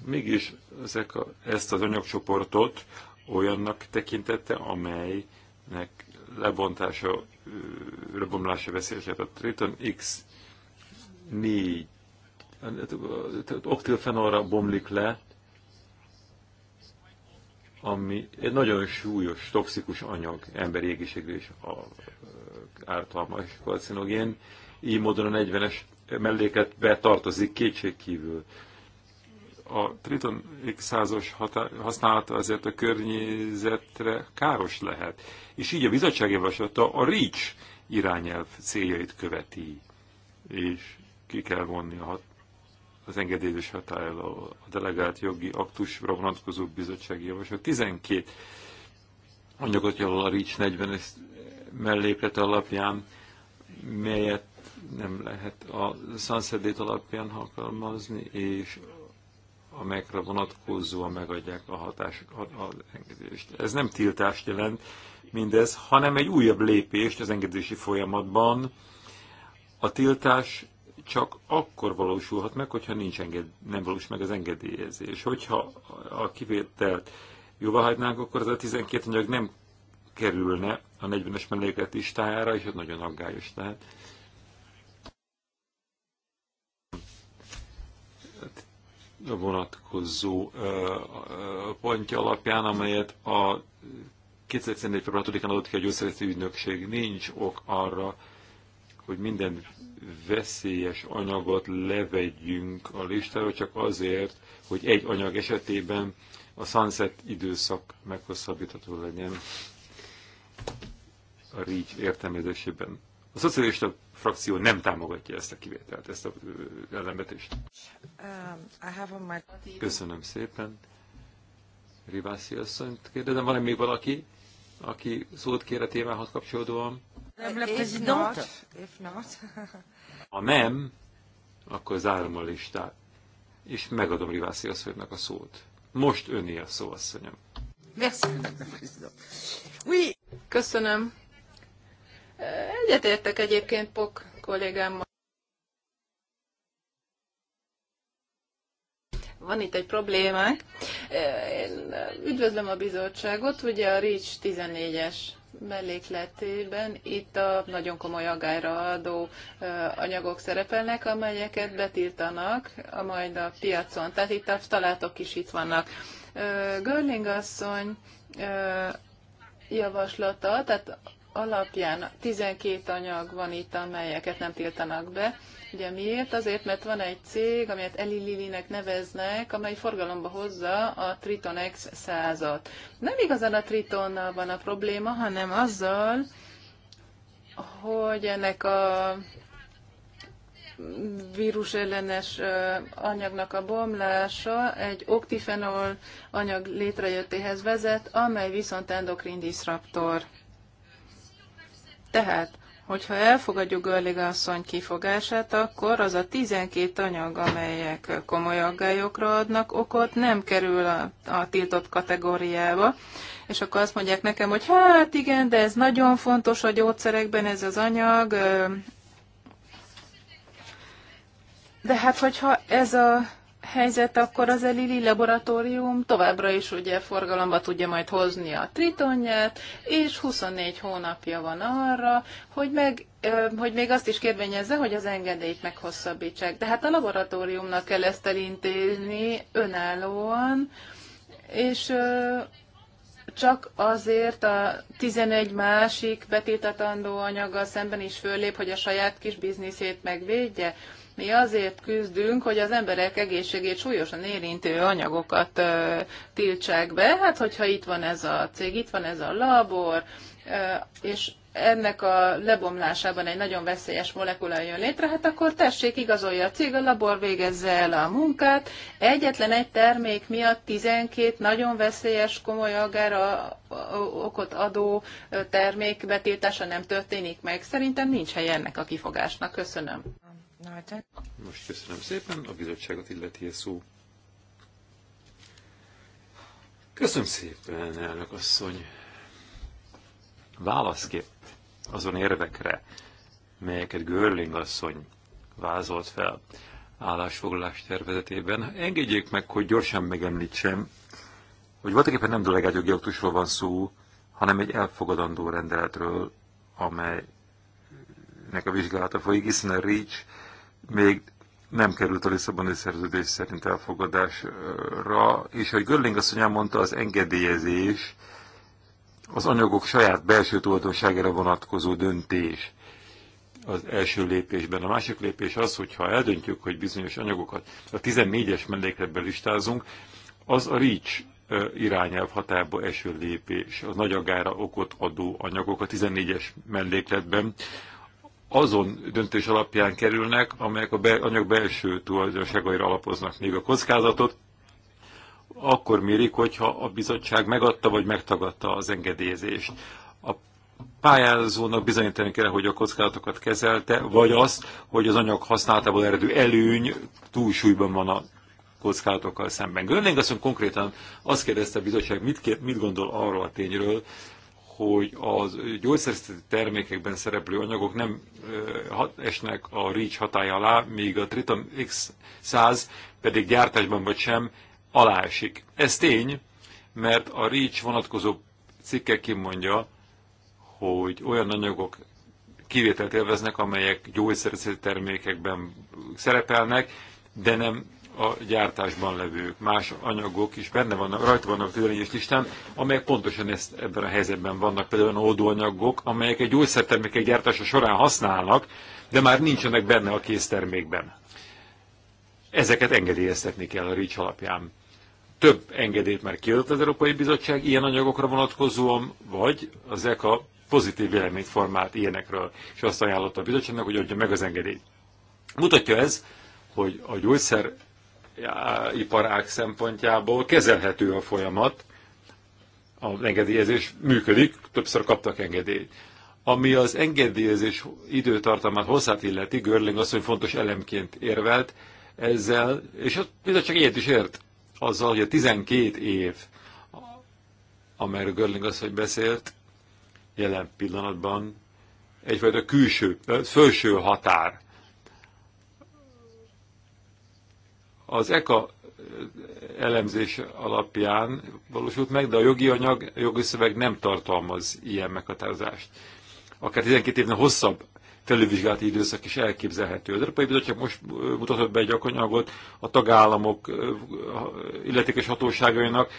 Mégis ezek a, ezt az anyagcsoportot olyannak tekintette, amelynek lebontása, lebomlása veszélyes lehet a Triton X4 oktilfenolra bomlik le, ami egy nagyon súlyos, toxikus anyag, emberi égiségű és ártalmas karcinogén. Így módon a 40-es melléket betartozik kétségkívül. A Triton x 100 használata azért a környezetre káros lehet, és így a bizottság javaslata a REACH irányelv céljait követi, és ki kell vonni a hat az engedélyes hatály a delegált jogi aktusra vonatkozó bizottsági javaslat. 12 anyagot jelöl a RICS 40 melléklet alapján, melyet nem lehet a szanszedét alapján alkalmazni, és amelyekre vonatkozóan megadják a hatás, az engedést. Ez nem tiltást jelent mindez, hanem egy újabb lépést az engedési folyamatban. A tiltás csak akkor valósulhat meg, hogyha nincs enged, nem valós meg az engedélyezés. Hogyha a kivételt jóvá hagynánk, akkor az a 12 anyag nem kerülne a 40-es melléklet listájára, és ez nagyon aggályos lehet. A vonatkozó pontja alapján, amelyet a 2014. február 6-án adott ki a gyógyszerészeti ügynökség, nincs ok arra, hogy minden veszélyes anyagot levegyünk a listáról, csak azért, hogy egy anyag esetében a sunset időszak meghosszabbítható legyen a rígy értelmezésében. A szocialista frakció nem támogatja ezt a kivételt, ezt a ellenvetést. Um, Köszönöm szépen. Rivászi asszonyt kérdezem, van -e még valaki, aki szót kér a témához kapcsolódóan? Ha nem, akkor zárom a listát, és megadom Rivászi asszonynak a szót. Most öné a szó, asszonyom. Köszönöm. Egyetértek egyébként Pok kollégámmal. van itt egy problémánk. Én üdvözlöm a bizottságot, ugye a RICS 14-es mellékletében itt a nagyon komoly agályra adó anyagok szerepelnek, amelyeket betiltanak a majd a piacon. Tehát itt a talátok is itt vannak. Görling asszony javaslata, tehát alapján 12 anyag van itt, amelyeket nem tiltanak be. Ugye miért? Azért, mert van egy cég, amelyet Elililinek neveznek, amely forgalomba hozza a Triton X százat. Nem igazán a Tritonnal van a probléma, hanem azzal, hogy ennek a vírusellenes anyagnak a bomlása egy oktifenol anyag létrejöttéhez vezet, amely viszont endokrin tehát, hogyha elfogadjuk Görlig asszony kifogását, akkor az a 12 anyag, amelyek komoly aggályokra adnak okot, nem kerül a, a tiltott kategóriába, és akkor azt mondják nekem, hogy hát igen, de ez nagyon fontos a gyógyszerekben, ez az anyag, de hát hogyha ez a helyzet, akkor az Elili laboratórium továbbra is ugye forgalomba tudja majd hozni a tritonját, és 24 hónapja van arra, hogy, meg, hogy még azt is kérvényezze, hogy az engedélyt meghosszabbítsák. De hát a laboratóriumnak kell ezt elintézni önállóan, és csak azért a 11 másik betiltatandó anyaggal szemben is fölép, hogy a saját kis bizniszét megvédje mi azért küzdünk, hogy az emberek egészségét súlyosan érintő anyagokat ö, tiltsák be. Hát, hogyha itt van ez a cég, itt van ez a labor, ö, és ennek a lebomlásában egy nagyon veszélyes molekula jön létre, hát akkor tessék, igazolja a cég, a labor végezze el a munkát. Egyetlen egy termék miatt 12 nagyon veszélyes, komoly agára okot adó termék betiltása nem történik meg. Szerintem nincs hely ennek a kifogásnak. Köszönöm. Most köszönöm szépen, a bizottságot illeti a szó. Köszönöm szépen, elnök asszony. Válaszképp azon érvekre, melyeket Görling asszony vázolt fel állásfoglalás tervezetében. Engedjék meg, hogy gyorsan megemlítsem, hogy voltaképpen nem delegált jogi aktusról van szó, hanem egy elfogadandó rendeletről, amelynek a vizsgálata folyik, hiszen a REACH még nem került a Lisszaboni szerződés szerint elfogadásra, és hogy Görling asszony mondta, az engedélyezés az anyagok saját belső tulajdonságára vonatkozó döntés az első lépésben. A másik lépés az, hogyha eldöntjük, hogy bizonyos anyagokat a 14-es mellékletben listázunk, az a REACH irányelv hatába eső lépés, az nagyagára okot adó anyagok a 14-es mellékletben, azon döntés alapján kerülnek, amelyek a be, anyag belső tulajdonságaira alapoznak még a kockázatot, akkor mérik, hogyha a bizottság megadta vagy megtagadta az engedélyezést. A pályázónak bizonyítani kell, hogy a kockázatokat kezelte, vagy az, hogy az anyag használatából eredő előny túlsúlyban van a kockázatokkal szemben. Görling azon konkrétan azt kérdezte a bizottság, mit, mit gondol arról a tényről, hogy a gyógyszerzeti termékekben szereplő anyagok nem esnek a REACH hatája alá, míg a Triton X100 pedig gyártásban vagy sem alá esik. Ez tény, mert a REACH vonatkozó cikke kimondja, hogy olyan anyagok kivételt élveznek, amelyek gyógyszerzeti termékekben szerepelnek, de nem a gyártásban levők, más anyagok is benne vannak, rajta vannak a törvényes listán, amelyek pontosan ezt, ebben a helyzetben vannak, például olyan oldóanyagok, amelyek egy egy gyártása során használnak, de már nincsenek benne a késztermékben. Ezeket engedélyeztetni kell a RICS alapján. Több engedélyt már kiadott az Európai Bizottság ilyen anyagokra vonatkozóan, vagy az a pozitív véleményt formált ilyenekről, és azt ajánlotta a bizottságnak, hogy adja meg az engedélyt. Mutatja ez, hogy a gyógyszer iparág szempontjából kezelhető a folyamat, A engedélyezés működik, többször kaptak engedélyt. Ami az engedélyezés időtartamát hosszát illeti, Görling asszony fontos elemként érvelt ezzel, és bizony csak egyet is ért azzal, hogy a 12 év, amelyről Görling asszony beszélt, jelen pillanatban egyfajta külső, felső határ Az ECA eh, elemzés alapján valósult meg, de a jogi anyag, a jogi szöveg nem tartalmaz ilyen meghatározást. Akár 12 évnél hosszabb felülvizsgálati időszak is elképzelhető. Az Európai Bizottság most eh, mutatott be egy gyakornyagot a tagállamok eh, illetékes hatóságainak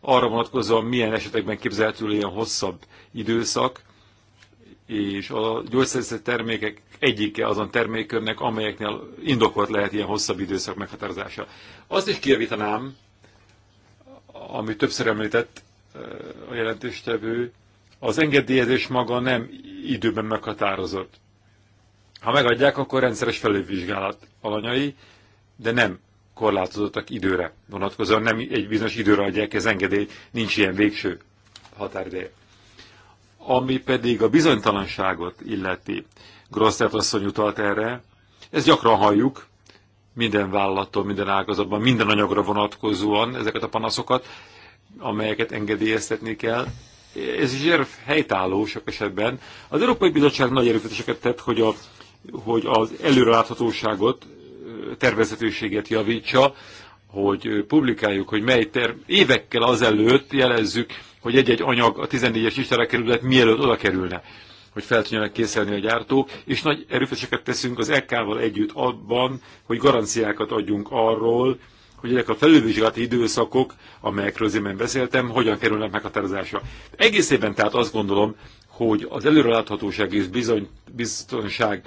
arra vonatkozóan, milyen esetekben képzelhető ilyen hosszabb időszak, és a gyógyszerzett termékek egyike azon termékkörnek, amelyeknél indokolt lehet ilyen hosszabb időszak meghatározása. Azt is kijavítanám, amit többször említett eh, a jelentéstevő, az engedélyezés maga nem időben meghatározott. Ha megadják, akkor rendszeres felülvizsgálat alanyai, de nem korlátozottak időre vonatkozóan, nem egy bizonyos időre adják az engedélyt, nincs ilyen végső határideje. Ami pedig a bizonytalanságot illeti, Grosztert asszony utalt erre, ezt gyakran halljuk, minden vállalattól, minden ágazatban, minden anyagra vonatkozóan ezeket a panaszokat, amelyeket engedélyeztetni kell. Ez is helytálló sok esetben. Az Európai Bizottság nagy erőfeszítéseket tett, hogy, a, hogy az előreláthatóságot, tervezetőséget javítsa, hogy publikáljuk, hogy mely terv, évekkel azelőtt jelezzük hogy egy-egy anyag a 14-es listára kerülhet, mielőtt oda kerülne hogy fel tudjanak készíteni a gyártók, és nagy erőfeszeket teszünk az EK-val együtt abban, hogy garanciákat adjunk arról, hogy ezek a felülvizsgálati időszakok, amelyekről az én beszéltem, hogyan kerülnek meghatározásra. Egészében tehát azt gondolom, hogy az előreláthatóság és bizony, biztonság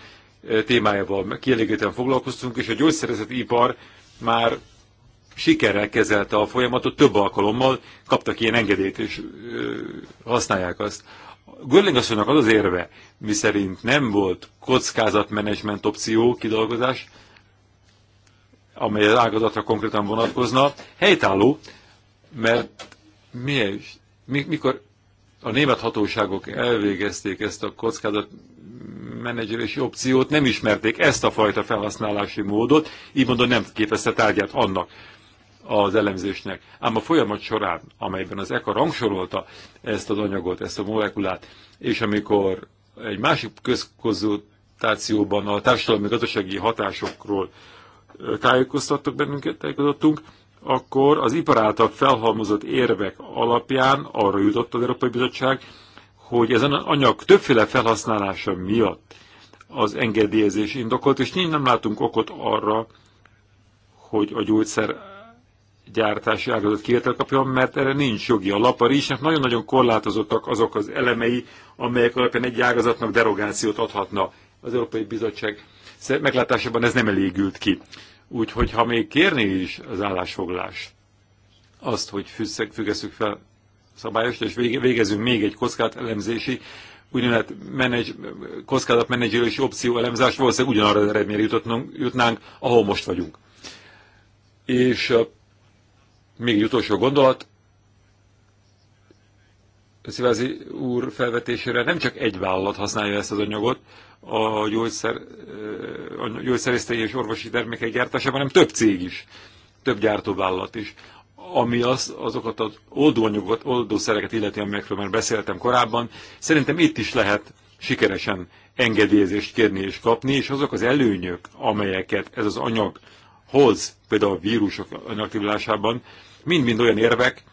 eh, témájával kielégítően foglalkoztunk, és a gyógyszerezeti ipar már sikerrel kezelte a folyamatot, több alkalommal kaptak ilyen engedélyt, és ö, használják azt. Görling asszonynak az az érve, miszerint nem volt kockázatmenedzsment opció kidolgozás, amely az ágazatra konkrétan vonatkozna, helytálló, mert mi, mi, mikor a német hatóságok elvégezték ezt a kockázat menedzselési opciót, nem ismerték ezt a fajta felhasználási módot, így mondom nem képezte tárgyát annak, az elemzésnek. Ám a folyamat során, amelyben az ECA rangsorolta ezt az anyagot, ezt a molekulát, és amikor egy másik közkonzultációban a társadalmi gazdasági hatásokról tájékoztattak bennünket, tájékozottunk, akkor az ipar által felhalmozott érvek alapján arra jutott az Európai Bizottság, hogy ezen anyag többféle felhasználása miatt az engedélyezés indokolt, és nincs nem látunk okot arra, hogy a gyógyszer gyártási ágazat kivétel kapjon, mert erre nincs jogi alap. A rizsnek nagyon-nagyon korlátozottak azok az elemei, amelyek alapján egy ágazatnak derogációt adhatna. Az Európai Bizottság meglátásában ez nem elégült ki. Úgyhogy ha még kérné is az állásfoglás, azt, hogy függesszük fel szabályost, és végezünk még egy kockát elemzési, úgynevezett kockázat kockázatmenedzselési opció elemzás, valószínűleg ugyanarra az eredményre jutnánk, ahol most vagyunk. És még egy utolsó gondolat. Szivázi úr felvetésére nem csak egy vállalat használja ezt az anyagot a, gyógyszer, a gyógyszerésztei és orvosi termékek gyártásában, hanem több cég is, több gyártóvállalat is, ami az, azokat az oldóanyagokat, oldószereket illeti, amelyekről már beszéltem korábban. Szerintem itt is lehet sikeresen engedélyezést kérni és kapni, és azok az előnyök, amelyeket ez az anyag hoz, például a vírusok anyagtívulásában, mind-mind olyan érvek,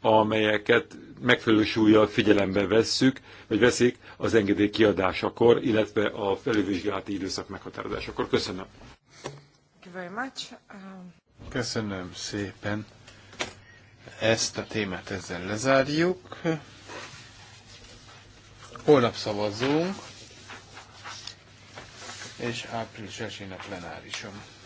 amelyeket megfelelő súlyjal figyelembe vesszük, vagy veszik az engedély kiadásakor, illetve a felülvizsgálati időszak meghatározásakor. Köszönöm. Um, Köszönöm szépen. Ezt a témát ezzel lezárjuk. Holnap szavazzunk, és április 1 plenárisom. a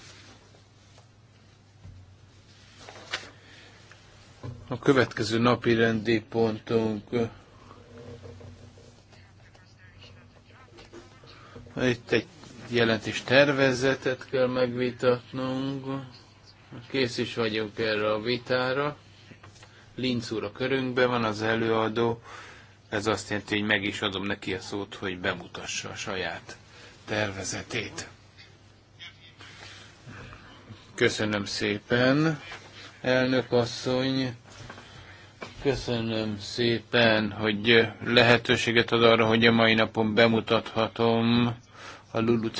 A következő napi rendi pontunk itt egy jelentés tervezetet kell megvitatnunk. Kész is vagyunk erre a vitára. Linz úr a körünkben van az előadó. Ez azt jelenti, hogy meg is adom neki a szót, hogy bemutassa a saját tervezetét. Köszönöm szépen, elnök asszony. Köszönöm szépen, hogy lehetőséget ad arra, hogy a mai napon bemutathatom a Lulu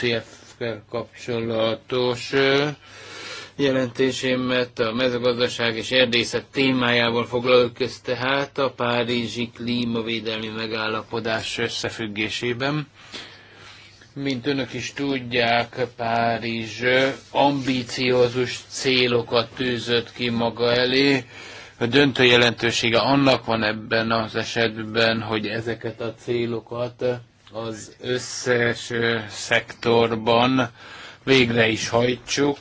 kel kapcsolatos jelentésémet a mezőgazdaság és erdészet témájával foglalok közt tehát a Párizsi klímavédelmi megállapodás összefüggésében. Mint önök is tudják, Párizs ambíciózus célokat tűzött ki maga elé, a döntő jelentősége annak van ebben az esetben, hogy ezeket a célokat az összes szektorban végre is hajtsuk.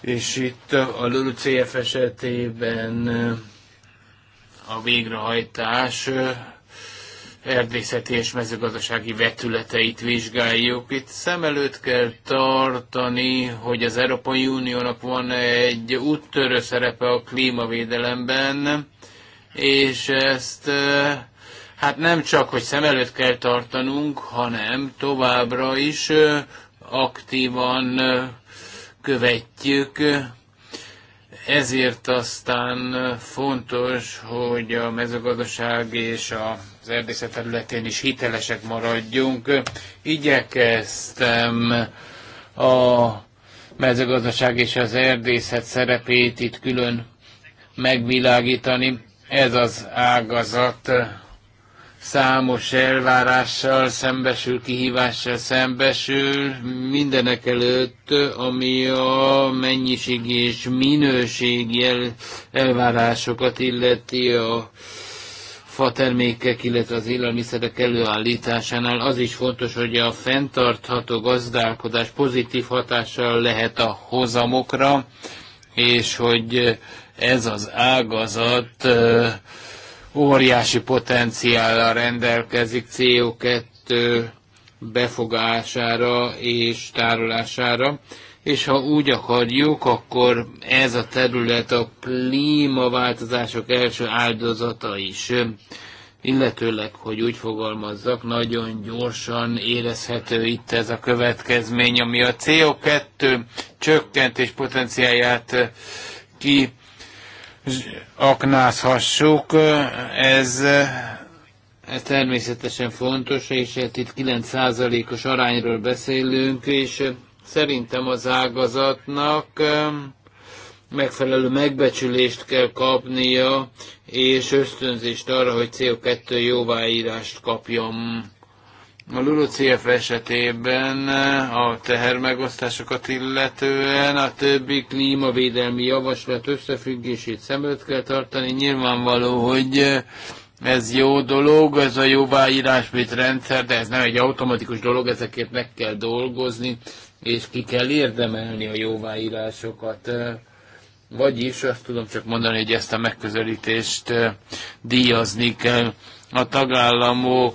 És itt a LULCF esetében a végrehajtás erdészeti és mezőgazdasági vetületeit vizsgáljuk. Itt szem előtt kell tartani, hogy az Európai Uniónak van egy úttörő szerepe a klímavédelemben, és ezt eh, hát nem csak, hogy szem előtt kell tartanunk, hanem továbbra is eh, aktívan eh, követjük. Ezért aztán fontos, hogy a mezőgazdaság és a az erdészet területén is hitelesek maradjunk. Igyekeztem a mezőgazdaság és az erdészet szerepét itt külön megvilágítani. Ez az ágazat számos elvárással szembesül, kihívással szembesül, mindenek előtt, ami a mennyiség és minőség el, elvárásokat illeti a fatermékek, illetve az élelmiszerek előállításánál az is fontos, hogy a fenntartható gazdálkodás pozitív hatással lehet a hozamokra, és hogy ez az ágazat óriási potenciállal rendelkezik CO2 befogására és tárolására, és ha úgy akarjuk, akkor ez a terület a klímaváltozások első áldozata is, illetőleg, hogy úgy fogalmazzak, nagyon gyorsan érezhető itt ez a következmény, ami a CO2 csökkentés potenciáját ki aknázhassuk. Ez ez természetesen fontos, és itt 9%-os arányról beszélünk, és Szerintem az ágazatnak megfelelő megbecsülést kell kapnia, és ösztönzést arra, hogy CO2 jóváírást kapjon. A LULUCF esetében eh, a tehermegosztásokat illetően a többi klímavédelmi javaslat összefüggését szemült kell tartani. Nyilvánvaló, hogy eh, ez jó dolog, ez a jóváírás, mint rendszer, de ez nem egy automatikus dolog, ezekért meg kell dolgozni és ki kell érdemelni a jóváírásokat. Vagyis azt tudom csak mondani, hogy ezt a megközelítést díjazni kell. A tagállamok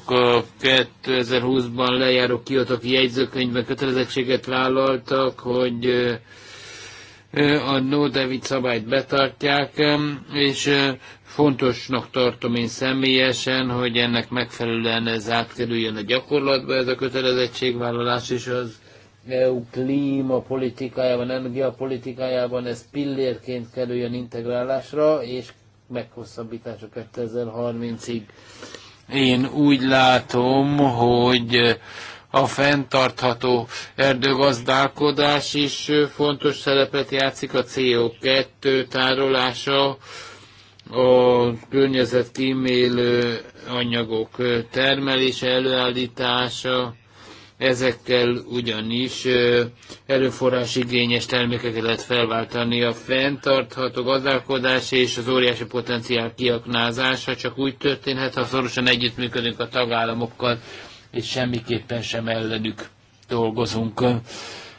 2020-ban lejáró kiotoki jegyzőkönyvben kötelezettséget vállaltak, hogy a no David szabályt betartják, és fontosnak tartom én személyesen, hogy ennek megfelelően ez átkerüljön a gyakorlatba, ez a kötelezettségvállalás, és az politikájában, energia energiapolitikájában ez pillérként kerüljön integrálásra, és meghosszabbítása 2030-ig. Én úgy látom, hogy a fenntartható erdőgazdálkodás is fontos szerepet játszik a CO2 tárolása, a környezet kímélő anyagok termelése, előállítása, Ezekkel ugyanis igényes termékeket lehet felváltani. A fenntartható gazdálkodás és az óriási potenciál kiaknázása csak úgy történhet, ha szorosan együttműködünk a tagállamokkal, és semmiképpen sem ellenük dolgozunk.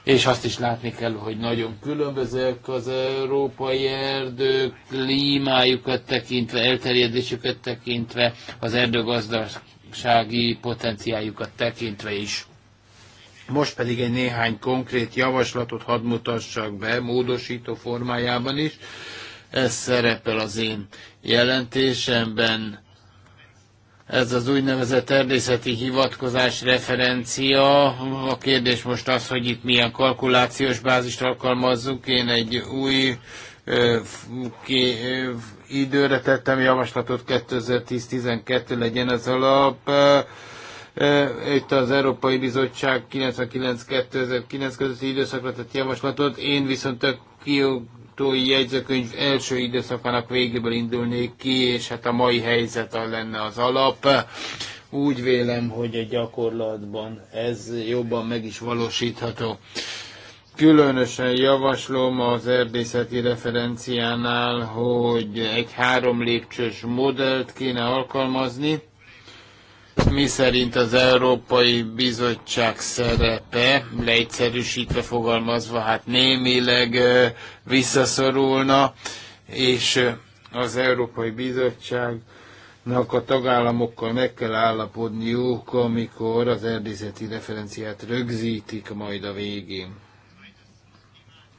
És azt is látni kell, hogy nagyon különbözőek az európai erdők, klímájukat tekintve, elterjedésüket tekintve, az erdőgazdasági potenciáljukat tekintve is. Most pedig egy néhány konkrét javaslatot hadd mutassak be, módosító formájában is. Ez szerepel az én jelentésemben. Ez az úgynevezett erdészeti hivatkozás referencia. A kérdés most az, hogy itt milyen kalkulációs bázist alkalmazzunk. Én egy új ö, ki, ö, időre tettem javaslatot 2010-12 legyen az alap. Ö, itt az Európai Bizottság 99-2009 közötti időszakra tett javaslatot, én viszont a kiotói jegyzőkönyv első időszakának végéből indulnék ki, és hát a mai helyzet lenne az alap úgy vélem, hogy a gyakorlatban ez jobban meg is valósítható. Különösen javaslom az erdészeti referenciánál, hogy egy három lépcsős modellt kéne alkalmazni, mi szerint az Európai Bizottság szerepe, leegyszerűsítve fogalmazva, hát némileg visszaszorulna, és az Európai Bizottságnak a tagállamokkal meg kell állapodniuk, amikor az erdészeti referenciát rögzítik majd a végén.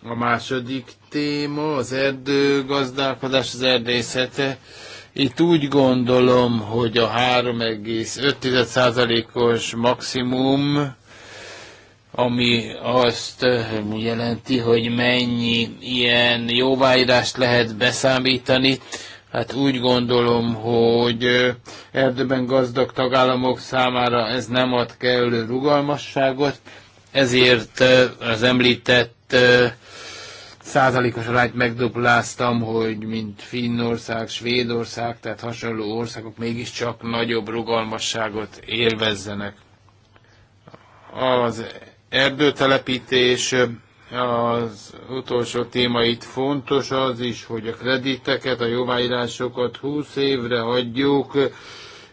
A második téma az erdőgazdálkodás, az erdészete itt úgy gondolom, hogy a 3,5%-os maximum, ami azt jelenti, hogy mennyi ilyen jóváírást lehet beszámítani, Hát úgy gondolom, hogy erdőben gazdag tagállamok számára ez nem ad kellő rugalmasságot, ezért az említett százalékos arányt megdupláztam, hogy mint Finnország, Svédország, tehát hasonló országok mégiscsak nagyobb rugalmasságot élvezzenek. Az erdőtelepítés az utolsó téma itt fontos az is, hogy a krediteket, a jóváírásokat 20 évre hagyjuk,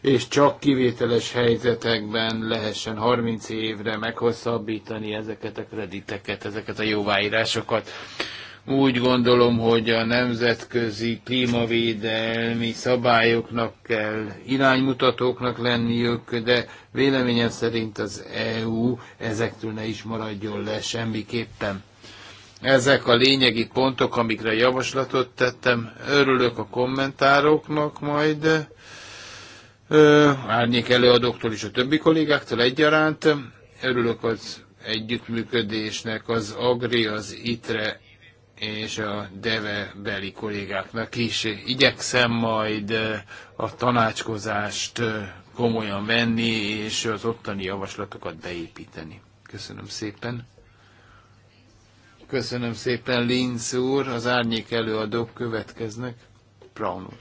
és csak kivételes helyzetekben lehessen 30 évre meghosszabbítani ezeket a krediteket, ezeket a jóváírásokat. Úgy gondolom, hogy a nemzetközi klímavédelmi szabályoknak kell iránymutatóknak lenniük, de véleményem szerint az EU ezektől ne is maradjon le semmiképpen. Ezek a lényegi pontok, amikre javaslatot tettem. Örülök a kommentároknak majd. Ö, árnyék előadóktól és a többi kollégáktól egyaránt. Örülök az együttműködésnek az Agri, az ITRE és a deve beli kollégáknak is. Igyekszem majd a tanácskozást komolyan venni, és az ottani javaslatokat beépíteni. Köszönöm szépen. Köszönöm szépen, Linz úr. Az árnyék előadók következnek. Braun úr.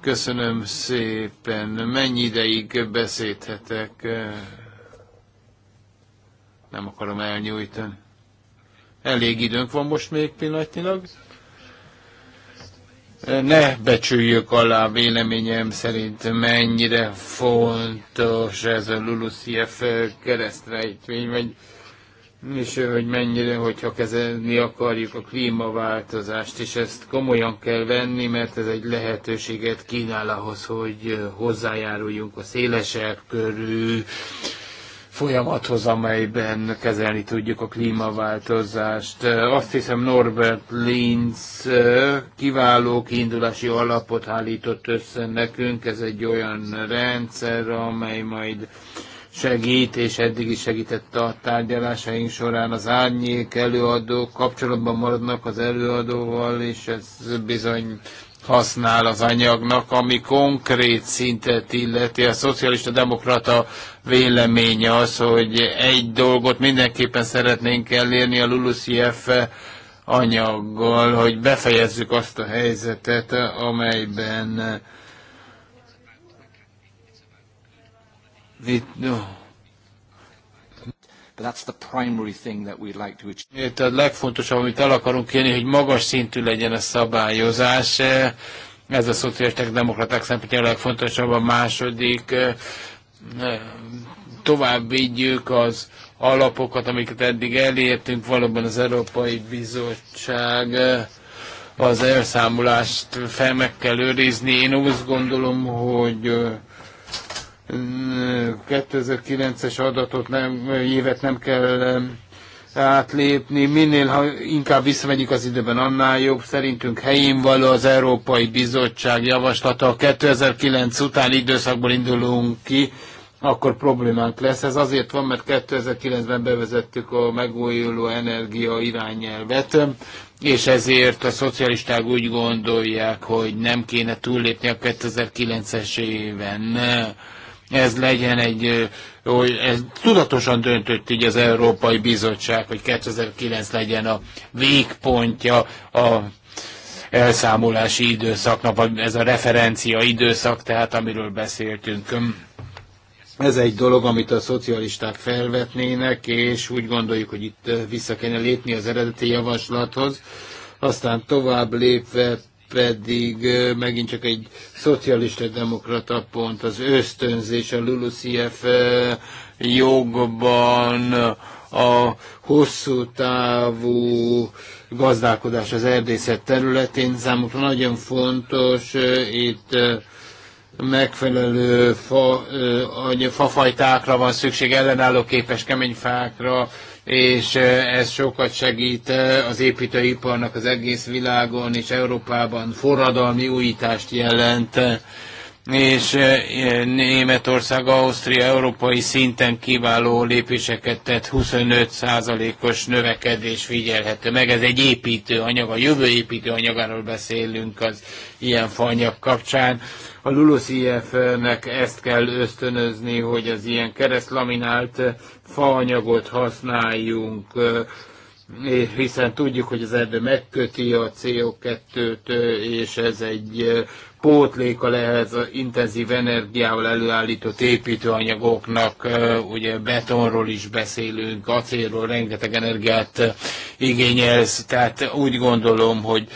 Köszönöm szépen. Mennyi ideig beszédhetek? nem akarom elnyújtani. Elég időnk van most még pillanatnyilag. Ne becsüljük alá véleményem szerint, mennyire fontos ez a LULUCF keresztrejtvény, vagy és hogy mennyire, hogyha kezelni akarjuk a klímaváltozást, és ezt komolyan kell venni, mert ez egy lehetőséget kínál ahhoz, hogy hozzájáruljunk a szélesebb körű folyamathoz, amelyben kezelni tudjuk a klímaváltozást. Azt hiszem Norbert Linz kiváló kiindulási alapot állított össze nekünk. Ez egy olyan rendszer, amely majd segít, és eddig is segített a tárgyalásaink során. Az árnyék előadók kapcsolatban maradnak az előadóval, és ez bizony használ az anyagnak, ami konkrét szintet illeti. A szocialista demokrata véleménye az, hogy egy dolgot mindenképpen szeretnénk elérni a LULUCF anyaggal, hogy befejezzük azt a helyzetet, amelyben itt no, that's the primary thing that we'd like to achieve. Itt a legfontosabb, amit el akarunk kérni, hogy magas szintű legyen a szabályozás. Ez a szociális demokraták szempontjából a legfontosabb. A második, eh, tovább vigyük az alapokat, amiket eddig elértünk. Valóban az Európai Bizottság eh, az elszámolást fel meg kell őrizni. Én úgy gondolom, hogy eh, 2009-es adatot nem, évet nem kell átlépni, minél ha inkább visszamegyünk az időben, annál jobb. Szerintünk helyén való az Európai Bizottság javaslata. A 2009 után időszakból indulunk ki, akkor problémánk lesz. Ez azért van, mert 2009-ben bevezettük a megújuló energia irányelvet, és ezért a szocialisták úgy gondolják, hogy nem kéne túllépni a 2009-es éven ez legyen egy, hogy ez tudatosan döntött így az Európai Bizottság, hogy 2009 legyen a végpontja a elszámolási időszaknak, vagy ez a referencia időszak, tehát amiről beszéltünk. Ez egy dolog, amit a szocialisták felvetnének, és úgy gondoljuk, hogy itt vissza kéne lépni az eredeti javaslathoz. Aztán tovább lépve pedig megint csak egy szocialista demokrata pont, az ösztönzés a LULUCF jogban, a hosszú távú gazdálkodás az erdészet területén számukra nagyon fontos, itt megfelelő fa, fafajtákra van szükség, ellenálló képes kemény fákra, és ez sokat segít az építőiparnak az egész világon és Európában forradalmi újítást jelent és eh, Németország, Ausztria európai szinten kiváló lépéseket tett, 25%-os növekedés figyelhető meg. Ez egy építő anyag, a jövő építő anyagáról beszélünk az ilyen fanyag kapcsán. A LULUCF-nek ezt kell ösztönözni, hogy az ilyen keresztlaminált eh, faanyagot használjunk, eh, hiszen tudjuk, hogy az erdő megköti a CO2-t, és ez egy pótléka lehet az intenzív energiával előállított építőanyagoknak, ugye betonról is beszélünk, acélról rengeteg energiát igényelsz, tehát úgy gondolom, hogy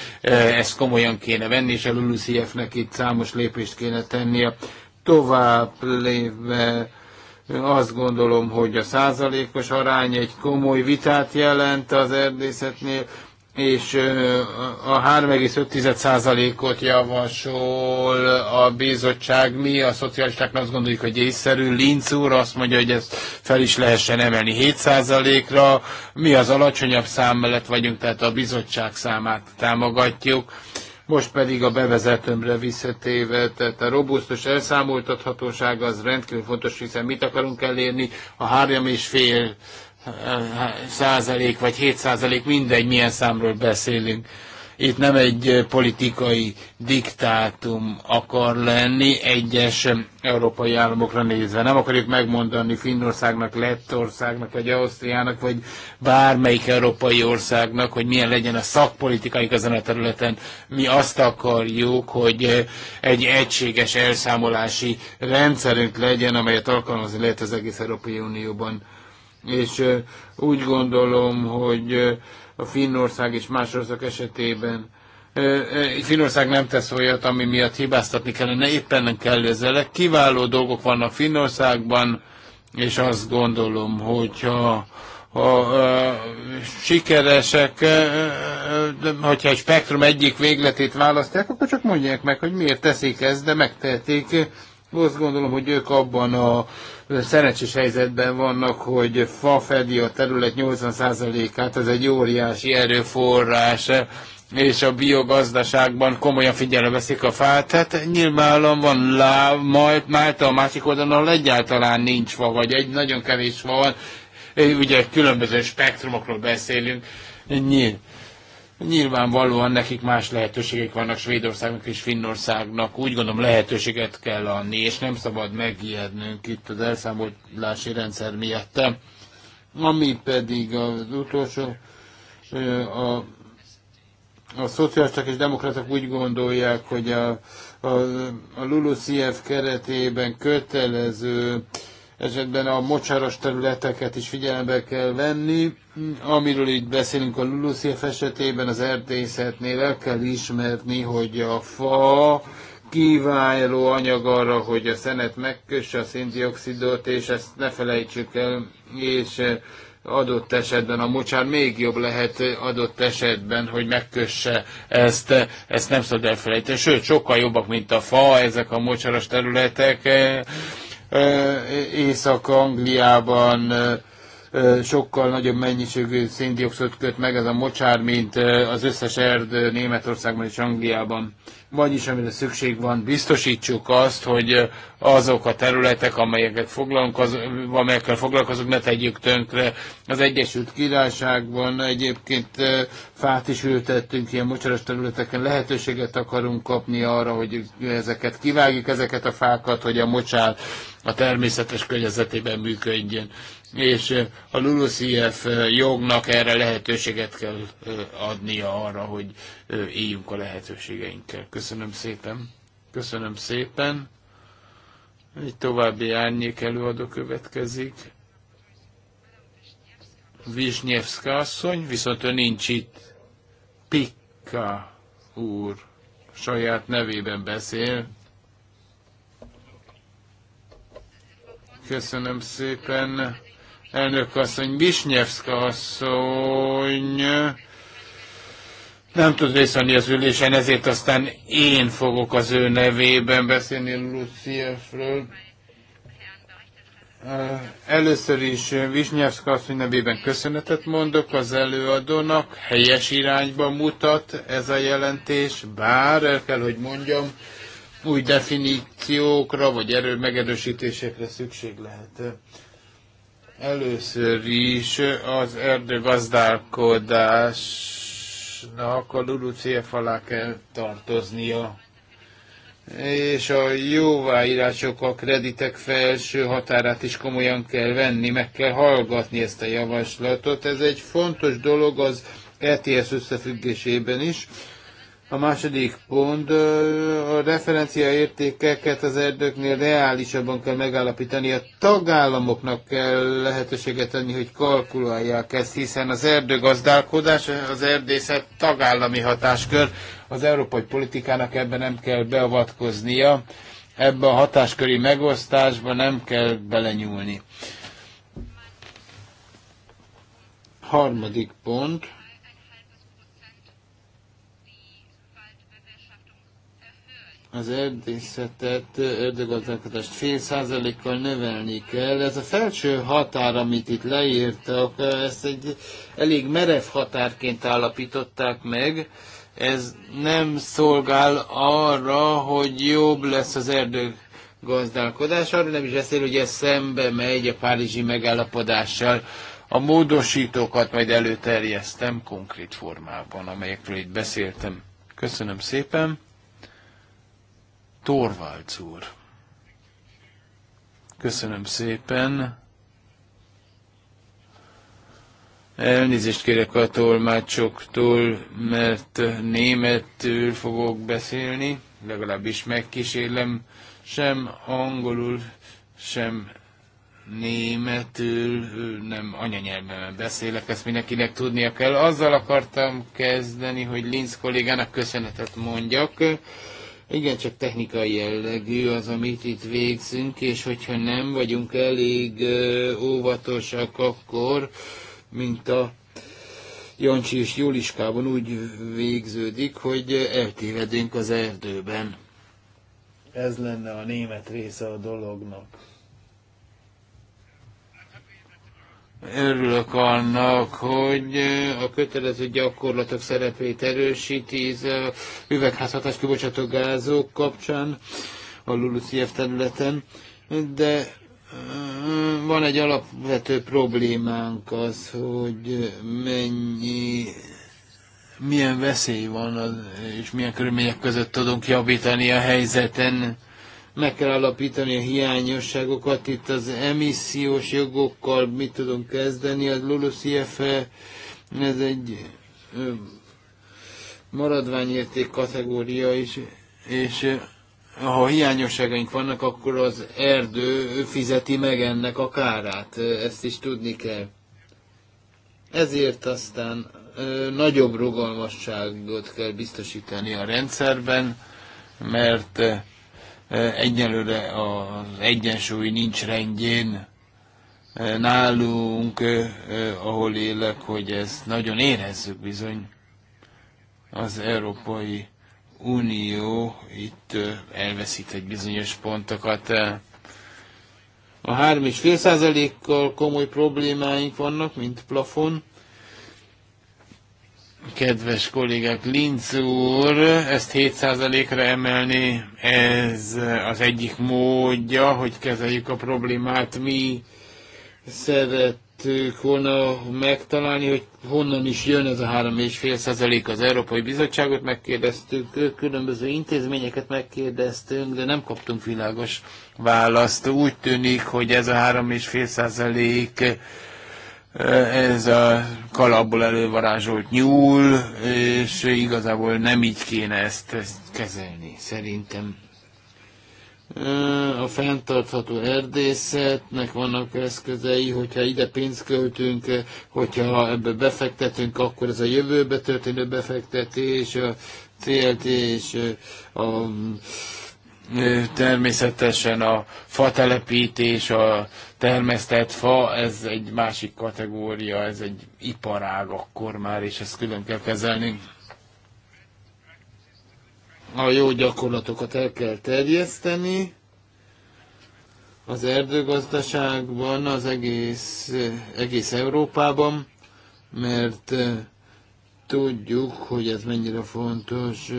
ezt komolyan kéne venni, és a LULUCF-nek itt számos lépést kéne tennie. Tovább léve azt gondolom, hogy a százalékos arány egy komoly vitát jelent az erdészetnél, és a 35 százalékot javasol a bizottság. Mi a szocialisták azt gondoljuk, hogy észszerű. Linz úr azt mondja, hogy ezt fel is lehessen emelni 7%-ra. Mi az alacsonyabb szám mellett vagyunk, tehát a bizottság számát támogatjuk. Most pedig a bevezetőmre visszatéve, tehát a robusztus elszámoltathatóság az rendkívül fontos, hiszen mit akarunk elérni, a három és fél eh, százalék vagy 7 százalék, mindegy, milyen számról beszélünk itt nem egy politikai diktátum akar lenni egyes európai államokra nézve. Nem akarjuk megmondani Finnországnak, Lettországnak, vagy Ausztriának, vagy bármelyik európai országnak, hogy milyen legyen a szakpolitikai ezen a területen. Mi azt akarjuk, hogy egy egységes elszámolási rendszerünk legyen, amelyet alkalmazni lehet az egész Európai Unióban és úgy gondolom, hogy a Finnország és más országok esetében. Finnország nem tesz olyat, ami miatt hibáztatni kellene, éppen nem kell ezzel. Kiváló dolgok vannak Finnországban, és azt gondolom, hogyha ha, ha, sikeresek, hogyha egy spektrum egyik végletét választják, akkor csak mondják meg, hogy miért teszik ezt, de megtehetik. Azt gondolom, hogy ők abban a szerencsés helyzetben vannak, hogy fa fedi a terület 80%-át, ez egy óriási erőforrás, és a biogazdaságban komolyan figyelembe veszik a fát. Tehát nyilvánvalóan van majd Málta a másik oldalon, ahol egyáltalán nincs fa, vagy egy nagyon kevés fa van. Ugye különböző spektrumokról beszélünk. Nyilván Nyilvánvalóan nekik más lehetőségek vannak Svédországnak és Finnországnak. Úgy gondolom lehetőséget kell adni, és nem szabad megijednünk itt az elszámolási rendszer miatt. Ami pedig az utolsó, a, a szocialisták és demokraták úgy gondolják, hogy a, a, a LULUCF keretében kötelező esetben a mocsaras területeket is figyelembe kell venni. Amiről így beszélünk a LULUCF esetében, az erdészetnél el kell ismerni, hogy a fa kiváló anyag arra, hogy a szenet megkösse a széndiokszidot, és ezt ne felejtsük el, és adott esetben a mocsár még jobb lehet adott esetben, hogy megkösse ezt, ezt nem szabad elfelejteni. Sőt, sokkal jobbak, mint a fa, ezek a mocsaras területek Észak-Angliában sokkal nagyobb mennyiségű széndiokszot köt meg ez a mocsár, mint az összes erdő Németországban és Angliában. Vagyis amire szükség van, biztosítsuk azt, hogy azok a területek, amelyeket foglalkozunk, amelyekkel foglalkozunk, ne tegyük tönkre. Az Egyesült Királyságban egyébként fát is ültettünk ilyen mocsaras területeken, lehetőséget akarunk kapni arra, hogy ezeket kivágjuk, ezeket a fákat, hogy a mocsár a természetes környezetében működjön és a LULUCF jognak erre lehetőséget kell adnia arra, hogy éljünk a lehetőségeinkkel. Köszönöm szépen. Köszönöm szépen. Egy további árnyék előadó következik. Visnyevszka asszony, viszont ő nincs itt. Pikka úr saját nevében beszél. Köszönöm szépen elnök asszony, Visnyevszka asszony nem tud részvenni az ülésen, ezért aztán én fogok az ő nevében beszélni Luciefről. Először is Visnyevszka asszony nevében köszönetet mondok az előadónak, helyes irányba mutat ez a jelentés, bár el kell, hogy mondjam, új definíciókra vagy erő megerősítésekre szükség lehet. Először is az erdőgazdálkodásnak a LULUCF alá kell tartoznia, és a jóváírások, a kreditek felső határát is komolyan kell venni, meg kell hallgatni ezt a javaslatot. Ez egy fontos dolog az ETS összefüggésében is, a második pont, a referenciaértékeket az erdőknél reálisabban kell megállapítani. A tagállamoknak kell lehetőséget adni, hogy kalkulálják ezt, hiszen az erdőgazdálkodás, az erdészet tagállami hatáskör. Az európai politikának ebben nem kell beavatkoznia, ebben a hatásköri megosztásban nem kell belenyúlni. Harmadik pont az erdészetet, erdőgazdálkodást fél százalékkal növelni kell. Ez a felső határ, amit itt leírtak, ezt egy elég merev határként állapították meg. Ez nem szolgál arra, hogy jobb lesz az erdőgazdálkodás, gazdálkodás. Arra nem is beszél, hogy ez szembe megy a párizsi megállapodással. A módosítókat majd előterjesztem konkrét formában, amelyekről itt beszéltem. Köszönöm szépen! Torvalds úr. Köszönöm szépen. Elnézést kérek a tolmácsoktól, mert németül fogok beszélni, legalábbis megkísérlem, sem angolul, sem németül, nem anyanyelvemen beszélek, ezt mindenkinek tudnia kell. Azzal akartam kezdeni, hogy Linz kollégának köszönetet mondjak igen, csak technikai jellegű az, amit itt végzünk, és hogyha nem vagyunk elég óvatosak, akkor, mint a Jancsi és Juliskában úgy végződik, hogy eltévedünk az erdőben. Ez lenne a német része a dolognak. Örülök annak, hogy a kötelező gyakorlatok szerepét erősíti az üvegházhatás kibocsátó gázok kapcsán a LULUCF területen, de van egy alapvető problémánk az, hogy mennyi, milyen veszély van, és milyen körülmények között tudunk javítani a helyzeten meg kell alapítani a hiányosságokat, itt az emissziós jogokkal mit tudunk kezdeni, a LULUCF e, ez egy maradványérték kategória is, és ha hiányosságaink vannak, akkor az erdő fizeti meg ennek a kárát, ezt is tudni kell. Ezért aztán nagyobb rugalmasságot kell biztosítani a rendszerben, mert Egyelőre az egyensúly nincs rendjén nálunk, ahol élek, hogy ezt nagyon érezzük bizony. Az Európai Unió itt elveszít egy bizonyos pontokat. A 3,5 százalékkal komoly problémáink vannak, mint plafon. Kedves kollégák, Linz úr ezt 7%-ra emelni, ez az egyik módja, hogy kezeljük a problémát. Mi szerettük volna megtalálni, hogy honnan is jön ez a 3,5% az Európai Bizottságot megkérdeztük, különböző intézményeket megkérdeztünk, de nem kaptunk világos választ. Úgy tűnik, hogy ez a 3,5% ez a kalapból elővarázsolt nyúl, és igazából nem így kéne ezt, ezt kezelni, szerintem. A fenntartható erdészetnek vannak eszközei, hogyha ide pénzt költünk, hogyha ebbe befektetünk, akkor ez a jövőbe történő befektetés, a CLT és a Természetesen a fa telepítés, a termesztett fa, ez egy másik kategória, ez egy iparág akkor már, és ezt külön kell kezelni. A jó gyakorlatokat el kell terjeszteni. Az erdőgazdaságban, az egész, egész Európában, mert tudjuk, hogy ez mennyire fontos.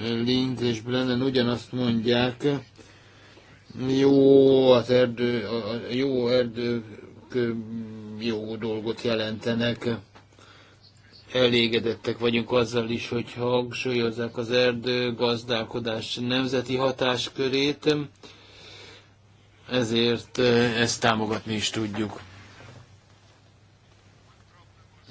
Linz és Brennan ugyanazt mondják, jó az erdő, a jó erdők jó dolgot jelentenek. Elégedettek vagyunk azzal is, hogy hangsúlyozzák az erdő gazdálkodás nemzeti hatáskörét, ezért ezt támogatni is tudjuk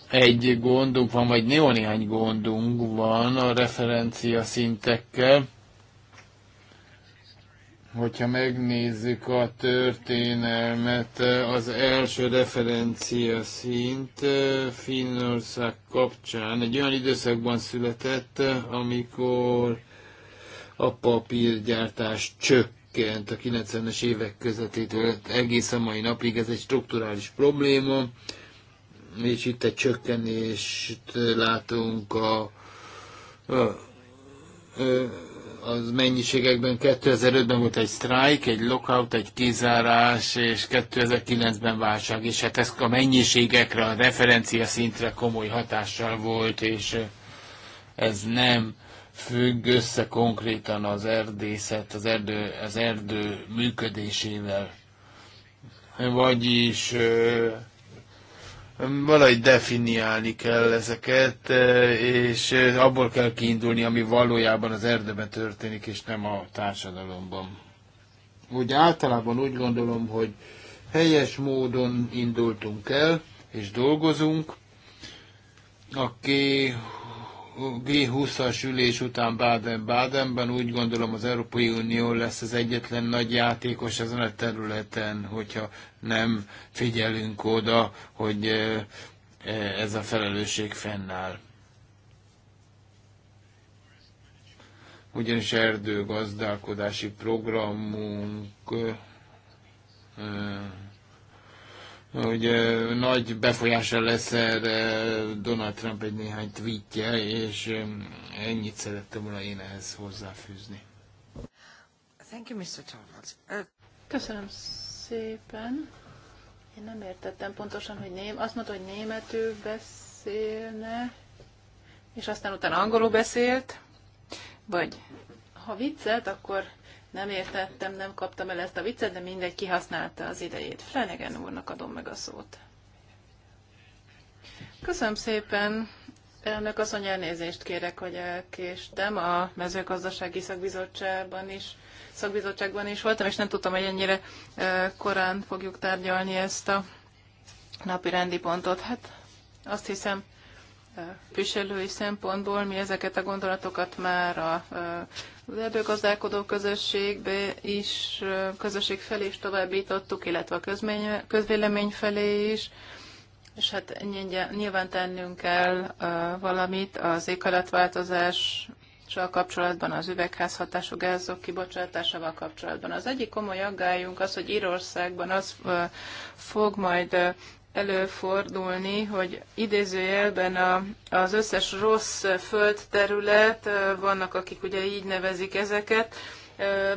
egy gondunk van, vagy jó néhány gondunk van a referencia szintekkel. Hogyha megnézzük a történelmet, az első referencia szint eh, Finnország kapcsán egy olyan időszakban született, amikor a papírgyártás csökkent a 90-es évek közöttétől egész a mai napig, ez egy strukturális probléma és itt egy csökkenést látunk a, a az mennyiségekben 2005-ben volt egy sztrájk, egy lockout, egy kizárás, és 2009-ben válság, és hát ez a mennyiségekre, a referencia szintre komoly hatással volt, és ez nem függ össze konkrétan az erdészet, az erdő, az erdő működésével. Vagyis valahogy definiálni kell ezeket, e, és e, abból kell kiindulni, ami valójában az erdőben történik, és nem a társadalomban. Úgy általában úgy gondolom, hogy helyes módon indultunk el, és dolgozunk. aki G20-as ülés után Baden-Badenben úgy gondolom az Európai Unió lesz az egyetlen nagy játékos ezen a területen, hogyha nem figyelünk oda, hogy ez a felelősség fennáll. Ugyanis erdőgazdálkodási programunk hogy nagy befolyása lesz erre Donald Trump egy néhány tweetje, és ennyit szerettem volna én ehhez hozzáfűzni. Thank you, Mr. Charles. Köszönöm szépen. Én nem értettem pontosan, hogy ném. Azt mondta, hogy németül beszélne, és aztán utána angolul beszélt, vagy ha viccelt, akkor nem értettem, nem kaptam el ezt a viccet, de mindegy, kihasználta az idejét. Flanagan úrnak adom meg a szót. Köszönöm szépen. Elnök mondja, elnézést kérek, hogy elkéstem. A mezőgazdasági szakbizottságban is, szakbizottságban is voltam, és nem tudtam, hogy ennyire korán fogjuk tárgyalni ezt a napi rendi pontot. Hát azt hiszem, viselői szempontból mi ezeket a gondolatokat már a az erdőgazdálkodó közösségbe is, közösség felé is továbbítottuk, illetve a közmény, közvélemény felé is, és hát nyilván tennünk kell valamit az éghajlatváltozás csak kapcsolatban, az üvegházhatású gázok kibocsátásával kapcsolatban. Az egyik komoly aggályunk az, hogy Írországban az fog majd előfordulni, hogy idézőjelben a, az összes rossz földterület, vannak akik ugye így nevezik ezeket,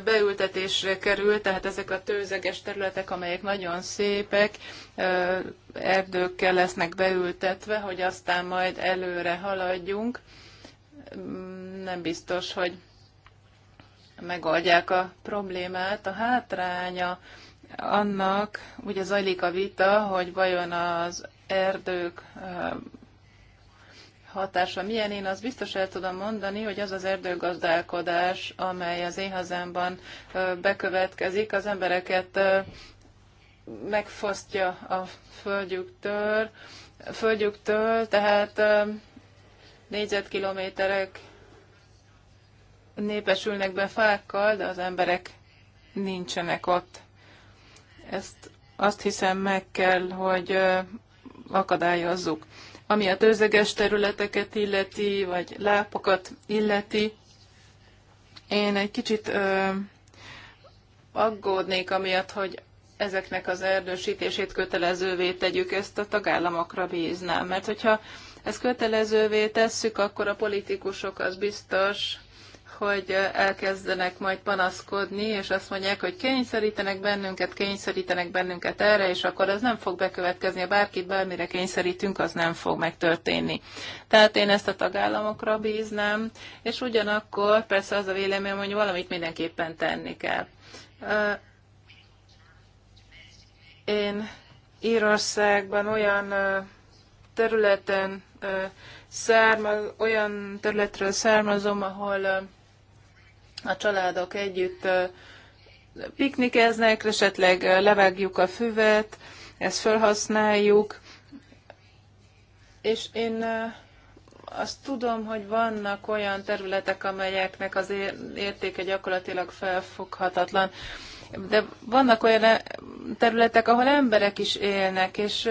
beültetésre kerül, tehát ezek a tőzeges területek, amelyek nagyon szépek, erdőkkel lesznek beültetve, hogy aztán majd előre haladjunk. Mm, nem biztos, hogy megoldják a problémát. A hátránya annak ugye zajlik a vita, hogy vajon az erdők hatása milyen, én azt biztos el tudom mondani, hogy az az erdőgazdálkodás, amely az én hazámban bekövetkezik, az embereket megfosztja a földjüktől, földjüktől tehát négyzetkilométerek népesülnek be fákkal, de az emberek nincsenek ott. Ezt azt hiszem meg kell, hogy akadályozzuk. Ami a tőzeges területeket illeti, vagy lápokat illeti, én egy kicsit ö, aggódnék amiatt, hogy ezeknek az erdősítését kötelezővé tegyük, ezt a tagállamokra bíznám. Mert hogyha ezt kötelezővé tesszük, akkor a politikusok az biztos, hogy elkezdenek majd panaszkodni, és azt mondják, hogy kényszerítenek bennünket, kényszerítenek bennünket erre, és akkor az nem fog bekövetkezni, bárkit bármire kényszerítünk, az nem fog megtörténni. Tehát én ezt a tagállamokra bíznám, és ugyanakkor persze az a véleményem, hogy valamit mindenképpen tenni kell. Én Írországban olyan területen származ, olyan területről származom, ahol a családok együtt piknikeznek, esetleg levágjuk a füvet, ezt felhasználjuk, és én azt tudom, hogy vannak olyan területek, amelyeknek az értéke gyakorlatilag felfoghatatlan, de vannak olyan e- területek, ahol emberek is élnek, és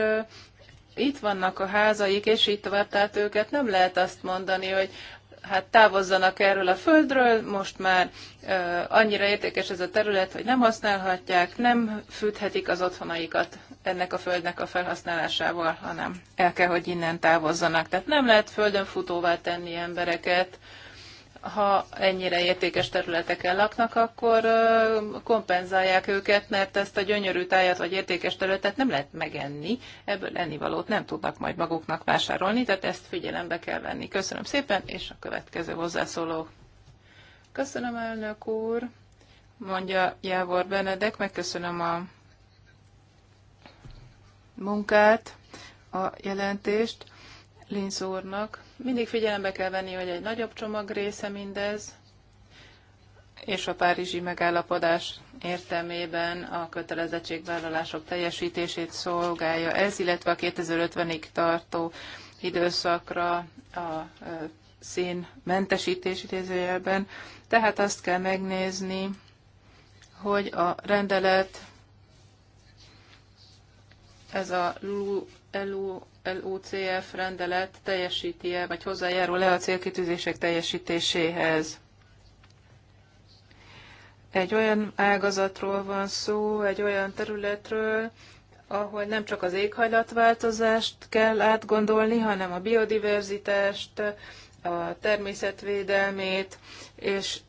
itt vannak a házaik, és itt tovább, tehát őket nem lehet azt mondani, hogy hát távozzanak erről a földről, most már annyira értékes ez a terület, hogy nem használhatják, nem fűthetik az otthonaikat ennek a földnek a felhasználásával, hanem el kell, hogy innen távozzanak. Tehát nem lehet földön futóvá tenni embereket, ha ennyire értékes területeken laknak, akkor kompenzálják őket, mert ezt a gyönyörű tájat vagy értékes területet nem lehet megenni, ebből ennivalót nem tudnak majd maguknak vásárolni, tehát ezt figyelembe kell venni. Köszönöm szépen, és a következő hozzászóló. Köszönöm, elnök úr, mondja Jávor Benedek, megköszönöm a munkát, a jelentést Linz úrnak mindig figyelembe kell venni, hogy egy nagyobb csomag része mindez, és a Párizsi megállapodás értelmében a kötelezettségvállalások teljesítését szolgálja ez, illetve a 2050-ig tartó időszakra a szén mentesítés idézőjelben. Tehát azt kell megnézni, hogy a rendelet, ez a LU LUCF rendelet teljesíti-e, vagy hozzájárul-e a célkitűzések teljesítéséhez. Egy olyan ágazatról van szó, egy olyan területről, ahol nem csak az éghajlatváltozást kell átgondolni, hanem a biodiverzitást, a természetvédelmét, és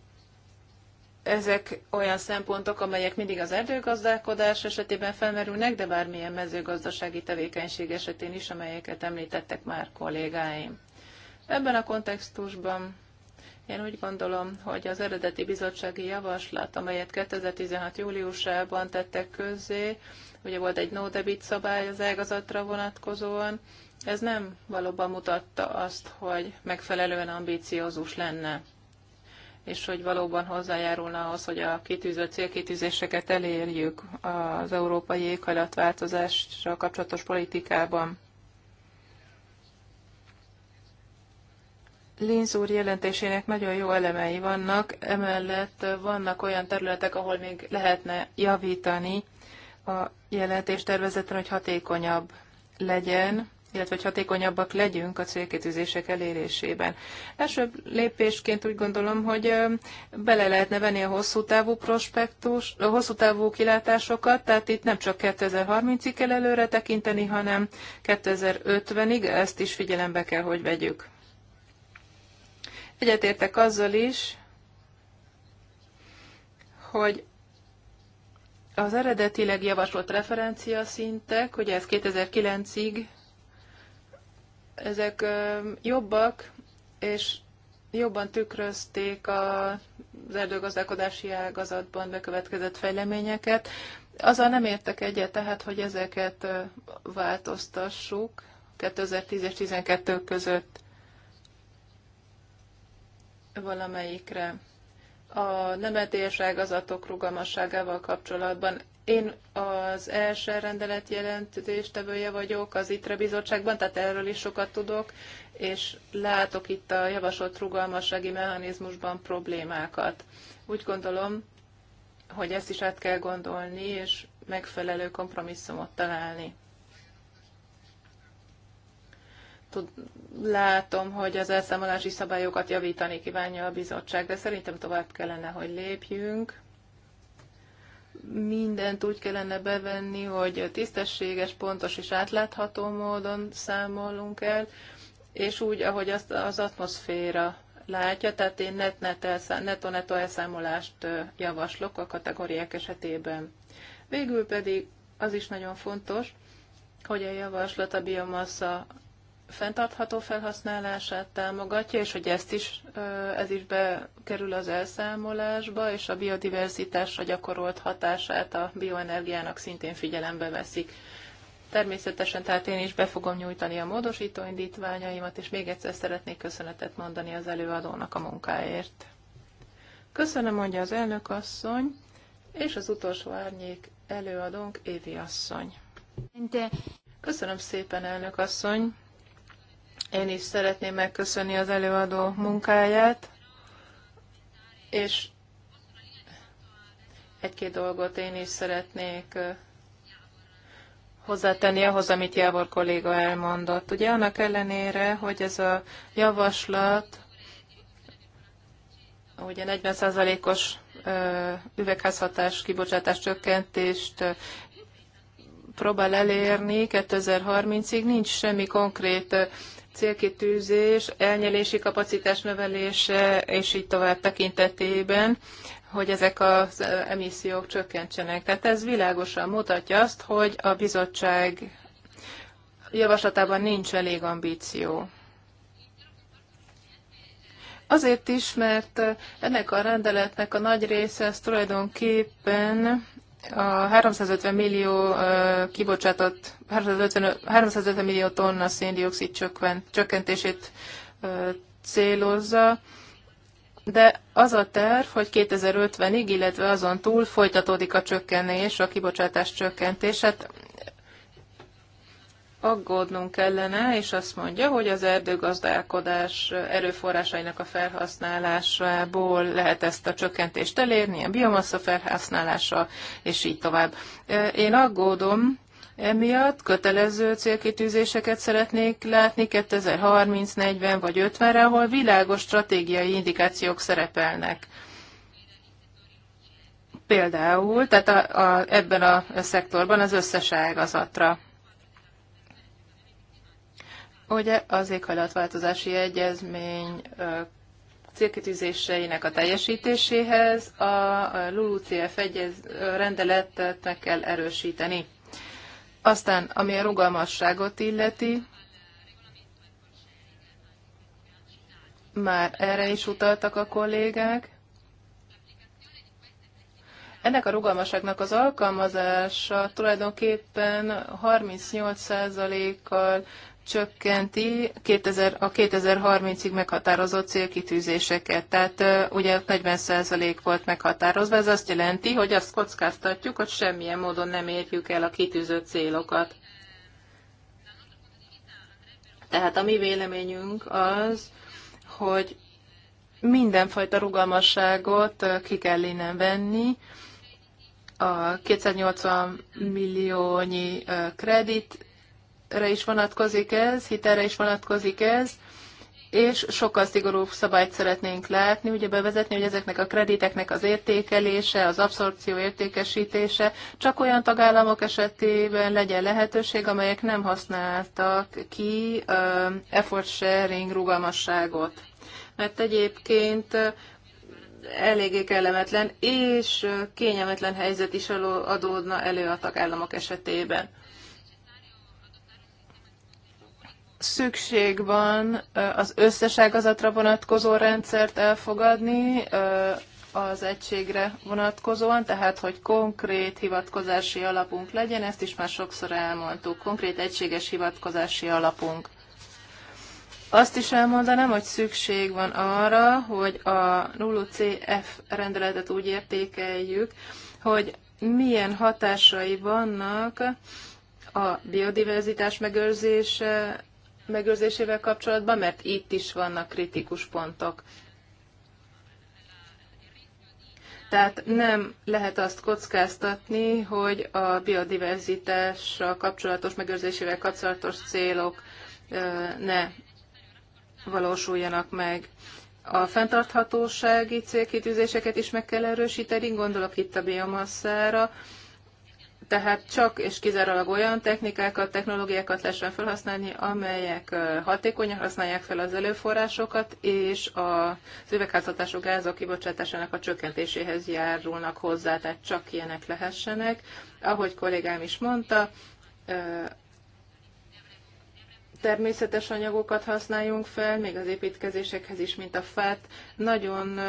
ezek olyan szempontok, amelyek mindig az erdőgazdálkodás esetében felmerülnek, de bármilyen mezőgazdasági tevékenység esetén is, amelyeket említettek már kollégáim. Ebben a kontextusban én úgy gondolom, hogy az eredeti bizottsági javaslat, amelyet 2016. júliusában tettek közzé, ugye volt egy no debit szabály az ágazatra vonatkozóan, ez nem valóban mutatta azt, hogy megfelelően ambíciózus lenne és hogy valóban hozzájárulna ahhoz, hogy a kitűzött célkitűzéseket elérjük az európai éghajlatváltozással kapcsolatos politikában. Linz úr jelentésének nagyon jó elemei vannak, emellett vannak olyan területek, ahol még lehetne javítani a jelentéstervezetre, hogy hatékonyabb legyen illetve hogy hatékonyabbak legyünk a célkitűzések elérésében. Első lépésként úgy gondolom, hogy bele lehetne venni a hosszú távú prospektus, a hosszú távú kilátásokat, tehát itt nem csak 2030-ig kell előre tekinteni, hanem 2050-ig, ezt is figyelembe kell, hogy vegyük. Egyetértek azzal is, hogy az eredetileg javasolt referencia szintek, ugye ez 2009-ig ezek jobbak, és jobban tükrözték az erdőgazdálkodási ágazatban bekövetkezett fejleményeket. Azzal nem értek egyet, tehát, hogy ezeket változtassuk 2010 és 2012 között valamelyikre. A nemetélyes ágazatok rugalmasságával kapcsolatban én az első rendelet jelentéstevője vagyok az ITRE bizottságban, tehát erről is sokat tudok, és látok itt a javasolt rugalmassági mechanizmusban problémákat. Úgy gondolom, hogy ezt is át kell gondolni, és megfelelő kompromisszumot találni. Tud, látom, hogy az elszámolási szabályokat javítani kívánja a bizottság, de szerintem tovább kellene, hogy lépjünk mindent úgy kellene bevenni, hogy tisztességes, pontos és átlátható módon számolunk el, és úgy, ahogy azt az atmoszféra látja, tehát én net-net netto-netto elszámolást javaslok a kategóriák esetében. Végül pedig az is nagyon fontos, hogy a javaslat a biomassa fenntartható felhasználását támogatja, és hogy ezt is, ez is bekerül az elszámolásba, és a biodiverzitásra gyakorolt hatását a bioenergiának szintén figyelembe veszik. Természetesen, tehát én is be fogom nyújtani a módosító indítványaimat, és még egyszer szeretnék köszönetet mondani az előadónak a munkáért. Köszönöm, mondja az elnök asszony, és az utolsó árnyék előadónk Évi asszony. Köszönöm szépen, elnök asszony. Én is szeretném megköszönni az előadó munkáját, és egy-két dolgot én is szeretnék hozzátenni ahhoz, amit Jávor kolléga elmondott. Ugye annak ellenére, hogy ez a javaslat ugye 40%-os üvegházhatás kibocsátás csökkentést próbál elérni 2030-ig, nincs semmi konkrét célkitűzés, elnyelési kapacitás növelése, és így tovább tekintetében, hogy ezek az emissziók csökkentsenek. Tehát ez világosan mutatja azt, hogy a bizottság javaslatában nincs elég ambíció. Azért is, mert ennek a rendeletnek a nagy része az tulajdonképpen a 350 millió kibocsátott, 350, 350 millió tonna széndiokszid csökkentését célozza, de az a terv, hogy 2050-ig, illetve azon túl folytatódik a csökkenés, a kibocsátás csökkentés. Hát aggódnunk kellene, és azt mondja, hogy az erdőgazdálkodás erőforrásainak a felhasználásából lehet ezt a csökkentést elérni, a biomassa felhasználása, és így tovább. Én aggódom, Emiatt kötelező célkitűzéseket szeretnék látni 2030, 40 vagy 50-re, ahol világos stratégiai indikációk szerepelnek. Például, tehát a, a, ebben a szektorban az összes ágazatra Ugye az éghajlatváltozási egyezmény célkitűzéseinek a teljesítéséhez a LULUCF egyez, rendeletet meg kell erősíteni. Aztán, ami a rugalmasságot illeti, már erre is utaltak a kollégák. Ennek a rugalmasságnak az alkalmazása tulajdonképpen 38%-kal csökkenti 2000, a 2030-ig meghatározott célkitűzéseket. Tehát ugye 40% volt meghatározva, ez azt jelenti, hogy azt kockáztatjuk, hogy semmilyen módon nem érjük el a kitűzött célokat. Tehát a mi véleményünk az, hogy mindenfajta rugalmasságot ki kell innen venni, a 280 milliónyi kredit re is vonatkozik ez, hitelre is vonatkozik ez, és sokkal szigorúbb szabályt szeretnénk látni, ugye bevezetni, hogy ezeknek a krediteknek az értékelése, az abszorpció értékesítése csak olyan tagállamok esetében legyen lehetőség, amelyek nem használtak ki effort sharing rugalmasságot. Mert egyébként eléggé kellemetlen és kényelmetlen helyzet is adódna elő a tagállamok esetében. szükség van az összes ágazatra vonatkozó rendszert elfogadni, az egységre vonatkozóan, tehát hogy konkrét hivatkozási alapunk legyen, ezt is már sokszor elmondtuk, konkrét egységes hivatkozási alapunk. Azt is elmondanám, hogy szükség van arra, hogy a 0CF rendeletet úgy értékeljük, hogy milyen hatásai vannak a biodiverzitás megőrzése megőrzésével kapcsolatban, mert itt is vannak kritikus pontok. Tehát nem lehet azt kockáztatni, hogy a biodiverzitással kapcsolatos, megőrzésével kapcsolatos célok ne valósuljanak meg. A fenntarthatósági célkitűzéseket is meg kell erősíteni, gondolok itt a biomasszára, tehát csak és kizárólag olyan technikákat, technológiákat lehessen felhasználni, amelyek hatékonyan használják fel az előforrásokat, és az üvegházhatású gázok kibocsátásának a csökkentéséhez járulnak hozzá, tehát csak ilyenek lehessenek. Ahogy kollégám is mondta, természetes anyagokat használjunk fel, még az építkezésekhez is, mint a fát. Nagyon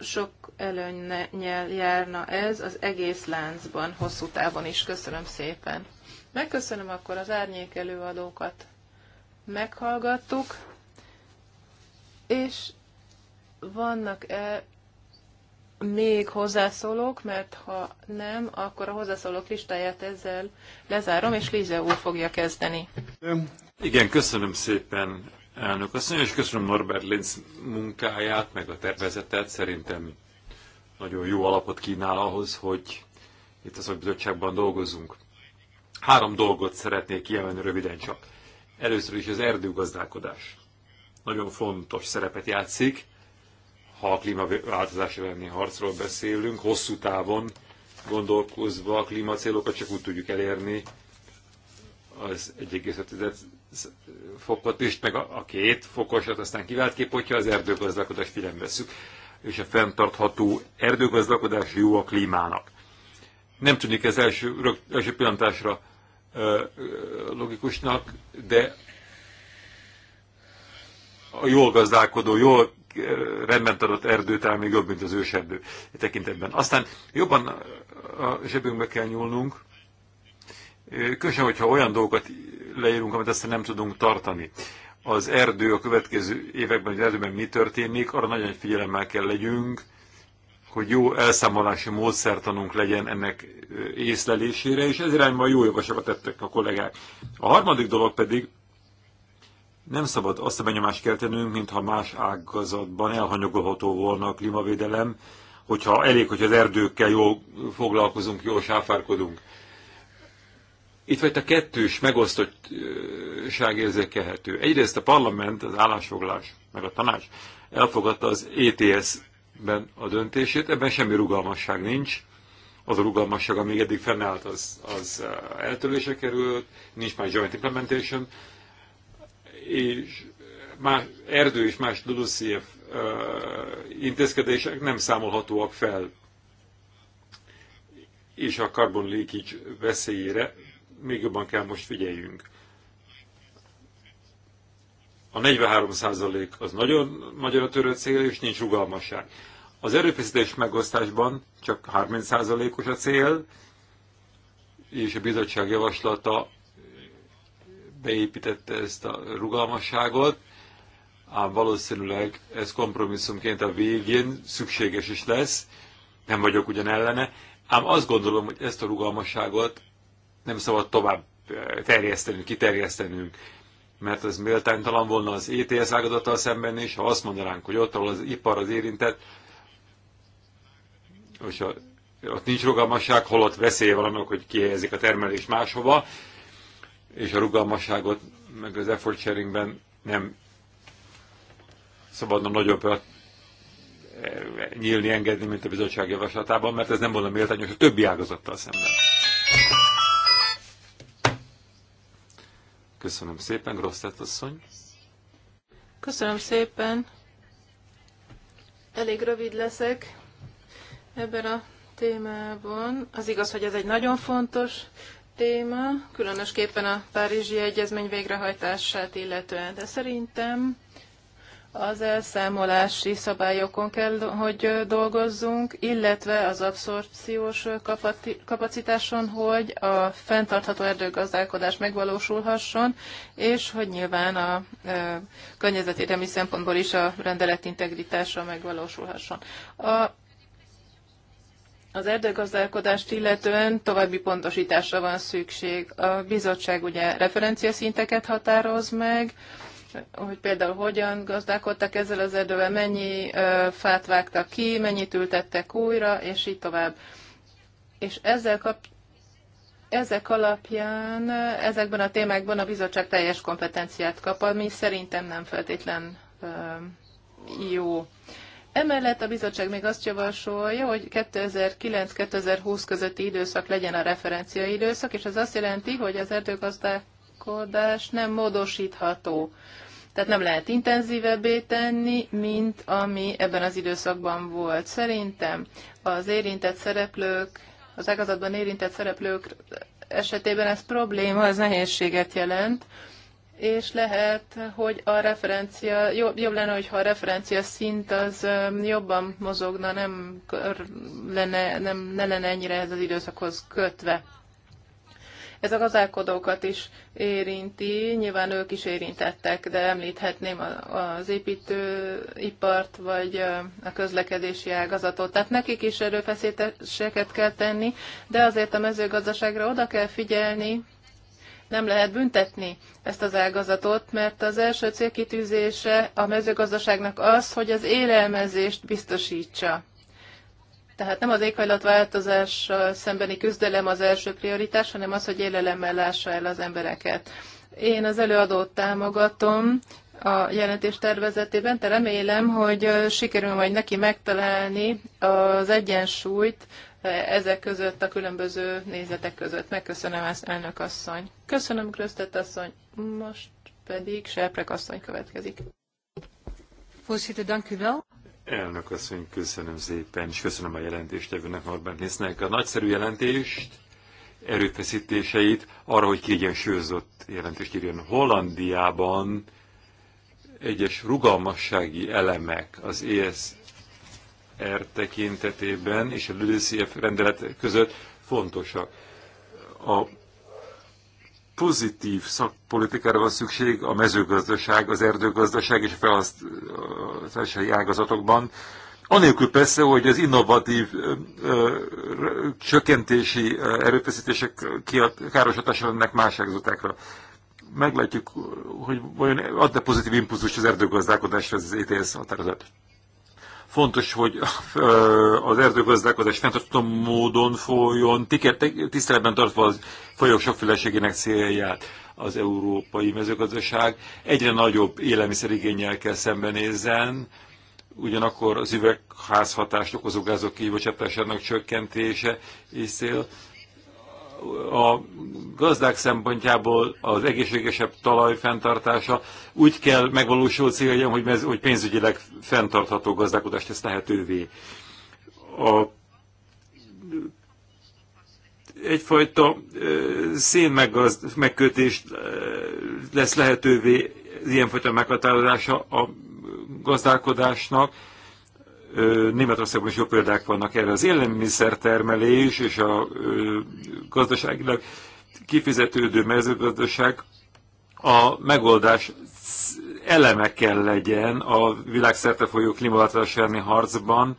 sok előnyel járna ez az egész láncban, hosszú távon is. Köszönöm szépen. Megköszönöm akkor az árnyék előadókat. Meghallgattuk, és vannak-e még hozzászólók, mert ha nem, akkor a hozzászólók listáját ezzel lezárom, és Líze úr fogja kezdeni. Igen, köszönöm szépen, elnök asszony, és köszönöm Norbert Linz munkáját, meg a tervezetet. Szerintem nagyon jó alapot kínál ahhoz, hogy itt a szakbizottságban dolgozunk. Három dolgot szeretnék kiemelni röviden csak. Először is az erdőgazdálkodás. Nagyon fontos szerepet játszik, ha a klímaváltozás elleni harcról beszélünk, hosszú távon gondolkozva a klímacélokat csak úgy tudjuk elérni, az fokot is, meg a, a két fokosat, aztán kivált kép, hogyha az erdőgazdálkodást figyelembe veszük, és a fenntartható erdőgazdálkodás jó a klímának. Nem tűnik ez első, rög, első pillantásra ö, ö, logikusnak, de a jól gazdálkodó, jól rendben tartott erdő talán még jobb, mint az őserdő tekintetben. Aztán jobban a zsebünkbe kell nyúlnunk, Köse, hogyha olyan dolgokat leírunk, amit aztán nem tudunk tartani. Az erdő a következő években, hogy erdőben mi történik, arra nagyon figyelemmel kell legyünk, hogy jó elszámolási módszertanunk legyen ennek észlelésére, és ez irányban jó javaslatot tettek a kollégák. A harmadik dolog pedig, nem szabad azt a benyomást keltenünk, mintha más ágazatban elhanyagolható volna a klímavédelem, hogyha elég, hogy az erdőkkel jól foglalkozunk, jól sáfárkodunk itt vagy a kettős megosztottság érzékelhető. Egyrészt a parlament, az állásfoglalás, meg a tanács elfogadta az ETS-ben a döntését, ebben semmi rugalmasság nincs. Az a rugalmasság, ami eddig fennállt, az, az eh, eltörlése került, nincs már joint implementation, és más, erdő és más LULUCF eh, intézkedések nem számolhatóak fel és a carbon leakage veszélyére még jobban kell most figyeljünk. A 43% az nagyon magyar törő cél, és nincs rugalmasság. Az erőfeszítés megosztásban csak 30 százalékos a cél, és a bizottság javaslata beépítette ezt a rugalmasságot, ám valószínűleg ez kompromisszumként a végén szükséges is lesz, nem vagyok ugyan ellene, ám azt gondolom, hogy ezt a rugalmasságot nem szabad tovább eh, terjesztenünk, kiterjesztenünk, mert ez méltánytalan volna az ETS ágazattal szemben is, ha azt mondanánk, hogy ott, ahol az ipar az érintett, és a, ott nincs rugalmasság, holott veszélye van annak, hogy kihelyezik a termelés máshova, és a rugalmasságot meg az effort sharingben nem szabadna nagyobb eh, nyílni, engedni, mint a bizottság javaslatában, mert ez nem volna méltányos a többi ágazattal szemben. Köszönöm szépen, Grosszett asszony. Köszönöm szépen. Elég rövid leszek ebben a témában. Az igaz, hogy ez egy nagyon fontos téma, különösképpen a Párizsi Egyezmény végrehajtását illetően, de szerintem az elszámolási szabályokon kell, hogy dolgozzunk, illetve az abszorpciós kapacitáson, hogy a fenntartható erdőgazdálkodás megvalósulhasson, és hogy nyilván a környezetvédelmi szempontból is a rendelet integritása megvalósulhasson. A az erdőgazdálkodást illetően további pontosításra van szükség. A bizottság ugye referencia szinteket határoz meg, hogy például hogyan gazdálkodtak ezzel az erdővel, mennyi fát vágtak ki, mennyit ültettek újra, és így tovább. És ezzel kap, ezek alapján, ezekben a témákban a bizottság teljes kompetenciát kap, ami szerintem nem feltétlen jó. Emellett a bizottság még azt javasolja, hogy 2009-2020 közötti időszak legyen a referencia időszak, és ez azt jelenti, hogy az erdőgazdák nem módosítható. Tehát nem lehet intenzívebbé tenni, mint ami ebben az időszakban volt. Szerintem az érintett szereplők, az ágazatban érintett szereplők esetében ez probléma, ez nehézséget jelent, és lehet, hogy a referencia, jobb, jobb lenne, hogyha a referencia szint az jobban mozogna, nem lenne, nem, ne lenne ennyire ez az időszakhoz kötve. Ez a gazdálkodókat is érinti, nyilván ők is érintettek, de említhetném az építőipart, vagy a közlekedési ágazatot. Tehát nekik is erőfeszítéseket kell tenni, de azért a mezőgazdaságra oda kell figyelni, nem lehet büntetni ezt az ágazatot, mert az első célkitűzése a mezőgazdaságnak az, hogy az élelmezést biztosítsa. Tehát nem az éghajlatváltozás szembeni küzdelem az első prioritás, hanem az, hogy élelemmel lássa el az embereket. Én az előadót támogatom a jelentés tervezetében, de remélem, hogy sikerül majd neki megtalálni az egyensúlyt ezek között, a különböző nézetek között. Megköszönöm ezt, elnök asszony. Köszönöm, Krösztet asszony. Most pedig Serprek asszony következik. Voorzitter, dank u wel. Elnök asszony, köszönöm szépen, és köszönöm a jelentéstevőnek Norbert Nisznek. a nagyszerű jelentést, erőfeszítéseit arra, hogy kiegyensúlyozott jelentést írjon. Hollandiában egyes rugalmassági elemek az ESR tekintetében és a LULCF rendelet között fontosak. A pozitív szakpolitikára van szükség a mezőgazdaság, az erdőgazdaság és a felhasználási ágazatokban, Anélkül persze, hogy az innovatív ö, ö, csökkentési erőfeszítések káros hatása lennek más ágazatokra. Meglátjuk, hogy vajon ad-e pozitív impulzus az erdőgazdálkodásra az ETS határozat. Fontos, hogy az erdőgazdálkodás fenntartó módon folyjon, tiszteletben tartva az folyók sokféleségének célját az európai mezőgazdaság. Egyre nagyobb élelmiszerigényel kell szembenézzen, ugyanakkor az üvegházhatást okozó gázok kibocsátásának csökkentése és cél a gazdák szempontjából az egészségesebb talaj fenntartása úgy kell megvalósul céljaim, hogy, mez, hogy pénzügyileg fenntartható gazdálkodást tesz lehetővé. A, egyfajta szén megkötést lesz lehetővé ilyenfajta meghatározása a gazdálkodásnak, Németországban is jó példák vannak erre. Az élelmiszertermelés és a gazdaságilag kifizetődő mezőgazdaság a megoldás eleme kell legyen a világszerte folyó klímaváltozás harcban,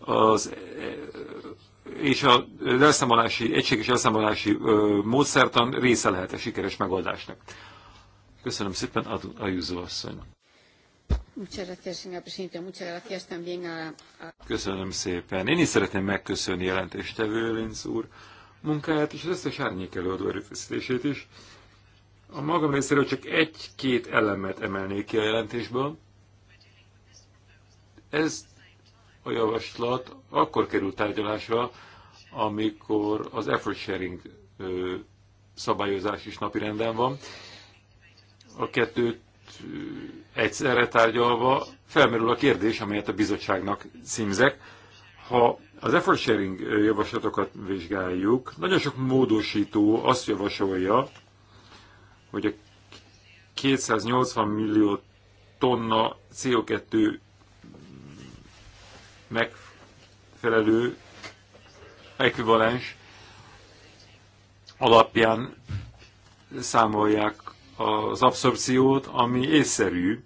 az, e, és a elszámolási, egységes elszámolási módszertan része lehet a sikeres megoldásnak. Köszönöm szépen, a Júzó asszonynak. Köszönöm szépen. Én is szeretném megköszönni jelentéstevő Linz úr munkáját és az összes árnyék előadó erőfeszítését is. A magam részéről csak egy-két elemet emelnék ki a jelentésből. Ez a javaslat akkor került tárgyalásra, amikor az effort sharing szabályozás is napirenden van. A kettőt egyszerre tárgyalva felmerül a kérdés, amelyet a bizottságnak címzek. Ha az effort sharing javaslatokat vizsgáljuk, nagyon sok módosító azt javasolja, hogy a 280 millió tonna CO2 megfelelő ekvivalens alapján számolják az abszorpciót, ami észszerű.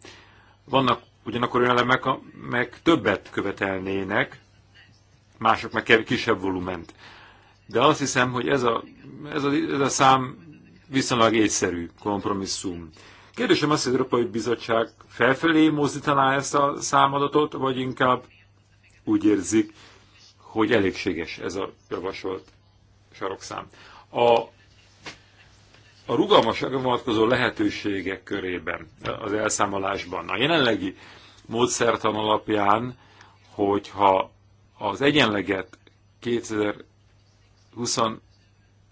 Vannak ugyanakkor olyan elemek, meg többet követelnének, mások meg kisebb volument. De azt hiszem, hogy ez a, ez a, ez a szám viszonylag észszerű kompromisszum. Kérdésem az, hogy az Európai Bizottság felfelé mozdítaná ezt a számadatot, vagy inkább úgy érzik, hogy elégséges ez a javasolt sarokszám. A a rugalmaságra vonatkozó lehetőségek körében, az elszámolásban. A jelenlegi módszertan alapján, hogyha az egyenleget 2021-től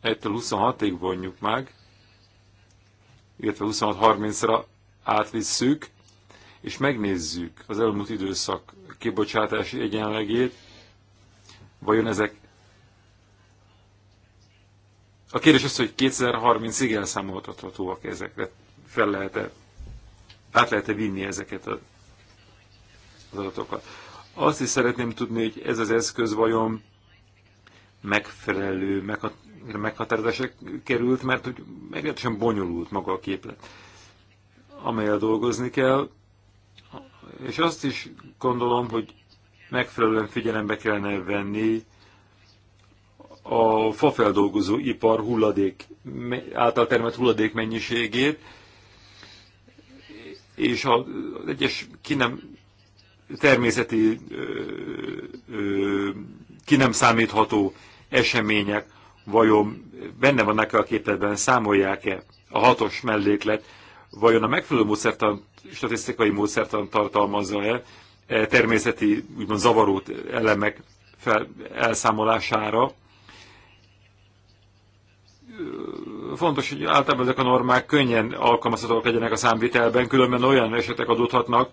26-ig vonjuk meg, illetve 26-30-ra átvisszük, és megnézzük az elmúlt időszak kibocsátási egyenlegét, vajon ezek a kérdés az, hogy 2030-ig elszámoltathatóak ezekre. Fel lehet -e, át lehet-e vinni ezeket a, az adatokat. Azt is szeretném tudni, hogy ez az eszköz vajon megfelelő meghat meghatározásra került, mert hogy meglehetősen bonyolult maga a képlet, amelyel dolgozni kell. És azt is gondolom, hogy megfelelően figyelembe kellene venni a fafeldolgozó ipar hulladék, által termelt hulladék mennyiségét, és az egyes ki nem természeti ki nem számítható események vajon benne vannak-e a képletben, számolják-e a hatos melléklet, vajon a megfelelő módszertan, statisztikai módszertan tartalmazza-e e, természeti úgymond zavaró elemek fel, elszámolására, fontos, hogy általában ezek a normák könnyen alkalmazhatók legyenek a számvitelben, különben olyan esetek adódhatnak,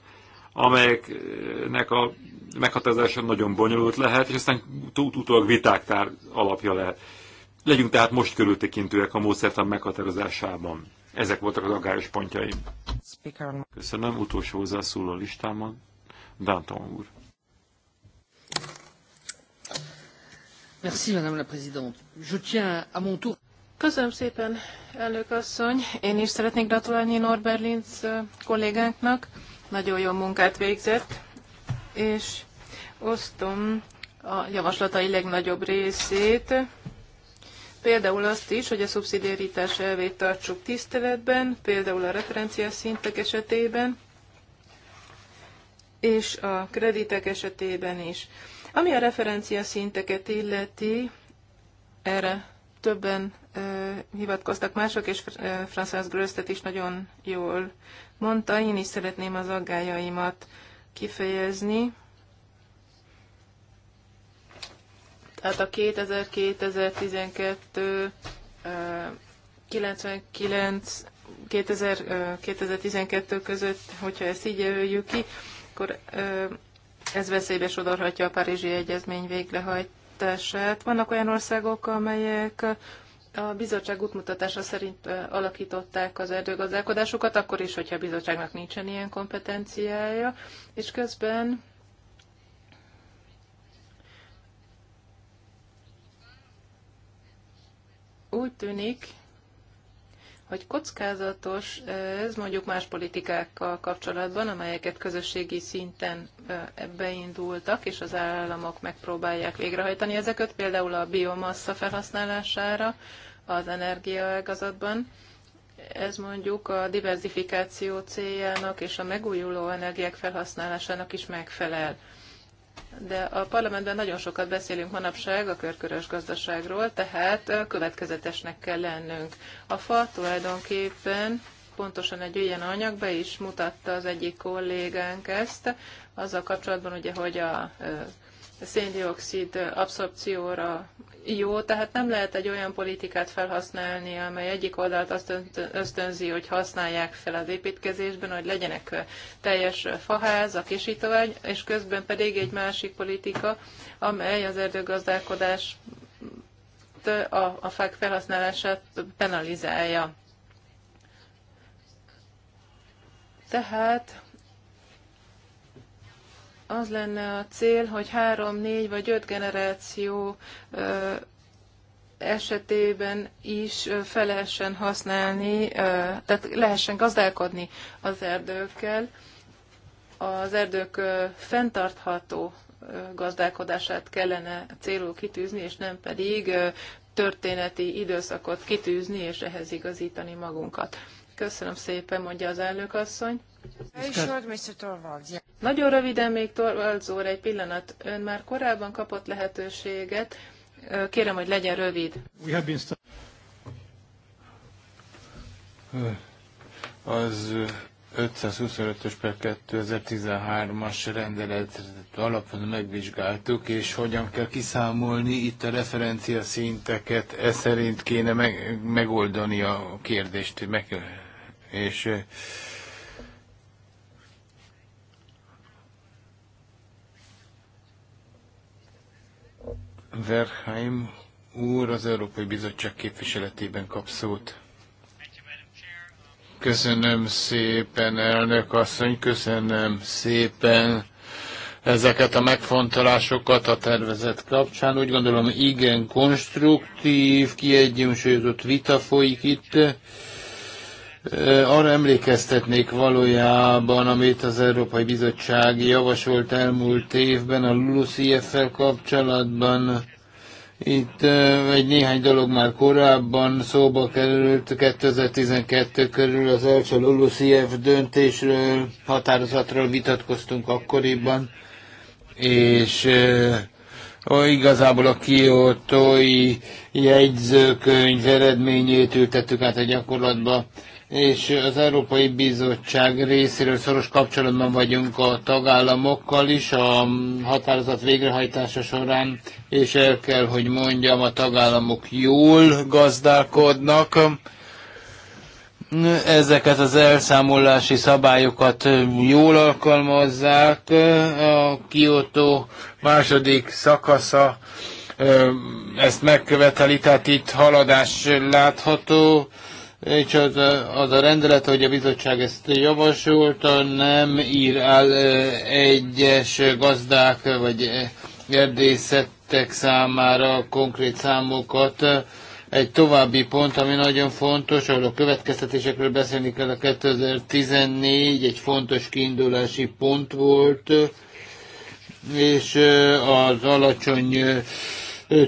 amelyeknek a meghatározása nagyon bonyolult lehet, és aztán utólag viták tár alapja lehet. Legyünk tehát most körültekintőek a módszertan meghatározásában. Ezek voltak az aggályos pontjaim. Köszönöm, utolsó hozzászóló listámon, Danton úr. Merci, Madame la Présidente. Je tiens à mon tour... Köszönöm szépen, elnök asszony. Én is szeretnék gratulálni Norbert Linz kollégánknak. Nagyon jó munkát végzett, és osztom a javaslatai legnagyobb részét. Például azt is, hogy a szubszidiaritás elvét tartsuk tiszteletben, például a referenciás szintek esetében, és a kreditek esetében is. Ami a referenciás szinteket illeti, erre többen ö, hivatkoztak mások, és François Grösztet is nagyon jól mondta. Én is szeretném az aggájaimat kifejezni. Tehát a 2000-2012 99 2012 között, hogyha ezt így jövőjük ki, akkor ez veszélybe sodorhatja a Párizsi Egyezmény végrehajt, útmutatását. Vannak olyan országok, amelyek a bizottság útmutatása szerint alakították az erdőgazdálkodásukat, akkor is, hogyha a bizottságnak nincsen ilyen kompetenciája, és közben úgy tűnik, hogy kockázatos ez mondjuk más politikákkal kapcsolatban, amelyeket közösségi szinten beindultak, és az államok megpróbálják végrehajtani ezeket, például a biomassa felhasználására az energiaágazatban. Ez mondjuk a diversifikáció céljának és a megújuló energiák felhasználásának is megfelel de a parlamentben nagyon sokat beszélünk manapság a körkörös gazdaságról, tehát következetesnek kell lennünk. A fa tulajdonképpen pontosan egy olyan anyag, be is mutatta az egyik kollégánk ezt, azzal kapcsolatban ugye, hogy a széndiokszid abszorpcióra jó, tehát nem lehet egy olyan politikát felhasználni, amely egyik oldalt azt ösztönzi, hogy használják fel az építkezésben, hogy legyenek teljes faházak, és így és közben pedig egy másik politika, amely az erdőgazdálkodás a, a fák felhasználását penalizálja. Tehát az lenne a cél, hogy három, négy vagy öt generáció esetében is fel lehessen használni, tehát lehessen gazdálkodni az erdőkkel, az erdők fenntartható gazdálkodását kellene célul kitűzni, és nem pedig történeti időszakot kitűzni, és ehhez igazítani magunkat. Köszönöm szépen, mondja az elnök asszony. Nagyon röviden még Torvalds úr, egy pillanat. Ön már korábban kapott lehetőséget. Kérem, hogy legyen rövid. Az 525-ös per 2013-as rendelet alapon megvizsgáltuk, és hogyan kell kiszámolni itt a referencia szinteket, ez szerint kéne meg, megoldani a kérdést, meg, és Verheim úr az Európai Bizottság képviseletében kap szót. Köszönöm szépen, elnök asszony, köszönöm szépen ezeket a megfontolásokat a tervezet kapcsán. Úgy gondolom, igen, konstruktív, kiegyensúlyozott vita folyik itt arra emlékeztetnék valójában, amit az Európai Bizottság javasolt elmúlt évben a LULUCF-fel kapcsolatban. Itt egy néhány dolog már korábban szóba került 2012 körül az első LULUCF döntésről, határozatról vitatkoztunk akkoriban, és ó, igazából a kiotói jegyzőkönyv eredményét ültettük át a gyakorlatba és az Európai Bizottság részéről szoros kapcsolatban vagyunk a tagállamokkal is a határozat végrehajtása során, és el kell, hogy mondjam, a tagállamok jól gazdálkodnak. Ezeket az elszámolási szabályokat jól alkalmazzák. A Kyoto második szakasza ezt megköveteli, tehát itt haladás látható és az a, az a rendelet, hogy a bizottság ezt javasolta, nem ír el egyes gazdák vagy erdészettek számára konkrét számokat. Egy további pont, ami nagyon fontos, ahol a következtetésekről beszélni kell, a 2014 egy fontos kiindulási pont volt, és az alacsony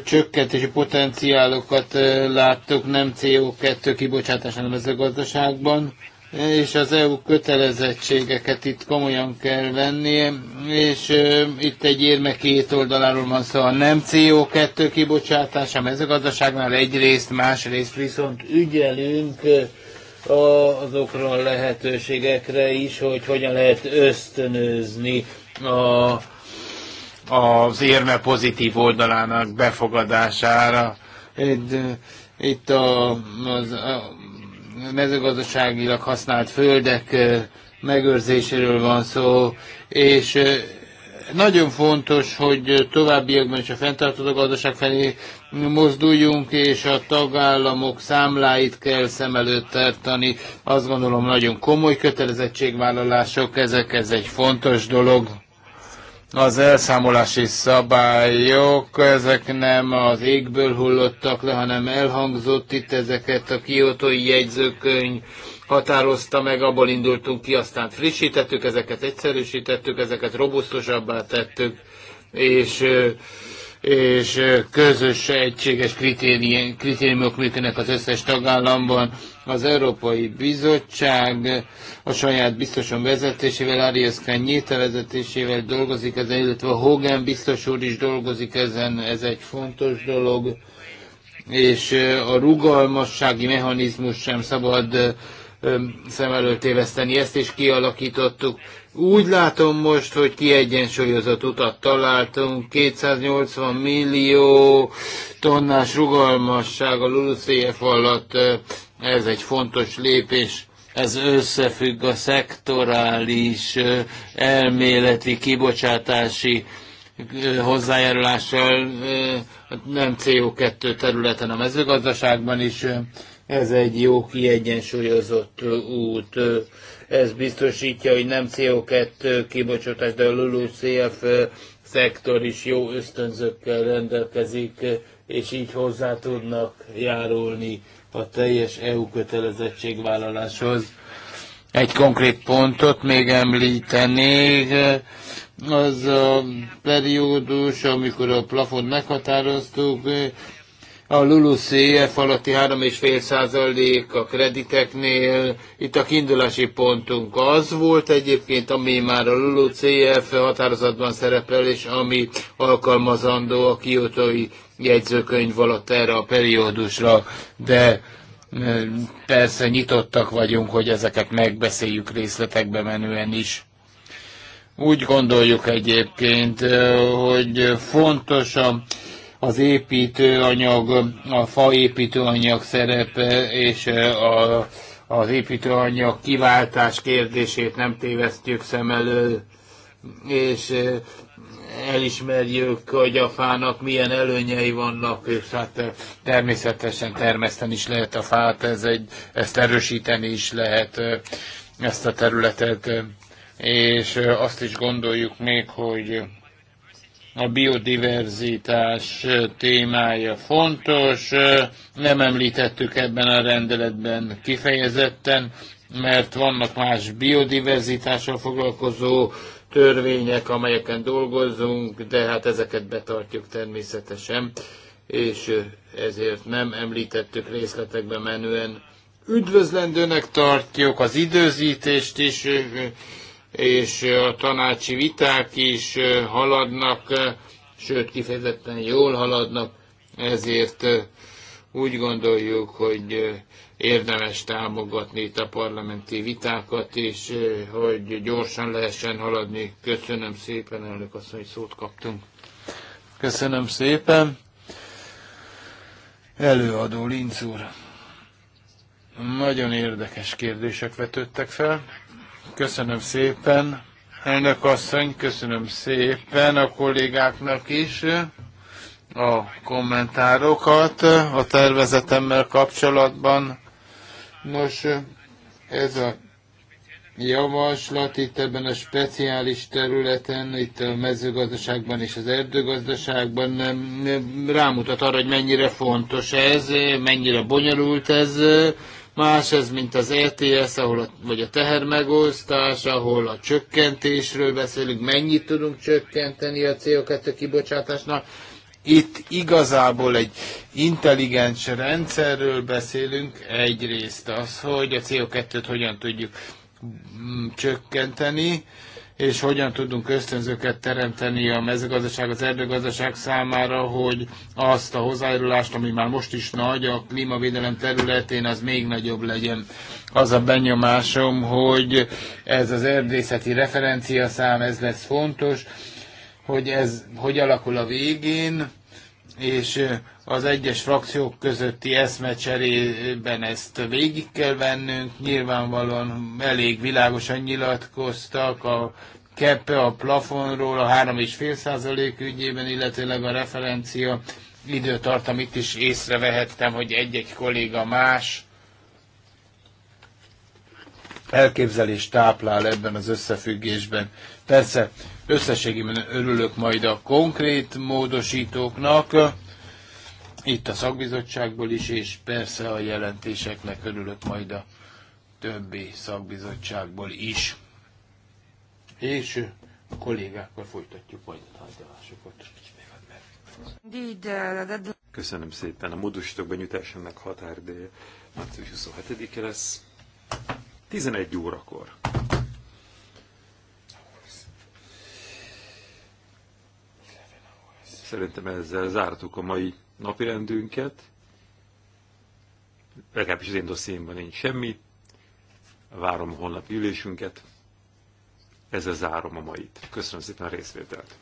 csökkentési potenciálokat láttok, nem CO2 kibocsátás, hanem ez a gazdaságban, és az EU kötelezettségeket itt komolyan kell venni és itt egy érme két oldaláról van szó, a nem CO2 kibocsátás, a mezőgazdaságnál egyrészt, másrészt viszont ügyelünk azokra a lehetőségekre is, hogy hogyan lehet ösztönözni a az érme pozitív oldalának befogadására. Itt, itt a, az, a mezőgazdaságilag használt földek megőrzéséről van szó, és nagyon fontos, hogy továbbiakban is a fenntartható gazdaság felé mozduljunk, és a tagállamok számláit kell szem előtt tartani. Azt gondolom, nagyon komoly kötelezettségvállalások ezek, ez egy fontos dolog. Az elszámolási szabályok, ezek nem az égből hullottak le, hanem elhangzott itt ezeket a kiotói jegyzőkönyv határozta meg, abból indultunk ki, aztán frissítettük, ezeket egyszerűsítettük, ezeket robusztusabbá tettük, és és közös egységes kritériumok működnek az összes tagállamban. Az Európai Bizottság a saját biztoson vezetésével, Arias Kanyéta vezetésével dolgozik ezen, illetve Hogan biztos úr is dolgozik ezen, ez egy fontos dolog, és a rugalmassági mechanizmus sem szabad szem előtt éveszteni. Ezt és kialakítottuk, úgy látom most, hogy kiegyensúlyozott utat találtunk, 280 millió tonnás rugalmasság a LULUCF alatt, eh, ez egy fontos lépés. Ez összefügg a szektorális eh, elméleti kibocsátási eh, hozzájárulással, nem CO2 területen a mezőgazdaságban is. Ez egy jó kiegyensúlyozott út. Ez biztosítja, hogy nem CO2 kibocsátás, de a LULUCF szektor is jó ösztönzőkkel rendelkezik, és így hozzá tudnak járulni a teljes EU kötelezettségvállaláshoz. Egy konkrét pontot még említenék, az a periódus, amikor a plafont meghatároztuk, a LULUCF alatti 3,5% a krediteknél, itt a kiindulási pontunk az volt egyébként, ami már a LULUCF határozatban szerepel, és ami alkalmazandó a kiotói jegyzőkönyv alatt erre a periódusra, de persze nyitottak vagyunk, hogy ezeket megbeszéljük részletekbe menően is. Úgy gondoljuk egyébként, hogy fontos a az építőanyag, a fa építőanyag szerepe és a, az építőanyag kiváltás kérdését nem tévesztjük szem elől, és elismerjük, hogy a fának milyen előnyei vannak, és hát természetesen termeszteni is lehet a fát, ez egy, ezt erősíteni is lehet ezt a területet, és azt is gondoljuk még, hogy a biodiverzitás témája fontos. Nem említettük ebben a rendeletben kifejezetten, mert vannak más biodiverzitással foglalkozó törvények, amelyeken dolgozunk, de hát ezeket betartjuk természetesen, és ezért nem említettük részletekbe menően. Üdvözlendőnek tartjuk az időzítést is, és a tanácsi viták is haladnak, sőt kifejezetten jól haladnak, ezért úgy gondoljuk, hogy érdemes támogatni itt a parlamenti vitákat, és hogy gyorsan lehessen haladni. Köszönöm szépen, elnök azt, hogy szót kaptunk. Köszönöm szépen. Előadó Linc úr. Nagyon érdekes kérdések vetődtek fel. Köszönöm szépen. Elnök asszony, köszönöm szépen a kollégáknak is a kommentárokat a tervezetemmel kapcsolatban. Nos, ez a javaslat itt ebben a speciális területen, itt a mezőgazdaságban és az erdőgazdaságban rámutat arra, hogy mennyire fontos ez, mennyire bonyolult ez, Más ez, mint az ETS, ahol a, vagy a tehermegosztás, ahol a csökkentésről beszélünk, mennyit tudunk csökkenteni a CO2 kibocsátásnál. Itt igazából egy intelligens rendszerről beszélünk, egyrészt az, hogy a CO2-t hogyan tudjuk mm, csökkenteni, és hogyan tudunk ösztönzőket teremteni a mezőgazdaság, az erdőgazdaság számára, hogy azt a hozzájárulást, ami már most is nagy, a klímavédelem területén az még nagyobb legyen. Az a benyomásom, hogy ez az erdészeti referenciaszám, ez lesz fontos, hogy ez hogy alakul a végén, és az egyes frakciók közötti eszmecserében ezt végig kell vennünk. Nyilvánvalóan elég világosan nyilatkoztak a keppe a plafonról a 3,5 százalék ügyében, illetőleg a referencia időtartam itt is észrevehettem, hogy egy-egy kolléga más elképzelést táplál ebben az összefüggésben. Persze Összességében örülök majd a konkrét módosítóknak, itt a szakbizottságból is, és persze a jelentéseknek örülök majd a többi szakbizottságból is. És a uh, kollégákkal folytatjuk majd a tárgyalásokat. Köszönöm szépen. A módosítók benyújtásának határideje március 27-e lesz. 11 órakor. Szerintem ezzel zártuk a mai napirendünket. Legalábbis az én dossziémban nincs semmi. Várom a holnapi ülésünket. Ezzel zárom a mait. Köszönöm szépen a részvételt.